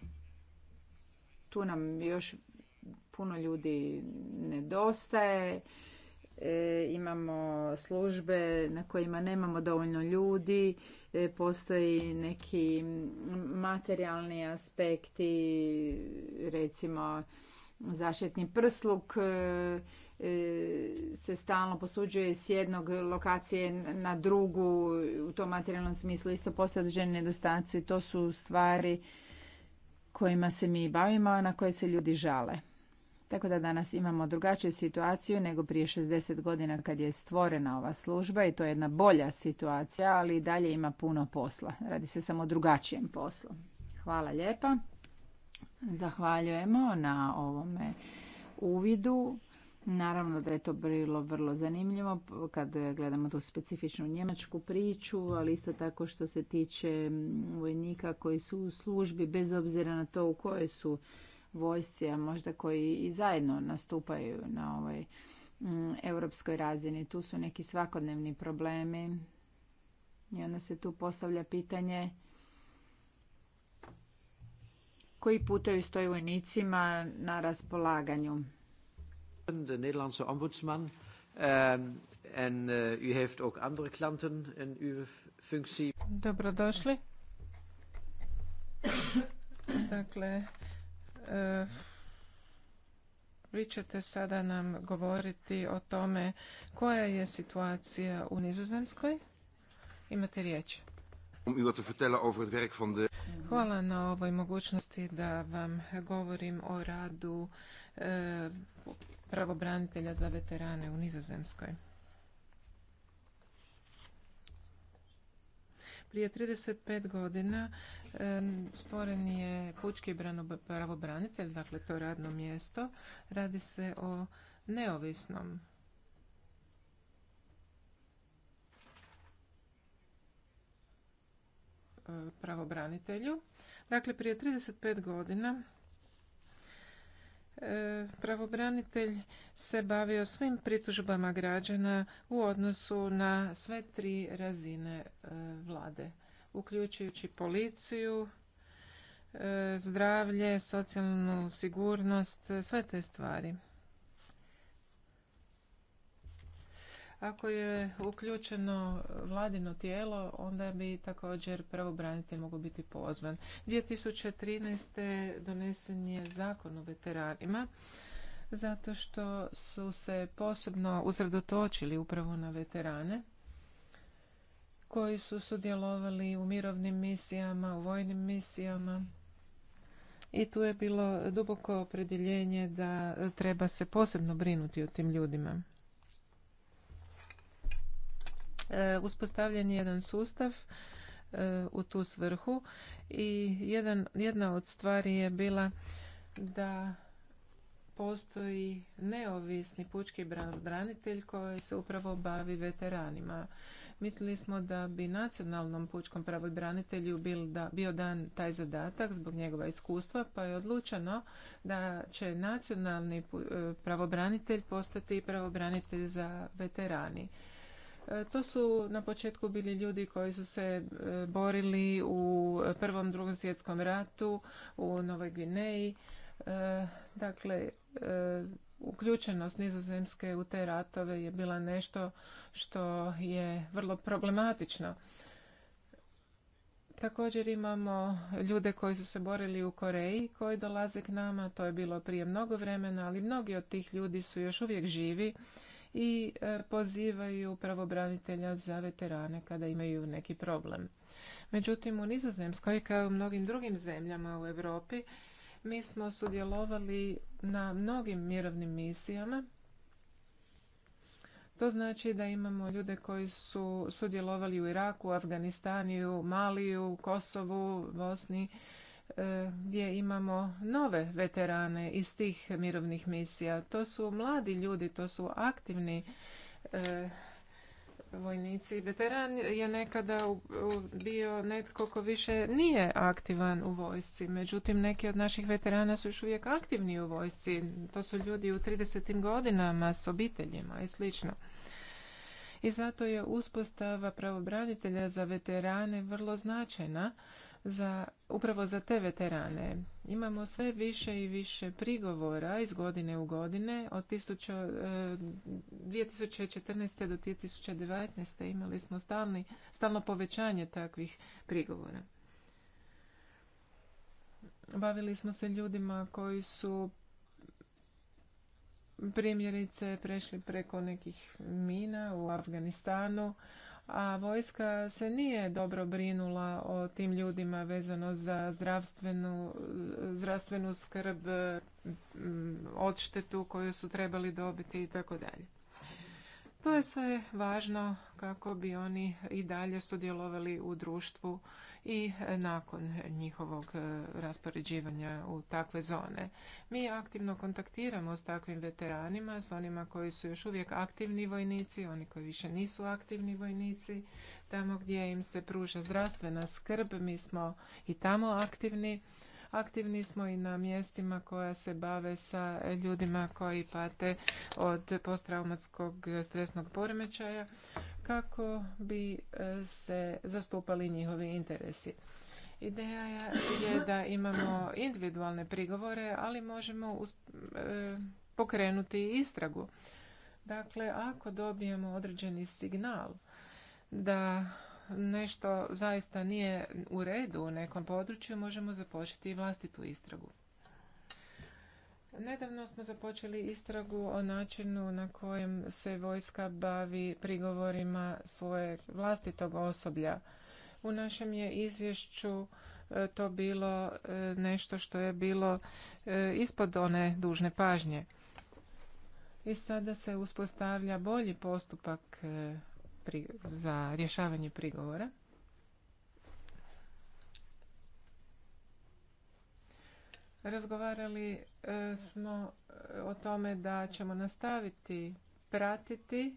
tu nam još puno ljudi nedostaje. E, imamo službe na kojima nemamo dovoljno ljudi, e, postoji neki materijalni aspekti, recimo zaštitni prsluk e, e, se stalno posuđuje s jednog lokacije na drugu, u tom materijalnom smislu isto postoje određeni nedostaci, to su stvari kojima se mi bavimo, a na koje se ljudi žale. Tako da danas imamo drugačiju situaciju nego prije 60 godina kad je stvorena ova služba i to je jedna bolja situacija, ali i dalje ima puno posla. Radi se samo o drugačijem poslu. Hvala lijepa. Zahvaljujemo na ovome uvidu Naravno da je to bilo vrlo zanimljivo kad gledamo tu specifičnu njemačku priču, ali isto tako što se tiče vojnika koji su u službi, bez obzira na to u kojoj su vojsci, a možda koji i zajedno nastupaju na ovoj europskoj razini. Tu su neki svakodnevni problemi i onda se tu postavlja pitanje koji putevi stoje vojnicima na raspolaganju de Nederlandse ombudsman. Um, en uh, u heeft ook andere klanten in uw functie. Dobrodošli. Dakle, uh, vi ćete sada nam govoriti o tome koja je situacija u Nizozemskoj. Imate riječ. Hvala na ovoj mogućnosti da vam govorim o radu E, pravobranitelja za veterane u Nizozemskoj. Prije 35 godina stvoren je pučki pravobranitelj, dakle to radno mjesto. Radi se o neovisnom e, pravobranitelju. Dakle, prije 35 godina E, pravobranitelj se bavio svim pritužbama građana u odnosu na sve tri razine e, vlade, uključujući policiju, e, zdravlje, socijalnu sigurnost, sve te stvari. Ako je uključeno vladino tijelo, onda bi također pravobranitelj mogao biti pozvan. 2013. donesen je zakon o veteranima zato što su se posebno usredotočili upravo na veterane koji su sudjelovali u mirovnim misijama, u vojnim misijama i tu je bilo duboko opredjeljenje da treba se posebno brinuti o tim ljudima. E, uspostavljen je jedan sustav e, u tu svrhu i jedan, jedna od stvari je bila da postoji neovisni pučki branitelj koji se upravo bavi veteranima. Mislili smo da bi nacionalnom pučkom pravobranitelju bio dan taj zadatak zbog njegova iskustva, pa je odlučeno da će nacionalni e, pravobranitelj postati pravobranitelj za veterani E, to su na početku bili ljudi koji su se e, borili u Prvom, Drugom svjetskom ratu u Novoj Gvineji. E, dakle, uključenost nizozemske u te ratove je bila nešto što je vrlo problematično. Također imamo ljude koji su se borili u Koreji koji dolaze k nama, to je bilo prije mnogo vremena, ali mnogi od tih ljudi su još uvijek živi i e, pozivaju pravobranitelja za veterane kada imaju neki problem. Međutim, u Nizozemskoj kao i u mnogim drugim zemljama u Europi mi smo sudjelovali na mnogim mirovnim misijama. To znači da imamo ljude koji su sudjelovali u Iraku, Afganistaniju, Maliju, Kosovu, Bosni E, gdje imamo nove veterane iz tih mirovnih misija. To su mladi ljudi, to su aktivni e, vojnici. Veteran je nekada bio netko ko više nije aktivan u vojsci. Međutim, neki od naših veterana su još uvijek aktivni u vojsci. To su ljudi u 30. godinama s obiteljima i slično. I zato je uspostava pravobranitelja za veterane vrlo značajna za, upravo za te veterane. Imamo sve više i više prigovora iz godine u godine. Od 2014. E, do 2019. imali smo stalno povećanje takvih prigovora. Bavili smo se ljudima koji su primjerice prešli preko nekih mina u Afganistanu a vojska se nije dobro brinula o tim ljudima vezano za zdravstvenu, zdravstvenu skrb, odštetu koju su trebali dobiti i tako dalje. To je sve važno kako bi oni i dalje sudjelovali u društvu i nakon njihovog e, raspoređivanja u takve zone. Mi aktivno kontaktiramo s takvim veteranima, s onima koji su još uvijek aktivni vojnici, oni koji više nisu aktivni vojnici, tamo gdje im se pruža zdravstvena skrb, mi smo i tamo aktivni Aktivni smo i na mjestima koja se bave sa ljudima koji pate od posttraumatskog stresnog poremećaja kako bi e, se zastupali njihovi interesi. Ideja je da imamo individualne prigovore, ali možemo e, pokrenuti istragu. Dakle, ako dobijemo određeni signal da nešto zaista nije u redu u nekom području, možemo započeti i vlastitu istragu. Nedavno smo započeli istragu o načinu na kojem se vojska bavi prigovorima svoje vlastitog osoblja. U našem je izvješću e, to bilo e, nešto što je bilo e, ispod one dužne pažnje. I sada se uspostavlja bolji postupak pri, za rješavanje prigovora. Razgovarali e, smo e, o tome da ćemo nastaviti pratiti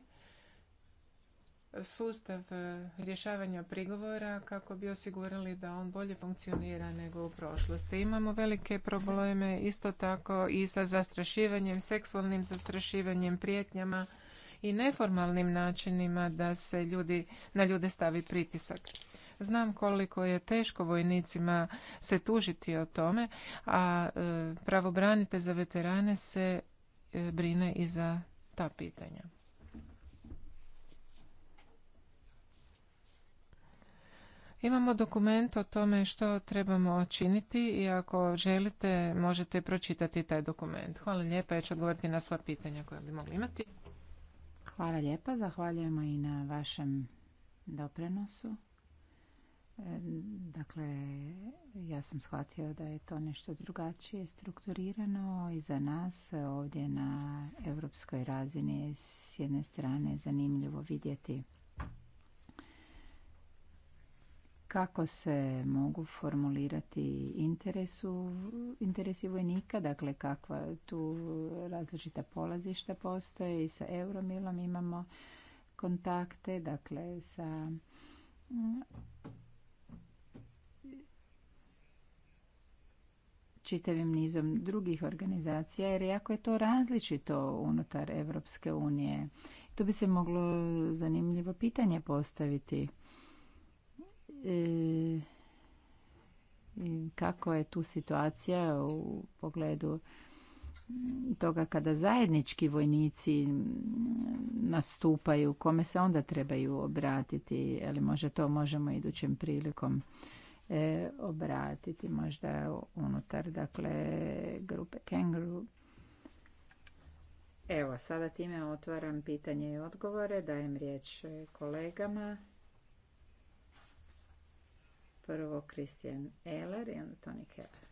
sustav e, rješavanja prigovora kako bi osigurali da on bolje funkcionira nego u prošlosti. Imamo velike probleme isto tako i sa zastrašivanjem, seksualnim zastrašivanjem, prijetnjama i neformalnim načinima da se ljudi, na ljude stavi pritisak. Znam koliko je teško vojnicima se tužiti o tome, a e, pravobranite za veterane se e, brine i za ta pitanja. Imamo dokument o tome što trebamo činiti i ako želite možete pročitati taj dokument. Hvala lijepa, ja ću odgovoriti na sva pitanja koja bi mogli imati. Hvala lijepa, zahvaljujemo i na vašem doprenosu. E, dakle, ja sam shvatio da je to nešto drugačije strukturirano i za nas ovdje na europskoj razini s jedne strane zanimljivo vidjeti kako se mogu formulirati interesu, interesi vojnika, dakle kakva tu različita polazišta postoje i sa Euromilom imamo kontakte, dakle sa čitavim nizom drugih organizacija jer jako je to različito unutar Europske unije. Tu bi se moglo zanimljivo pitanje postaviti E, kako je tu situacija u pogledu toga kada zajednički vojnici nastupaju, kome se onda trebaju obratiti, ali možda to možemo idućim prilikom e, obratiti, možda unutar dakle, grupe Kangaroo. Evo, sada time otvaram pitanje i odgovore, dajem riječ kolegama. Prvo Kristijan Eler i onda Toni Keller.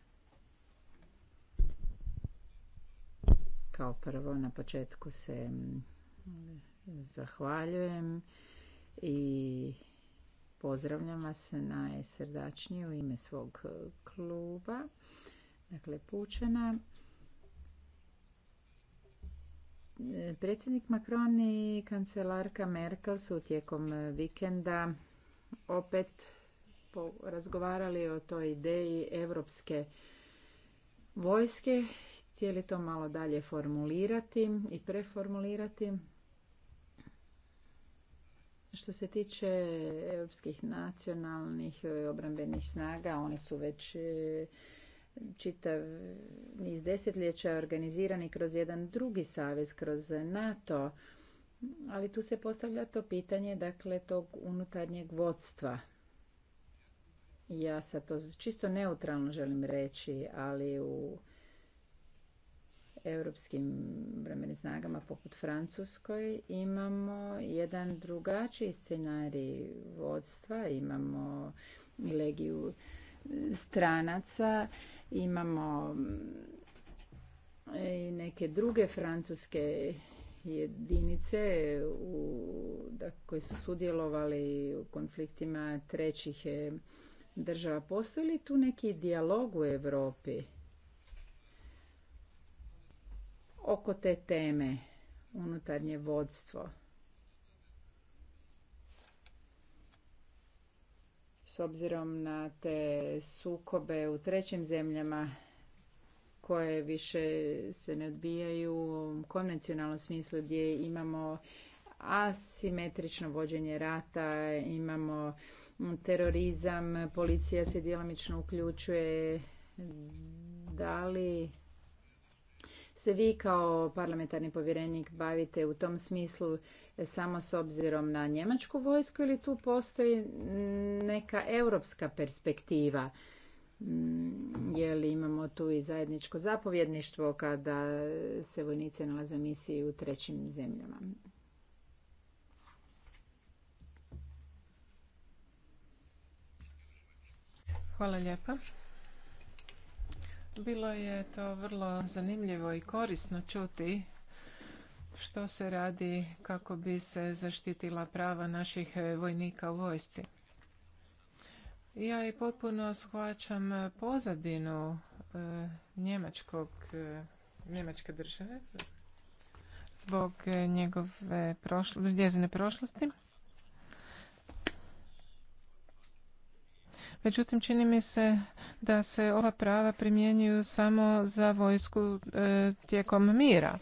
Kao prvo na početku se mm, zahvaljujem i pozdravljam vas najsrdačnije u ime svog e, kluba, dakle Pučana. Predsjednik Macron i kancelarka Merkel su tijekom e, vikenda opet razgovarali o toj ideji evropske vojske, htjeli to malo dalje formulirati i preformulirati. Što se tiče europskih nacionalnih obrambenih snaga, oni su već e, čitav niz desetljeća organizirani kroz jedan drugi savez, kroz NATO, ali tu se postavlja to pitanje dakle, tog unutarnjeg vodstva ja sad to čisto neutralno želim reći, ali u europskim vremenim snagama poput Francuskoj imamo jedan drugačiji scenarij vodstva, imamo legiju stranaca, imamo mm, i neke druge francuske jedinice da, koje su sudjelovali u konfliktima trećih eh, država. Postoji li tu neki dijalog u Europi oko te teme, unutarnje vodstvo? S obzirom na te sukobe u trećim zemljama koje više se ne odbijaju u konvencionalnom smislu gdje imamo asimetrično vođenje rata, imamo terorizam, policija se djelomično uključuje. Da li se vi kao parlamentarni povjerenik bavite u tom smislu samo s obzirom na njemačku vojsku ili tu postoji neka europska perspektiva? Mm, je li imamo tu i zajedničko zapovjedništvo kada se vojnici nalaze u misiji u trećim zemljama? Hvala lijepa. Bilo je to vrlo zanimljivo i korisno čuti što se radi kako bi se zaštitila prava naših e, vojnika u vojsci. Ja i potpuno shvaćam pozadinu e, njemačkog, e, njemačke države zbog njegove prošlo, njezine prošlosti. Međutim, čini mi se da se ova prava primjenjuju samo za vojsku e, tijekom mira.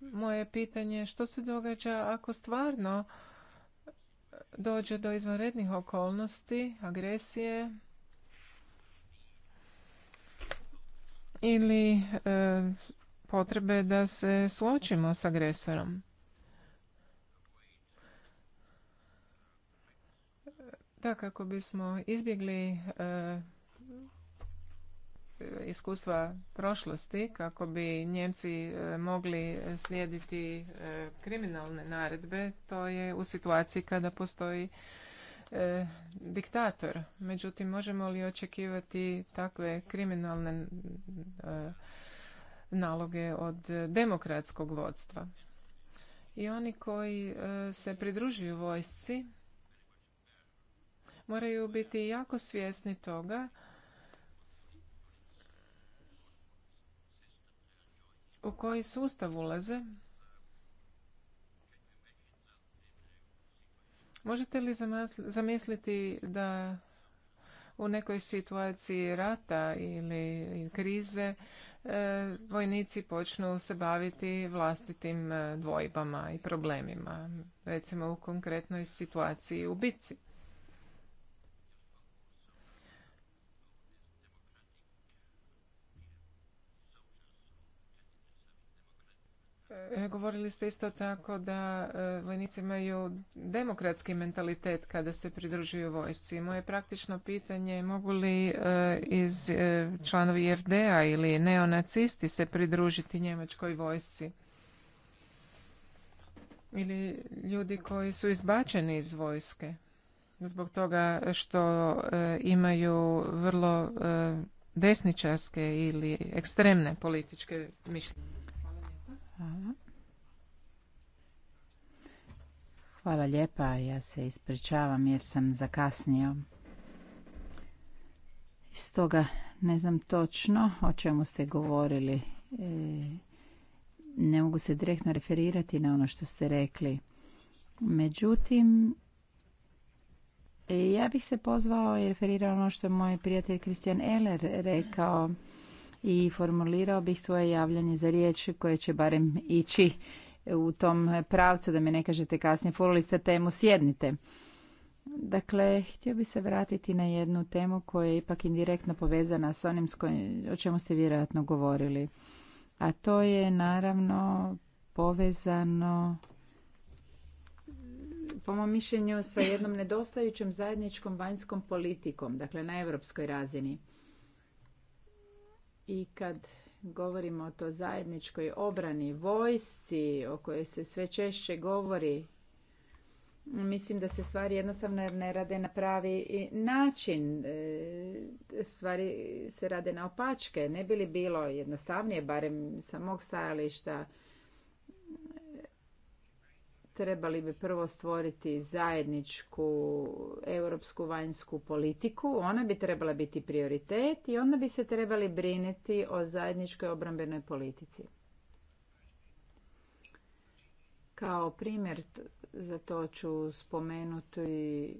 Moje pitanje je što se događa ako stvarno dođe do izvanrednih okolnosti, agresije ili e, potrebe da se suočimo s agresorom. Da, kako bismo izbjegli e, iskustva prošlosti, kako bi Njemci e, mogli slijediti e, kriminalne naredbe, to je u situaciji kada postoji diktator. Međutim, možemo li očekivati takve kriminalne naloge od demokratskog vodstva? I oni koji se pridružuju vojsci moraju biti jako svjesni toga u koji sustav ulaze. Možete li zamisliti da u nekoj situaciji rata ili krize e, vojnici počnu se baviti vlastitim e, dvojbama i problemima, recimo u konkretnoj situaciji u bitci. E, govorili ste isto tako da e, vojnici imaju demokratski mentalitet kada se pridružuju vojsci. Moje praktično pitanje je mogu li e, iz članovi FDA ili neonacisti se pridružiti njemačkoj vojsci? Ili ljudi koji su izbačeni iz vojske zbog toga što imaju vrlo desničarske ili ekstremne političke mišljenje. Hvala. Hvala lijepa, ja se ispričavam jer sam zakasnio. Stoga ne znam točno o čemu ste govorili. E, ne mogu se direktno referirati na ono što ste rekli. Međutim, e, ja bih se pozvao i referirao ono što je moj prijatelj Kristijan Eller rekao i formulirao bih svoje javljanje za riječ koje će barem ići u tom pravcu, da mi ne kažete kasnije, fulali ste temu, sjednite. Dakle, htio bih se vratiti na jednu temu koja je ipak indirektno povezana s onim s o čemu ste vjerojatno govorili. A to je naravno povezano po mom mišljenju sa jednom nedostajućom zajedničkom vanjskom politikom, dakle na europskoj razini. I kad govorimo o to zajedničkoj obrani, vojsci o kojoj se sve češće govori, mislim da se stvari jednostavno ne rade na pravi način. E, stvari se rade na opačke. Ne bi li bilo jednostavnije, barem sa mog stajališta, trebali bi prvo stvoriti zajedničku europsku vanjsku politiku. Ona bi trebala biti prioritet i onda bi se trebali brinuti o zajedničkoj obrambenoj politici. Kao primjer za to ću spomenuti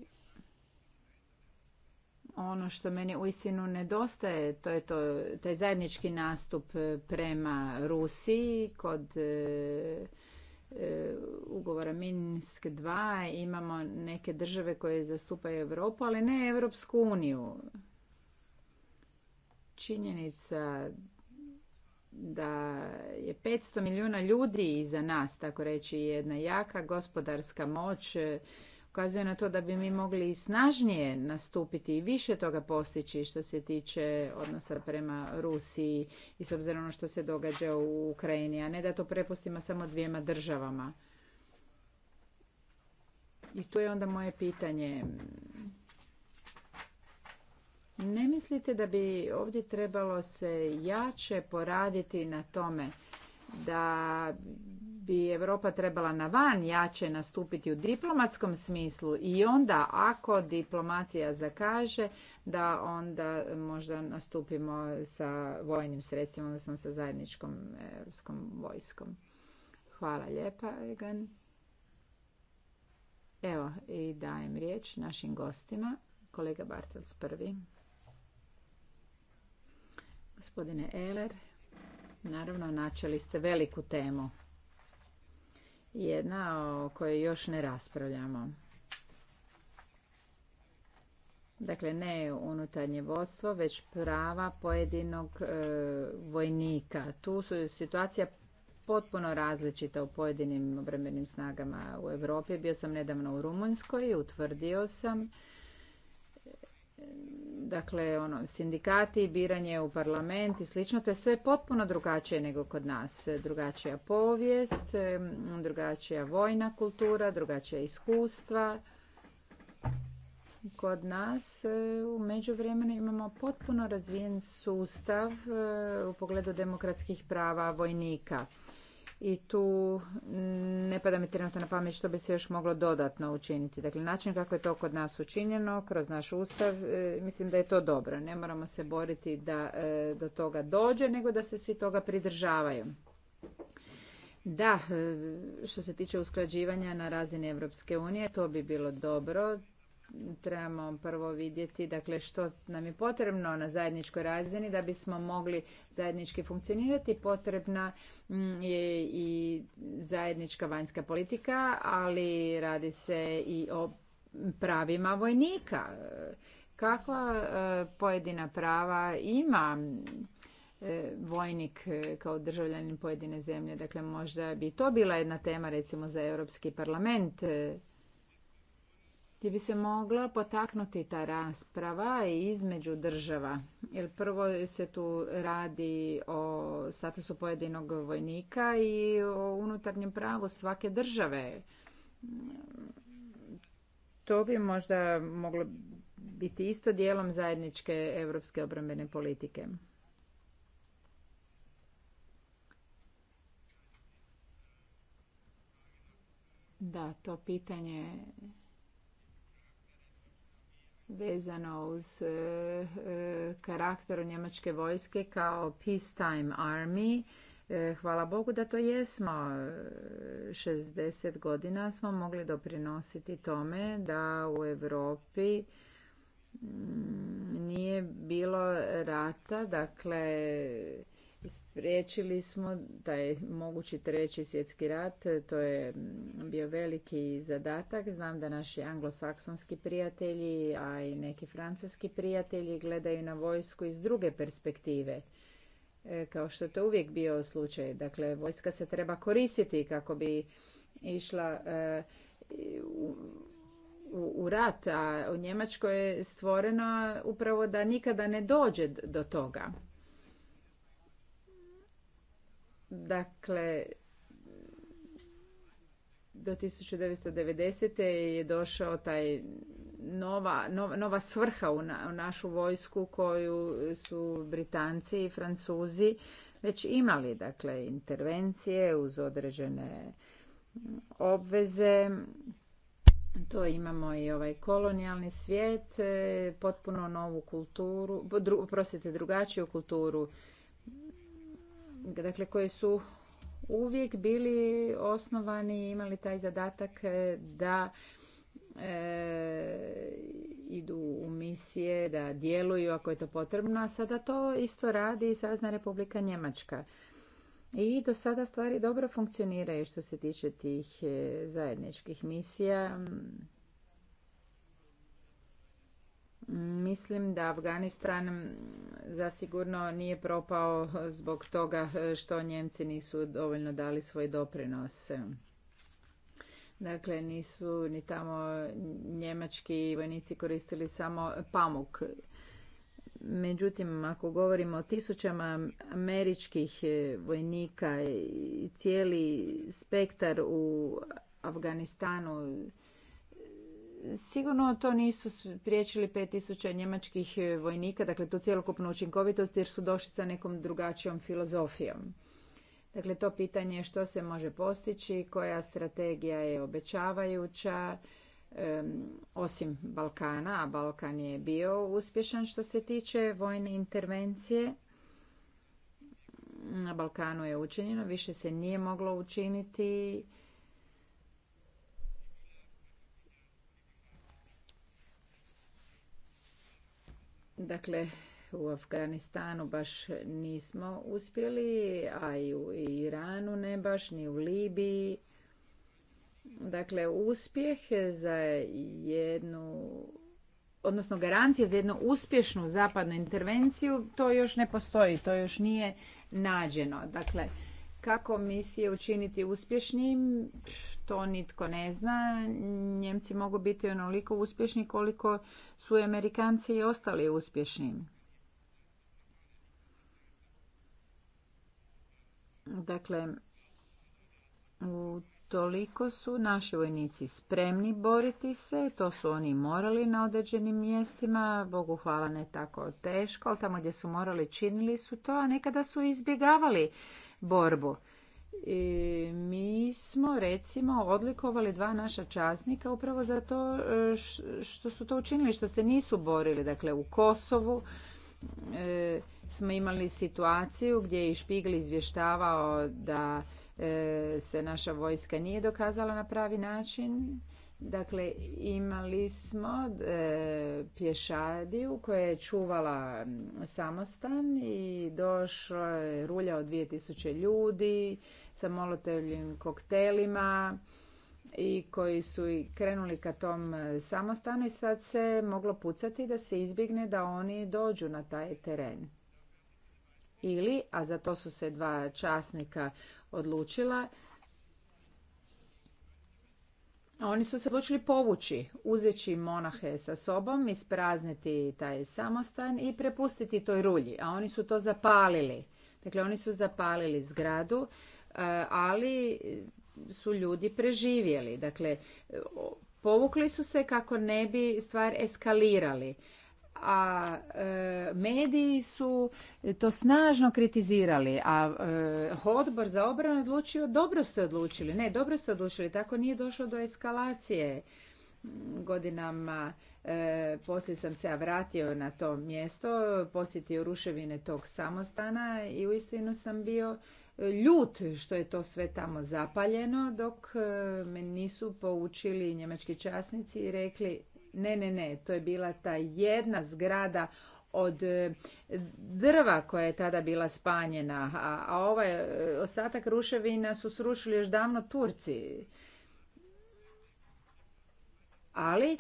ono što meni uistinu nedostaje, to je to, taj zajednički nastup prema Rusiji kod e, E, ugovora Minsk 2 imamo neke države koje zastupaju Europu, ali ne Europsku uniju. Činjenica da je 500 milijuna ljudi iza nas, tako reći, jedna jaka gospodarska moć, ukazuje na to da bi mi mogli snažnije nastupiti i više toga postići što se tiče odnosa prema Rusiji i s obzirom na ono što se događa u Ukrajini, a ne da to prepustimo samo dvijema državama. I tu je onda moje pitanje. Ne mislite da bi ovdje trebalo se jače poraditi na tome da bi Europa trebala na van jače nastupiti u diplomatskom smislu i onda ako diplomacija zakaže da onda možda nastupimo sa vojnim sredstvima odnosno sa zajedničkom europskom vojskom. Hvala lijepa Egan. Evo i dajem riječ našim gostima. Kolega Bartels prvi. Gospodine Eler. Naravno, načeli ste veliku temu. Jedna o kojoj još ne raspravljamo. Dakle, ne unutarnje vodstvo, već prava pojedinog e, vojnika. Tu su situacija potpuno različita u pojedinim obrambenim snagama u Europi. Bio sam nedavno u Rumunjskoj i utvrdio sam dakle ono sindikati, biranje u parlament i slično, to je sve potpuno drugačije nego kod nas. Drugačija povijest, drugačija vojna kultura, drugačija iskustva. Kod nas e, u međuvremenu imamo potpuno razvijen sustav e, u pogledu demokratskih prava vojnika i tu ne pada mi trenutno na pamet što bi se još moglo dodatno učiniti. Dakle, način kako je to kod nas učinjeno, kroz naš ustav, e, mislim da je to dobro. Ne moramo se boriti da e, do toga dođe, nego da se svi toga pridržavaju. Da, e, što se tiče usklađivanja na razini Europske unije, to bi bilo dobro trebamo prvo vidjeti dakle, što nam je potrebno na zajedničkoj razini da bismo mogli zajednički funkcionirati. Potrebna mm, je i zajednička vanjska politika, ali radi se i o pravima vojnika. Kakva e, pojedina prava ima e, vojnik e, kao državljanin pojedine zemlje? Dakle, možda bi to bila jedna tema recimo za Europski parlament gdje bi se mogla potaknuti ta rasprava između država. Jer prvo se tu radi o statusu pojedinog vojnika i o unutarnjem pravu svake države. To bi možda moglo biti isto dijelom zajedničke europske obrambene politike. Da, to pitanje vezano uz e, e, karakter njemačke vojske kao peacetime army. E, hvala Bogu da to jesmo. 60 godina smo mogli doprinositi tome da u Europi mm, nije bilo rata, dakle Spriječili smo taj mogući treći svjetski rat, to je bio veliki zadatak. Znam da naši anglosaksonski prijatelji, a i neki francuski prijatelji gledaju na vojsku iz druge perspektive. E, kao što je to uvijek bio slučaj. Dakle, vojska se treba koristiti kako bi išla e, u, u rat, a u Njemačkoj je stvoreno upravo da nikada ne dođe do toga. Dakle, do 1990. je došao taj nova, svrha u, našu vojsku koju su Britanci i Francuzi već imali. Dakle, intervencije uz određene obveze. To imamo i ovaj kolonijalni svijet, e, potpuno novu kulturu, dru, drugačiju kulturu dakle koje su uvijek bili osnovani i imali taj zadatak e, da e, idu u misije, da djeluju ako je to potrebno, a sada to isto radi i Savezna Republika Njemačka. I do sada stvari dobro funkcioniraju što se tiče tih e, zajedničkih misija. Mislim da Afganistan zasigurno nije propao zbog toga što Njemci nisu dovoljno dali svoj doprinos. Dakle, nisu ni tamo njemački vojnici koristili samo pamuk. Međutim, ako govorimo o tisućama američkih vojnika i cijeli spektar u Afganistanu, Sigurno to nisu spriječili 5000 njemačkih vojnika, dakle tu cjelokupnu učinkovitost jer su došli sa nekom drugačijom filozofijom. Dakle, to pitanje što se može postići, koja strategija je obećavajuća, osim Balkana, a Balkan je bio uspješan što se tiče vojne intervencije. Na Balkanu je učinjeno, više se nije moglo učiniti Dakle, u Afganistanu baš nismo uspjeli, a i u Iranu ne baš, ni u Libiji. Dakle, uspjeh za jednu, odnosno garancija za jednu uspješnu zapadnu intervenciju, to još ne postoji, to još nije nađeno. Dakle, kako misije učiniti uspješnim, to nitko ne zna. Njemci mogu biti onoliko uspješni koliko su Amerikanci i ostali uspješni. Dakle, u toliko su naši vojnici spremni boriti se, to su oni morali na određenim mjestima, Bogu hvala ne tako teško, ali tamo gdje su morali činili su to, a nekada su izbjegavali borbu. I mi smo recimo odlikovali dva naša časnika upravo za to e, što su to učinili, što se nisu borili. Dakle, u Kosovu e, smo imali situaciju gdje je Špigl izvještavao da e, se naša vojska nije dokazala na pravi način Dakle, imali smo e, pješadiju koja je čuvala samostan i došlo je rulja od 2000 ljudi sa molotovljim koktelima i koji su i krenuli ka tom e, samostanu i sad se moglo pucati da se izbjegne da oni dođu na taj teren. Ili, a za to su se dva časnika odlučila, oni su se odlučili povući, uzeći monahe sa sobom, isprazniti taj samostan i prepustiti toj rulji, a oni su to zapalili. Dakle, oni su zapalili zgradu, e, ali su ljudi preživjeli. Dakle, povukli su se kako ne bi stvar eskalirali a e, mediji su to snažno kritizirali, a e, odbor za obranu odlučio dobro ste odlučili. Ne, dobro ste odlučili, tako nije došlo do eskalacije godinama. E, poslije sam se ja vratio na to mjesto, posjetio ruševine tog samostana i uistinu sam bio e, ljut što je to sve tamo zapaljeno, dok e, me nisu poučili njemački časnici i rekli ne, ne, ne, to je bila ta jedna zgrada od e, drva koja je tada bila spanjena, a, a ovaj e, ostatak ruševina su srušili još davno Turci. Ali,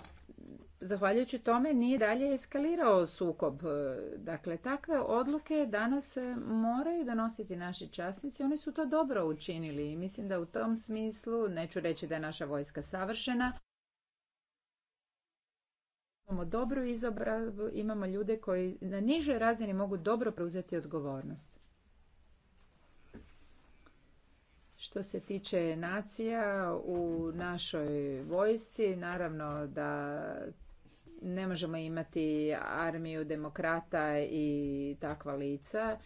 zahvaljujući tome, nije dalje eskalirao sukob. E, dakle, takve odluke danas moraju donositi naši časnici. Oni su to dobro učinili i mislim da u tom smislu, neću reći da je naša vojska savršena, imamo dobru izobrazbu, imamo ljude koji na nižoj razini mogu dobro preuzeti odgovornost. Što se tiče nacija u našoj vojsci, naravno da ne možemo imati armiju demokrata i takva lica.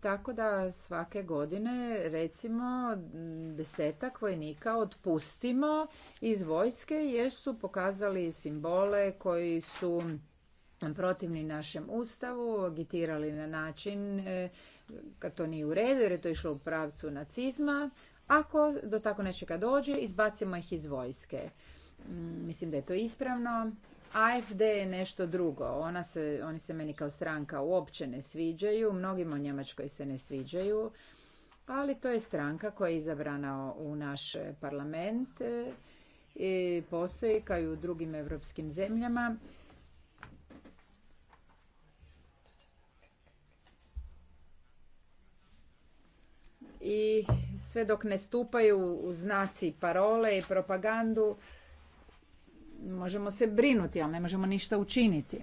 Tako da svake godine recimo desetak vojnika otpustimo iz vojske jer su pokazali simbole koji su protivni našem ustavu, agitirali na način e, kad to nije u redu jer je to išlo u pravcu nacizma. Ako do tako nečega dođe, izbacimo ih iz vojske. Mm, mislim da je to ispravno AFD je nešto drugo. Ona se, oni se meni kao stranka uopće ne sviđaju, mnogima u Njemačkoj se ne sviđaju, ali to je stranka koja je izabrana u naš parlament e, i postoji kao i u drugim evropskim zemljama. I sve dok ne stupaju u znaci parole i propagandu, Možemo se brinuti, ali ne možemo ništa učiniti.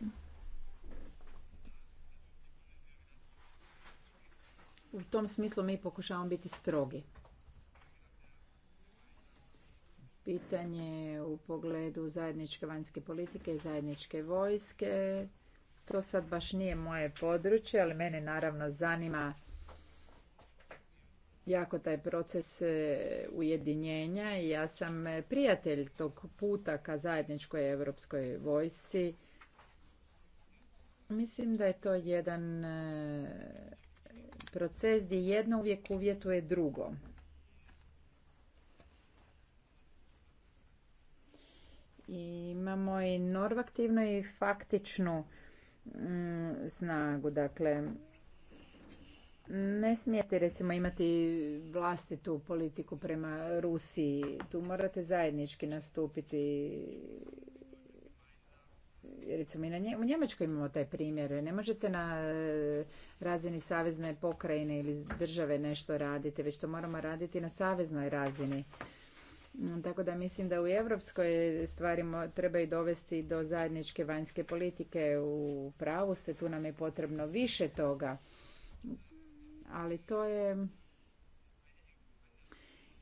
U tom smislu mi pokušavamo biti strogi. Pitanje u pogledu zajedničke vanjske politike i zajedničke vojske. To sad baš nije moje područje, ali mene naravno zanima jako taj proces e, ujedinjenja i ja sam e, prijatelj tog puta ka zajedničkoj europskoj vojsci. Mislim da je to jedan e, proces gdje jedno uvijek uvjetuje drugo. Imamo i normativnu i faktičnu mm, snagu. Dakle, ne smijete recimo imati vlastitu politiku prema Rusiji. Tu morate zajednički nastupiti. Recimo i na u Njemačkoj imamo taj primjer. Ne možete na eh, razini savezne pokrajine ili države nešto raditi, već to moramo raditi na saveznoj razini. Tako da mislim da u europskoj stvari i dovesti do zajedničke vanjske politike. U pravu ste, tu nam je potrebno više toga ali to je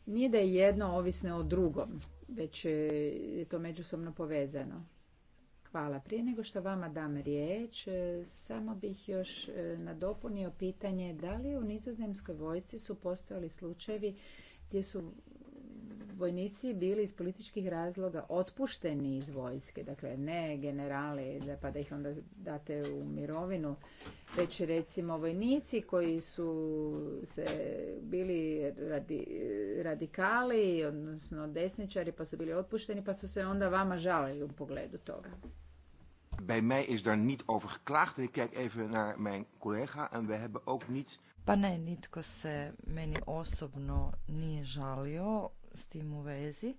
nije da je jedno ovisne o drugom, već je to međusobno povezano. Hvala. Prije nego što vama dam riječ, e, samo bih još e, nadopunio pitanje da li u nizozemskoj vojsci su postojali slučajevi gdje su vojnici bili iz političkih razloga otpušteni iz vojske, dakle ne generali pa da ih onda date u mirovinu, već recimo vojnici koji su se bili radi, radikali, odnosno desničari pa su bili otpušteni pa su se onda vama žalili u pogledu toga. Bij mij is daar niet over geklaagd. Ik kijk even naar mijn collega en we hebben ook niets... Pa ne, nitko se meni osobno nije žalio s tim u vezi.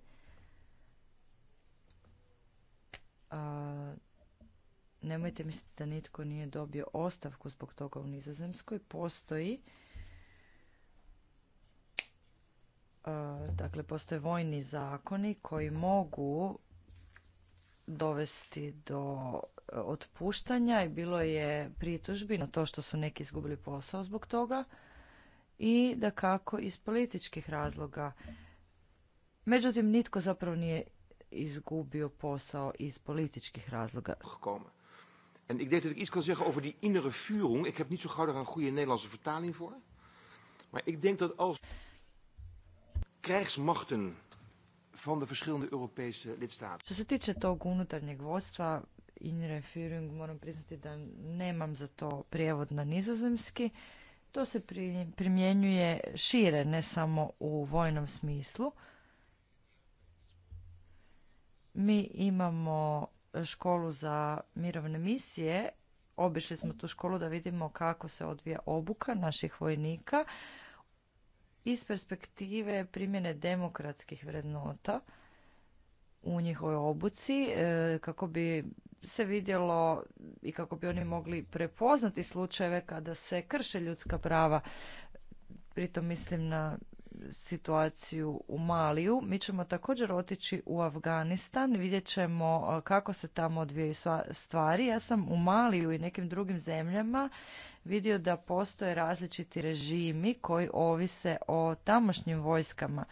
A, nemojte misliti da nitko nije dobio ostavku zbog toga u Nizozemskoj. Postoji a, dakle postoje vojni zakoni koji mogu dovesti do e, otpuštanja i bilo je pritužbi na to što su neki izgubili posao zbog toga i da kako iz političkih razloga Međutim, nitko zapravo nije izgubio posao iz političkih razloga. En ik denk dat ik iets kan zeggen over die innere führung. Ik heb niet zo gauw daar een goede Nederlandse vertaling voor. Maar ik denk dat als krijgsmachten van de verschillende Europese lidstaten. Što se tiče tog unutarnjeg vodstva, innere Führung, moram priznati da nemam za to prijevod na nizozemski. To se primjenjuje šire, ne samo u vojnom smislu. Mi imamo školu za mirovne misije. Obišli smo tu školu da vidimo kako se odvija obuka naših vojnika iz perspektive primjene demokratskih vrednota u njihovoj obuci e, kako bi se vidjelo i kako bi oni mogli prepoznati slučajeve kada se krše ljudska prava. Pritom mislim na situaciju u Maliju. Mi ćemo također otići u Afganistan, vidjet ćemo e, kako se tamo odvijaju stvari. Ja sam u Maliju i nekim drugim zemljama vidio da postoje različiti režimi koji ovise o tamošnjim vojskama.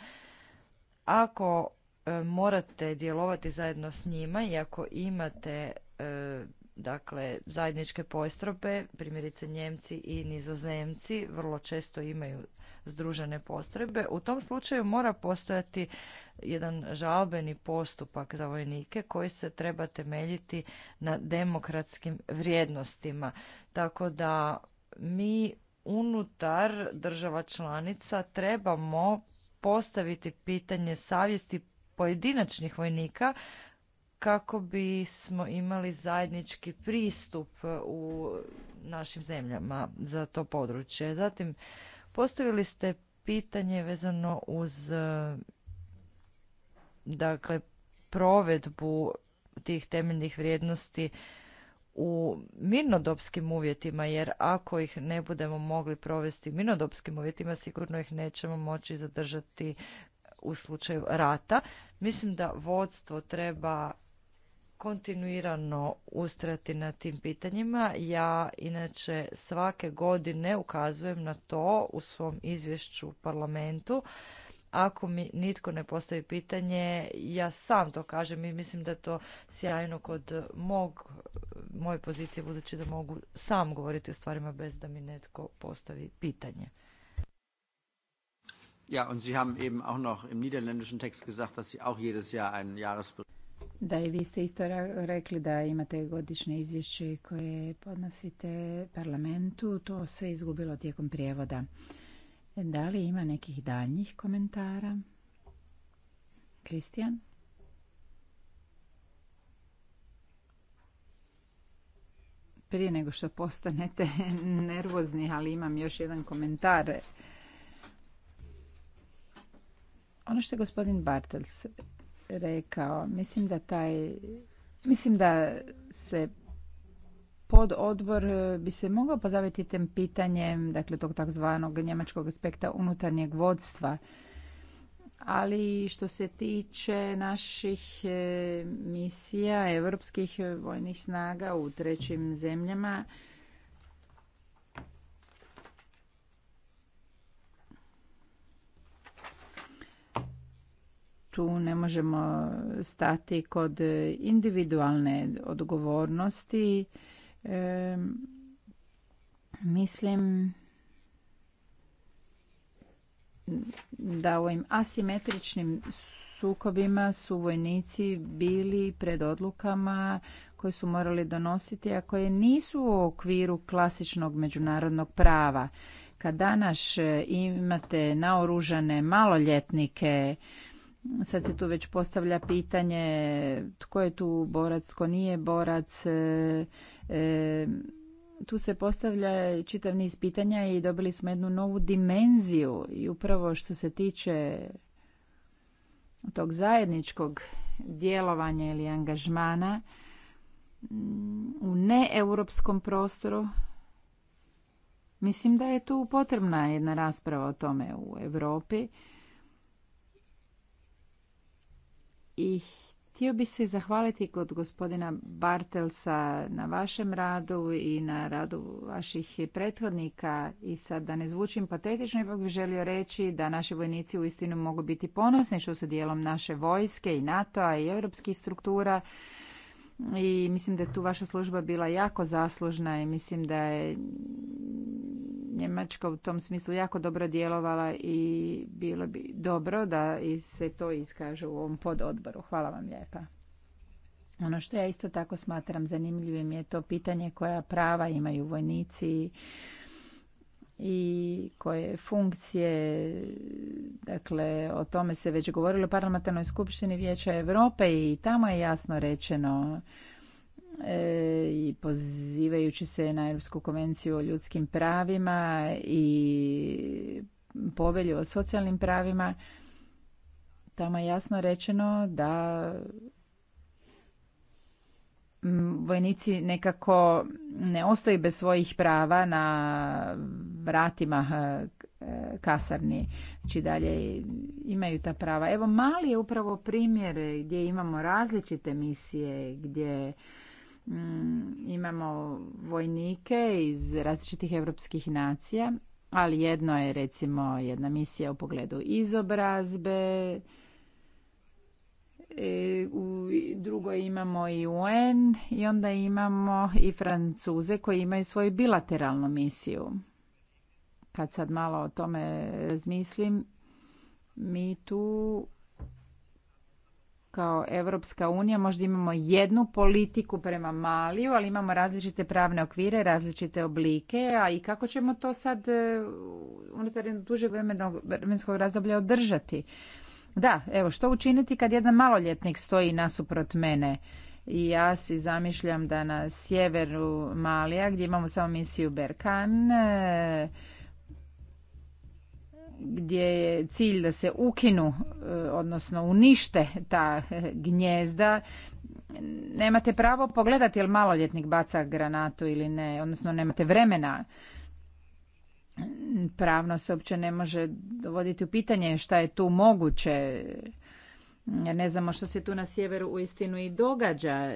Ako e, morate djelovati zajedno s njima i ako imate e, dakle zajedničke postrope, primjerice Njemci i Nizozemci vrlo često imaju združene postrebe. U tom slučaju mora postojati jedan žalbeni postupak za vojnike koji se treba temeljiti na demokratskim vrijednostima. Tako da mi unutar država članica trebamo postaviti pitanje savjesti pojedinačnih vojnika kako bismo imali zajednički pristup u našim zemljama za to područje. Zatim Postavili ste pitanje vezano uz e, dakle provedbu tih temeljnih vrijednosti u mirnodopskim uvjetima, jer ako ih ne budemo mogli provesti u mirnodopskim uvjetima, sigurno ih nećemo moći zadržati u slučaju rata. Mislim da vodstvo treba kontinuirano ustrati na tim pitanjima. Ja inače svake godine ukazujem na to u svom izvješću u parlamentu. Ako mi nitko ne postavi pitanje, ja sam to kažem i mislim da to sjajno kod mog, moje pozicije budući da mogu sam govoriti o stvarima bez da mi netko postavi pitanje. Ja, und Sie haben eben auch noch im niederländischen Text gesagt, dass Sie auch jedes Jahr einen da, i vi ste isto rekli da imate godišnje izvješće koje podnosite parlamentu. To se izgubilo tijekom prijevoda. Da li ima nekih daljnjih komentara? Kristijan? Prije nego što postanete (laughs) nervozni, ali imam još jedan komentar. Ono što je gospodin Bartels rekao. Mislim da taj, mislim da se pod odbor e, bi se mogao pozaviti tem pitanjem, dakle tog takzvanog njemačkog aspekta unutarnjeg vodstva. Ali što se tiče naših e, misija europskih vojnih snaga u trećim zemljama, tu ne možemo stati kod individualne odgovornosti. mislim da u ovim asimetričnim sukobima su vojnici bili pred odlukama koje su morali donositi, a koje nisu u okviru klasičnog međunarodnog prava. Kad danas e, imate naoružane maloljetnike Sad se tu već postavlja pitanje tko je tu borac, tko nije borac. E, e, tu se postavlja čitav niz pitanja i dobili smo jednu novu dimenziju i upravo što se tiče tog zajedničkog djelovanja ili angažmana mm, u neeuropskom prostoru mislim da je tu potrebna jedna rasprava o tome u Europi i htio bi se zahvaliti kod gospodina Bartelsa na vašem radu i na radu vaših prethodnika i sad da ne zvučim patetično, ipak bih želio reći da naši vojnici uistinu mogu biti ponosni što su dijelom naše vojske i NATO-a i europskih struktura i mislim da je tu vaša služba bila jako zaslužna i mislim da je Njemačka u tom smislu jako dobro djelovala i bilo bi dobro da se to iskaže u ovom pododboru. Hvala vam lijepa. Ono što ja isto tako smatram zanimljivim je to pitanje koja prava imaju vojnici i koje funkcije, dakle o tome se već govorilo u Parlamentarnoj skupštini Vijeća Europe i tamo je jasno rečeno e, i pozivajući se na Europsku konvenciju o ljudskim pravima i povelju o socijalnim pravima, tamo je jasno rečeno da vojnici nekako ne ostaju bez svojih prava na vratima kasarni, znači dalje imaju ta prava. Evo mali je upravo primjer gdje imamo različite misije, gdje imamo vojnike iz različitih europskih nacija, ali jedno je recimo jedna misija u pogledu izobrazbe, E, u drugo imamo i UN i onda imamo i Francuze koji imaju svoju bilateralnu misiju. Kad sad malo o tome razmislim, mi tu kao Europska unija možda imamo jednu politiku prema Maliju, ali imamo različite pravne okvire, različite oblike, a i kako ćemo to sad e, unutar dužeg vremenskog razdoblja održati? Da, evo što učiniti kad jedan maloljetnik stoji nasuprot mene? I ja si zamišljam da na sjeveru Malija, gdje imamo samo misiju Berkan, e, gdje je cilj da se ukinu, e, odnosno unište ta gnjezda, nemate pravo pogledati jel maloljetnik baca granatu ili ne, odnosno nemate vremena pravno se uopće ne može dovoditi u pitanje šta je tu moguće. Jer ne znamo što se tu na sjeveru uistinu i događa.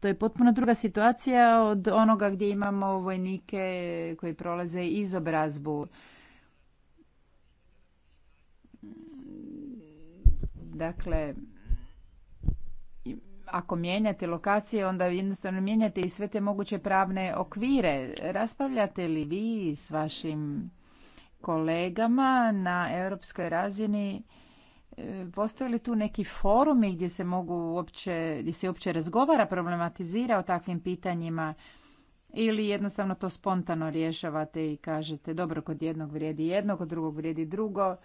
To je potpuno druga situacija od onoga gdje imamo vojnike koji prolaze izobrazbu. Dakle, ako mijenjate lokacije, onda jednostavno mijenjate i sve te moguće pravne okvire. Raspravljate li vi s vašim kolegama na europskoj razini e, postoje li tu neki forumi gdje se mogu uopće, gdje se uopće razgovara, problematizira o takvim pitanjima ili jednostavno to spontano rješavate i kažete dobro kod jednog vrijedi jedno, kod drugog vrijedi drugo.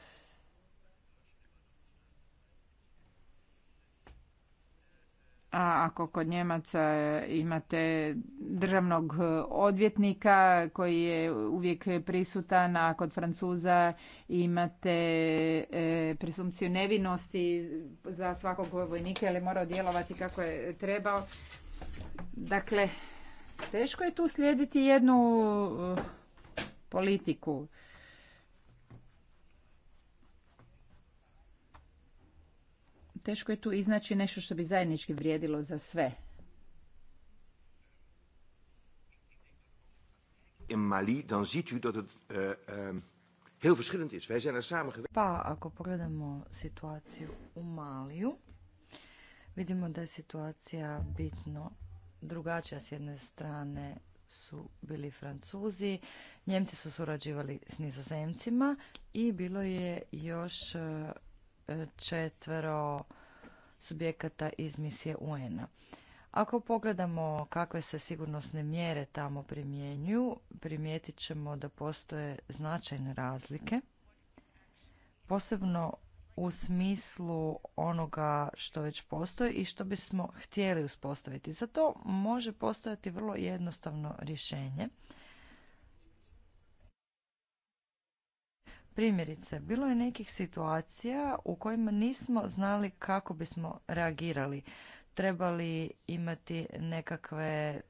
a ako kod Njemaca imate državnog odvjetnika koji je uvijek prisutan, a kod Francuza imate e, presumpciju nevinosti za svakog vojnika ali mora djelovati kako je trebao. Dakle, teško je tu slijediti jednu e, politiku. teško je tu iznaći nešto što bi zajednički vrijedilo za sve. In Mali, dan ziet u dat het eh, eh, heel verschillend is. Wij zijn er samen Pa, ako pogledamo situaciju u Maliju, vidimo da je situacija bitno drugačija. S jedne strane su bili Francuzi, Njemci su surađivali s nizozemcima i bilo je još eh, četvero subjekata iz misije UN-a. Ako pogledamo kakve se sigurnosne mjere tamo primjenjuju, primijetit ćemo da postoje značajne razlike, posebno u smislu onoga što već postoji i što bismo htjeli uspostaviti. Za to može postojati vrlo jednostavno rješenje, Primjerice, bilo je nekih situacija u kojima nismo znali kako bismo reagirali. Trebali imati nekakve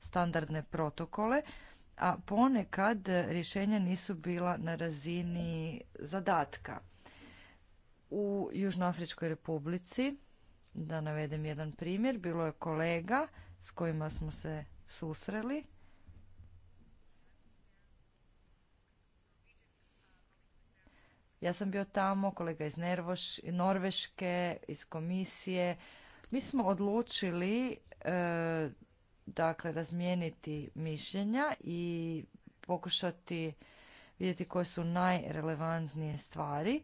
standardne protokole, a ponekad rješenja nisu bila na razini zadatka. U Južnoafričkoj republici, da navedem jedan primjer, bilo je kolega s kojima smo se susreli Ja sam bio tamo, kolega iz Nervoš, Norveške, iz komisije. Mi smo odlučili e, dakle razmijeniti mišljenja i pokušati vidjeti koje su najrelevantnije stvari.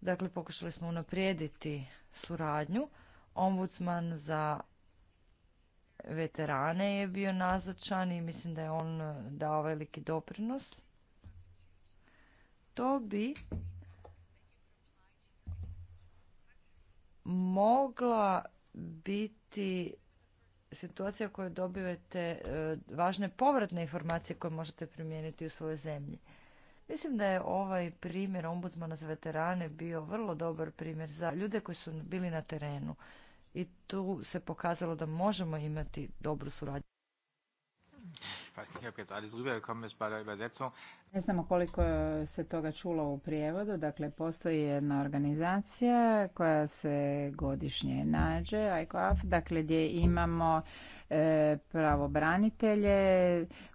Dakle, pokušali smo unaprijediti suradnju. Ombudsman za veterane je bio nazočan i mislim da je on eh, dao veliki doprinos. To bi mogla biti situacija koju dobivate eh, važne povratne informacije koje možete primijeniti u svojoj zemlji. Mislim da je ovaj primjer ombudsmana za veterane bio vrlo dobar primjer za ljude koji su bili na terenu i tu se pokazalo da možemo imati dobru suradnju. Ne znamo koliko se toga čulo u prijevodu, dakle postoji jedna organizacija koja se godišnje nađe, ICOAF, dakle gdje imamo e, pravobranitelje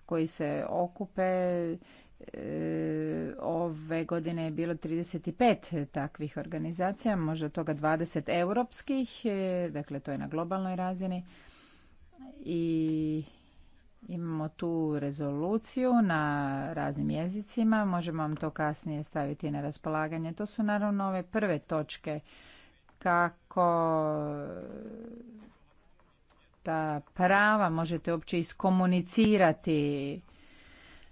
koji se okupe ove godine je bilo 35 takvih organizacija, možda toga 20 europskih, e, dakle to je na globalnoj razini. I imamo tu rezoluciju na raznim jezicima, možemo vam to kasnije staviti na raspolaganje. To su naravno ove prve točke kako ta prava možete uopće iskomunicirati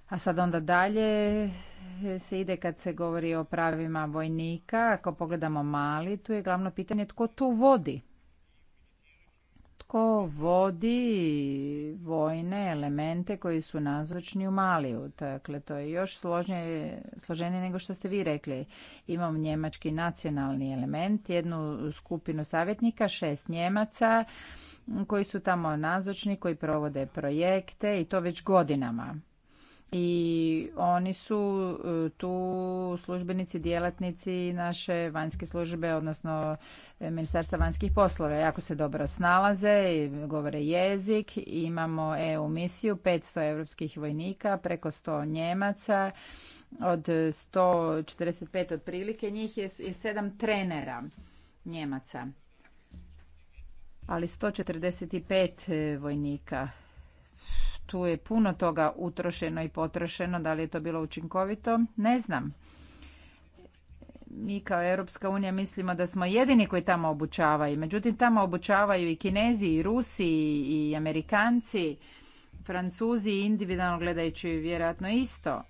a sad onda dalje se ide kad se govori o pravima vojnika. Ako pogledamo mali, tu je glavno pitanje tko tu vodi. Tko vodi vojne elemente koji su nazočni u Maliju. Dakle, to je još složnije, složenije nego što ste vi rekli. Imam njemački nacionalni element, jednu skupinu savjetnika, šest Njemaca koji su tamo nazočni, koji provode projekte i to već godinama i oni su e, tu službenici, djelatnici naše vanjske službe, odnosno e, Ministarstva vanjskih poslova. Jako se dobro snalaze i govore jezik. Imamo EU misiju, 500 europskih vojnika, preko 100 Njemaca, od 145 otprilike njih je, i 7 trenera Njemaca, ali 145 e, vojnika tu je puno toga utrošeno i potrošeno, da li je to bilo učinkovito, ne znam. Mi kao Europska unija mislimo da smo jedini koji tamo obučavaju, međutim tamo obučavaju i Kinezi, i Rusi, i Amerikanci, Francuzi, individualno gledajući vjerojatno isto.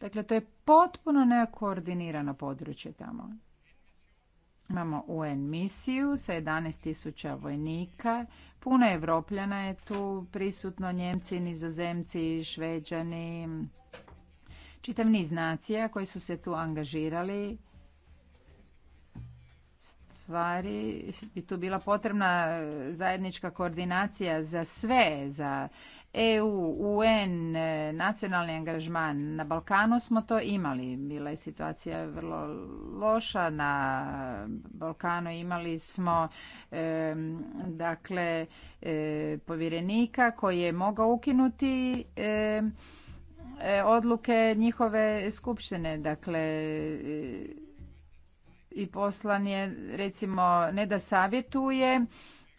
Dakle, to je potpuno nekoordinirano područje tamo. Imamo UN misiju sa 11.000 vojnika. Puno Evropljana je tu prisutno, Njemci, Nizozemci, Šveđani, čitav niz nacija koji su se tu angažirali stvari bi tu bila potrebna e, zajednička koordinacija za sve, za EU, UN, e, nacionalni angažman. Na Balkanu smo to imali. Bila je situacija vrlo loša. Na Balkanu imali smo dakle e, povjerenika koji je mogao ukinuti odluke njihove skupštine. Dakle, i poslan je recimo ne da savjetuje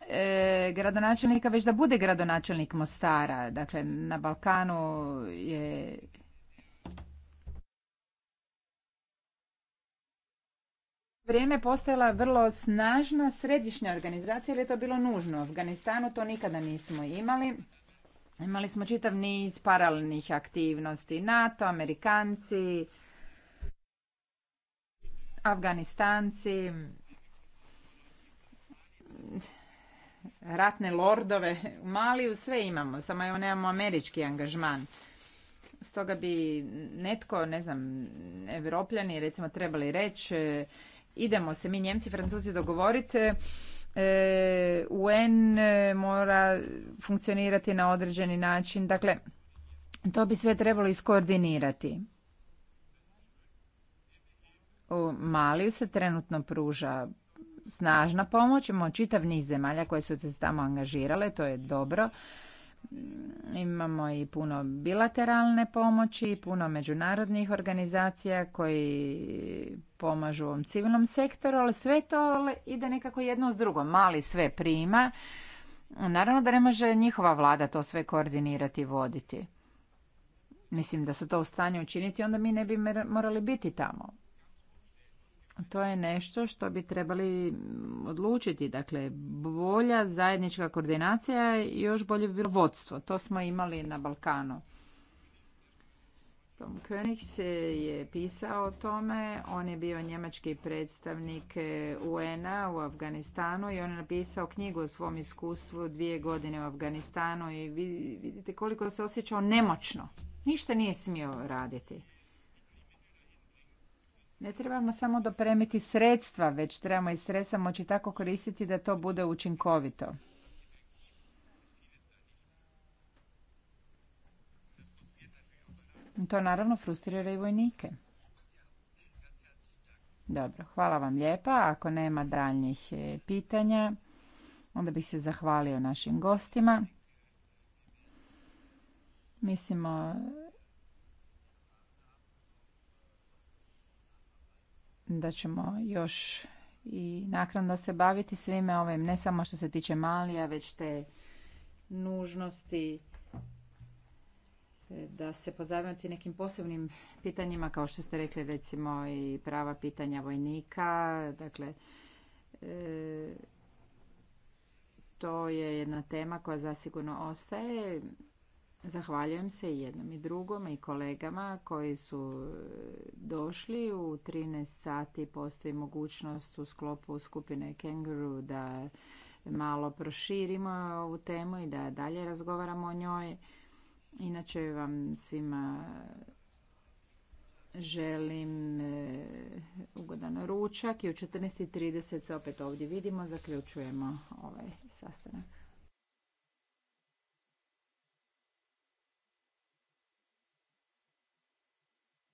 e, gradonačelnika, već da bude gradonačelnik Mostara. Dakle, na Balkanu je vrijeme postojala vrlo snažna središnja organizacija, jer je to bilo nužno. U Afganistanu to nikada nismo imali. Imali smo čitav niz paralelnih aktivnosti. NATO, Amerikanci, Afganistanci, ratne lordove u Maliju, sve imamo, samo evo nemamo američki angažman. Stoga bi netko, ne znam, evropljani recimo trebali reći e, idemo se mi Njemci, Francuzi dogovoriti e, UN e, mora funkcionirati na određeni način. Dakle, to bi sve trebalo iskoordinirati. U Maliju se trenutno pruža snažna pomoć, imamo čitav niz zemalja koje su se tamo angažirale, to je dobro. Imamo i puno bilateralne pomoći, puno međunarodnih organizacija koji pomažu ovom civilnom sektoru, ali sve to ide nekako jedno s drugom. Mali sve prima. Naravno da ne može njihova vlada to sve koordinirati i voditi. Mislim da su to u stanju učiniti, onda mi ne bi morali biti tamo to je nešto što bi trebali odlučiti. Dakle, bolja zajednička koordinacija i još bolje bi bilo vodstvo. To smo imali na Balkanu. Tom König se je pisao o tome, on je bio njemački predstavnik UN-a u Afganistanu i on je napisao knjigu o svom iskustvu dvije godine u Afganistanu i vidite koliko se osjećao nemoćno. Ništa nije smio raditi. Ne trebamo samo dopremiti sredstva, već trebamo i sredstva moći tako koristiti da to bude učinkovito. To naravno frustrira i vojnike. Dobro, hvala vam lijepa. Ako nema daljnjih e, pitanja, onda bih se zahvalio našim gostima. Mislimo da ćemo još i naknadno se baviti svime ovim, ne samo što se tiče malija, već te nužnosti e, da se pozabavimo ti nekim posebnim pitanjima, kao što ste rekli, recimo i prava pitanja vojnika, dakle, e, to je jedna tema koja zasigurno ostaje Zahvaljujem se i jednom i drugom i kolegama koji su e, došli. U 13 sati postoji mogućnost u sklopu skupine Kangaroo da malo proširimo ovu temu i da dalje razgovaramo o njoj. Inače vam svima želim e, ugodan ručak i u 14.30 se opet ovdje vidimo. Zaključujemo ovaj sastanak.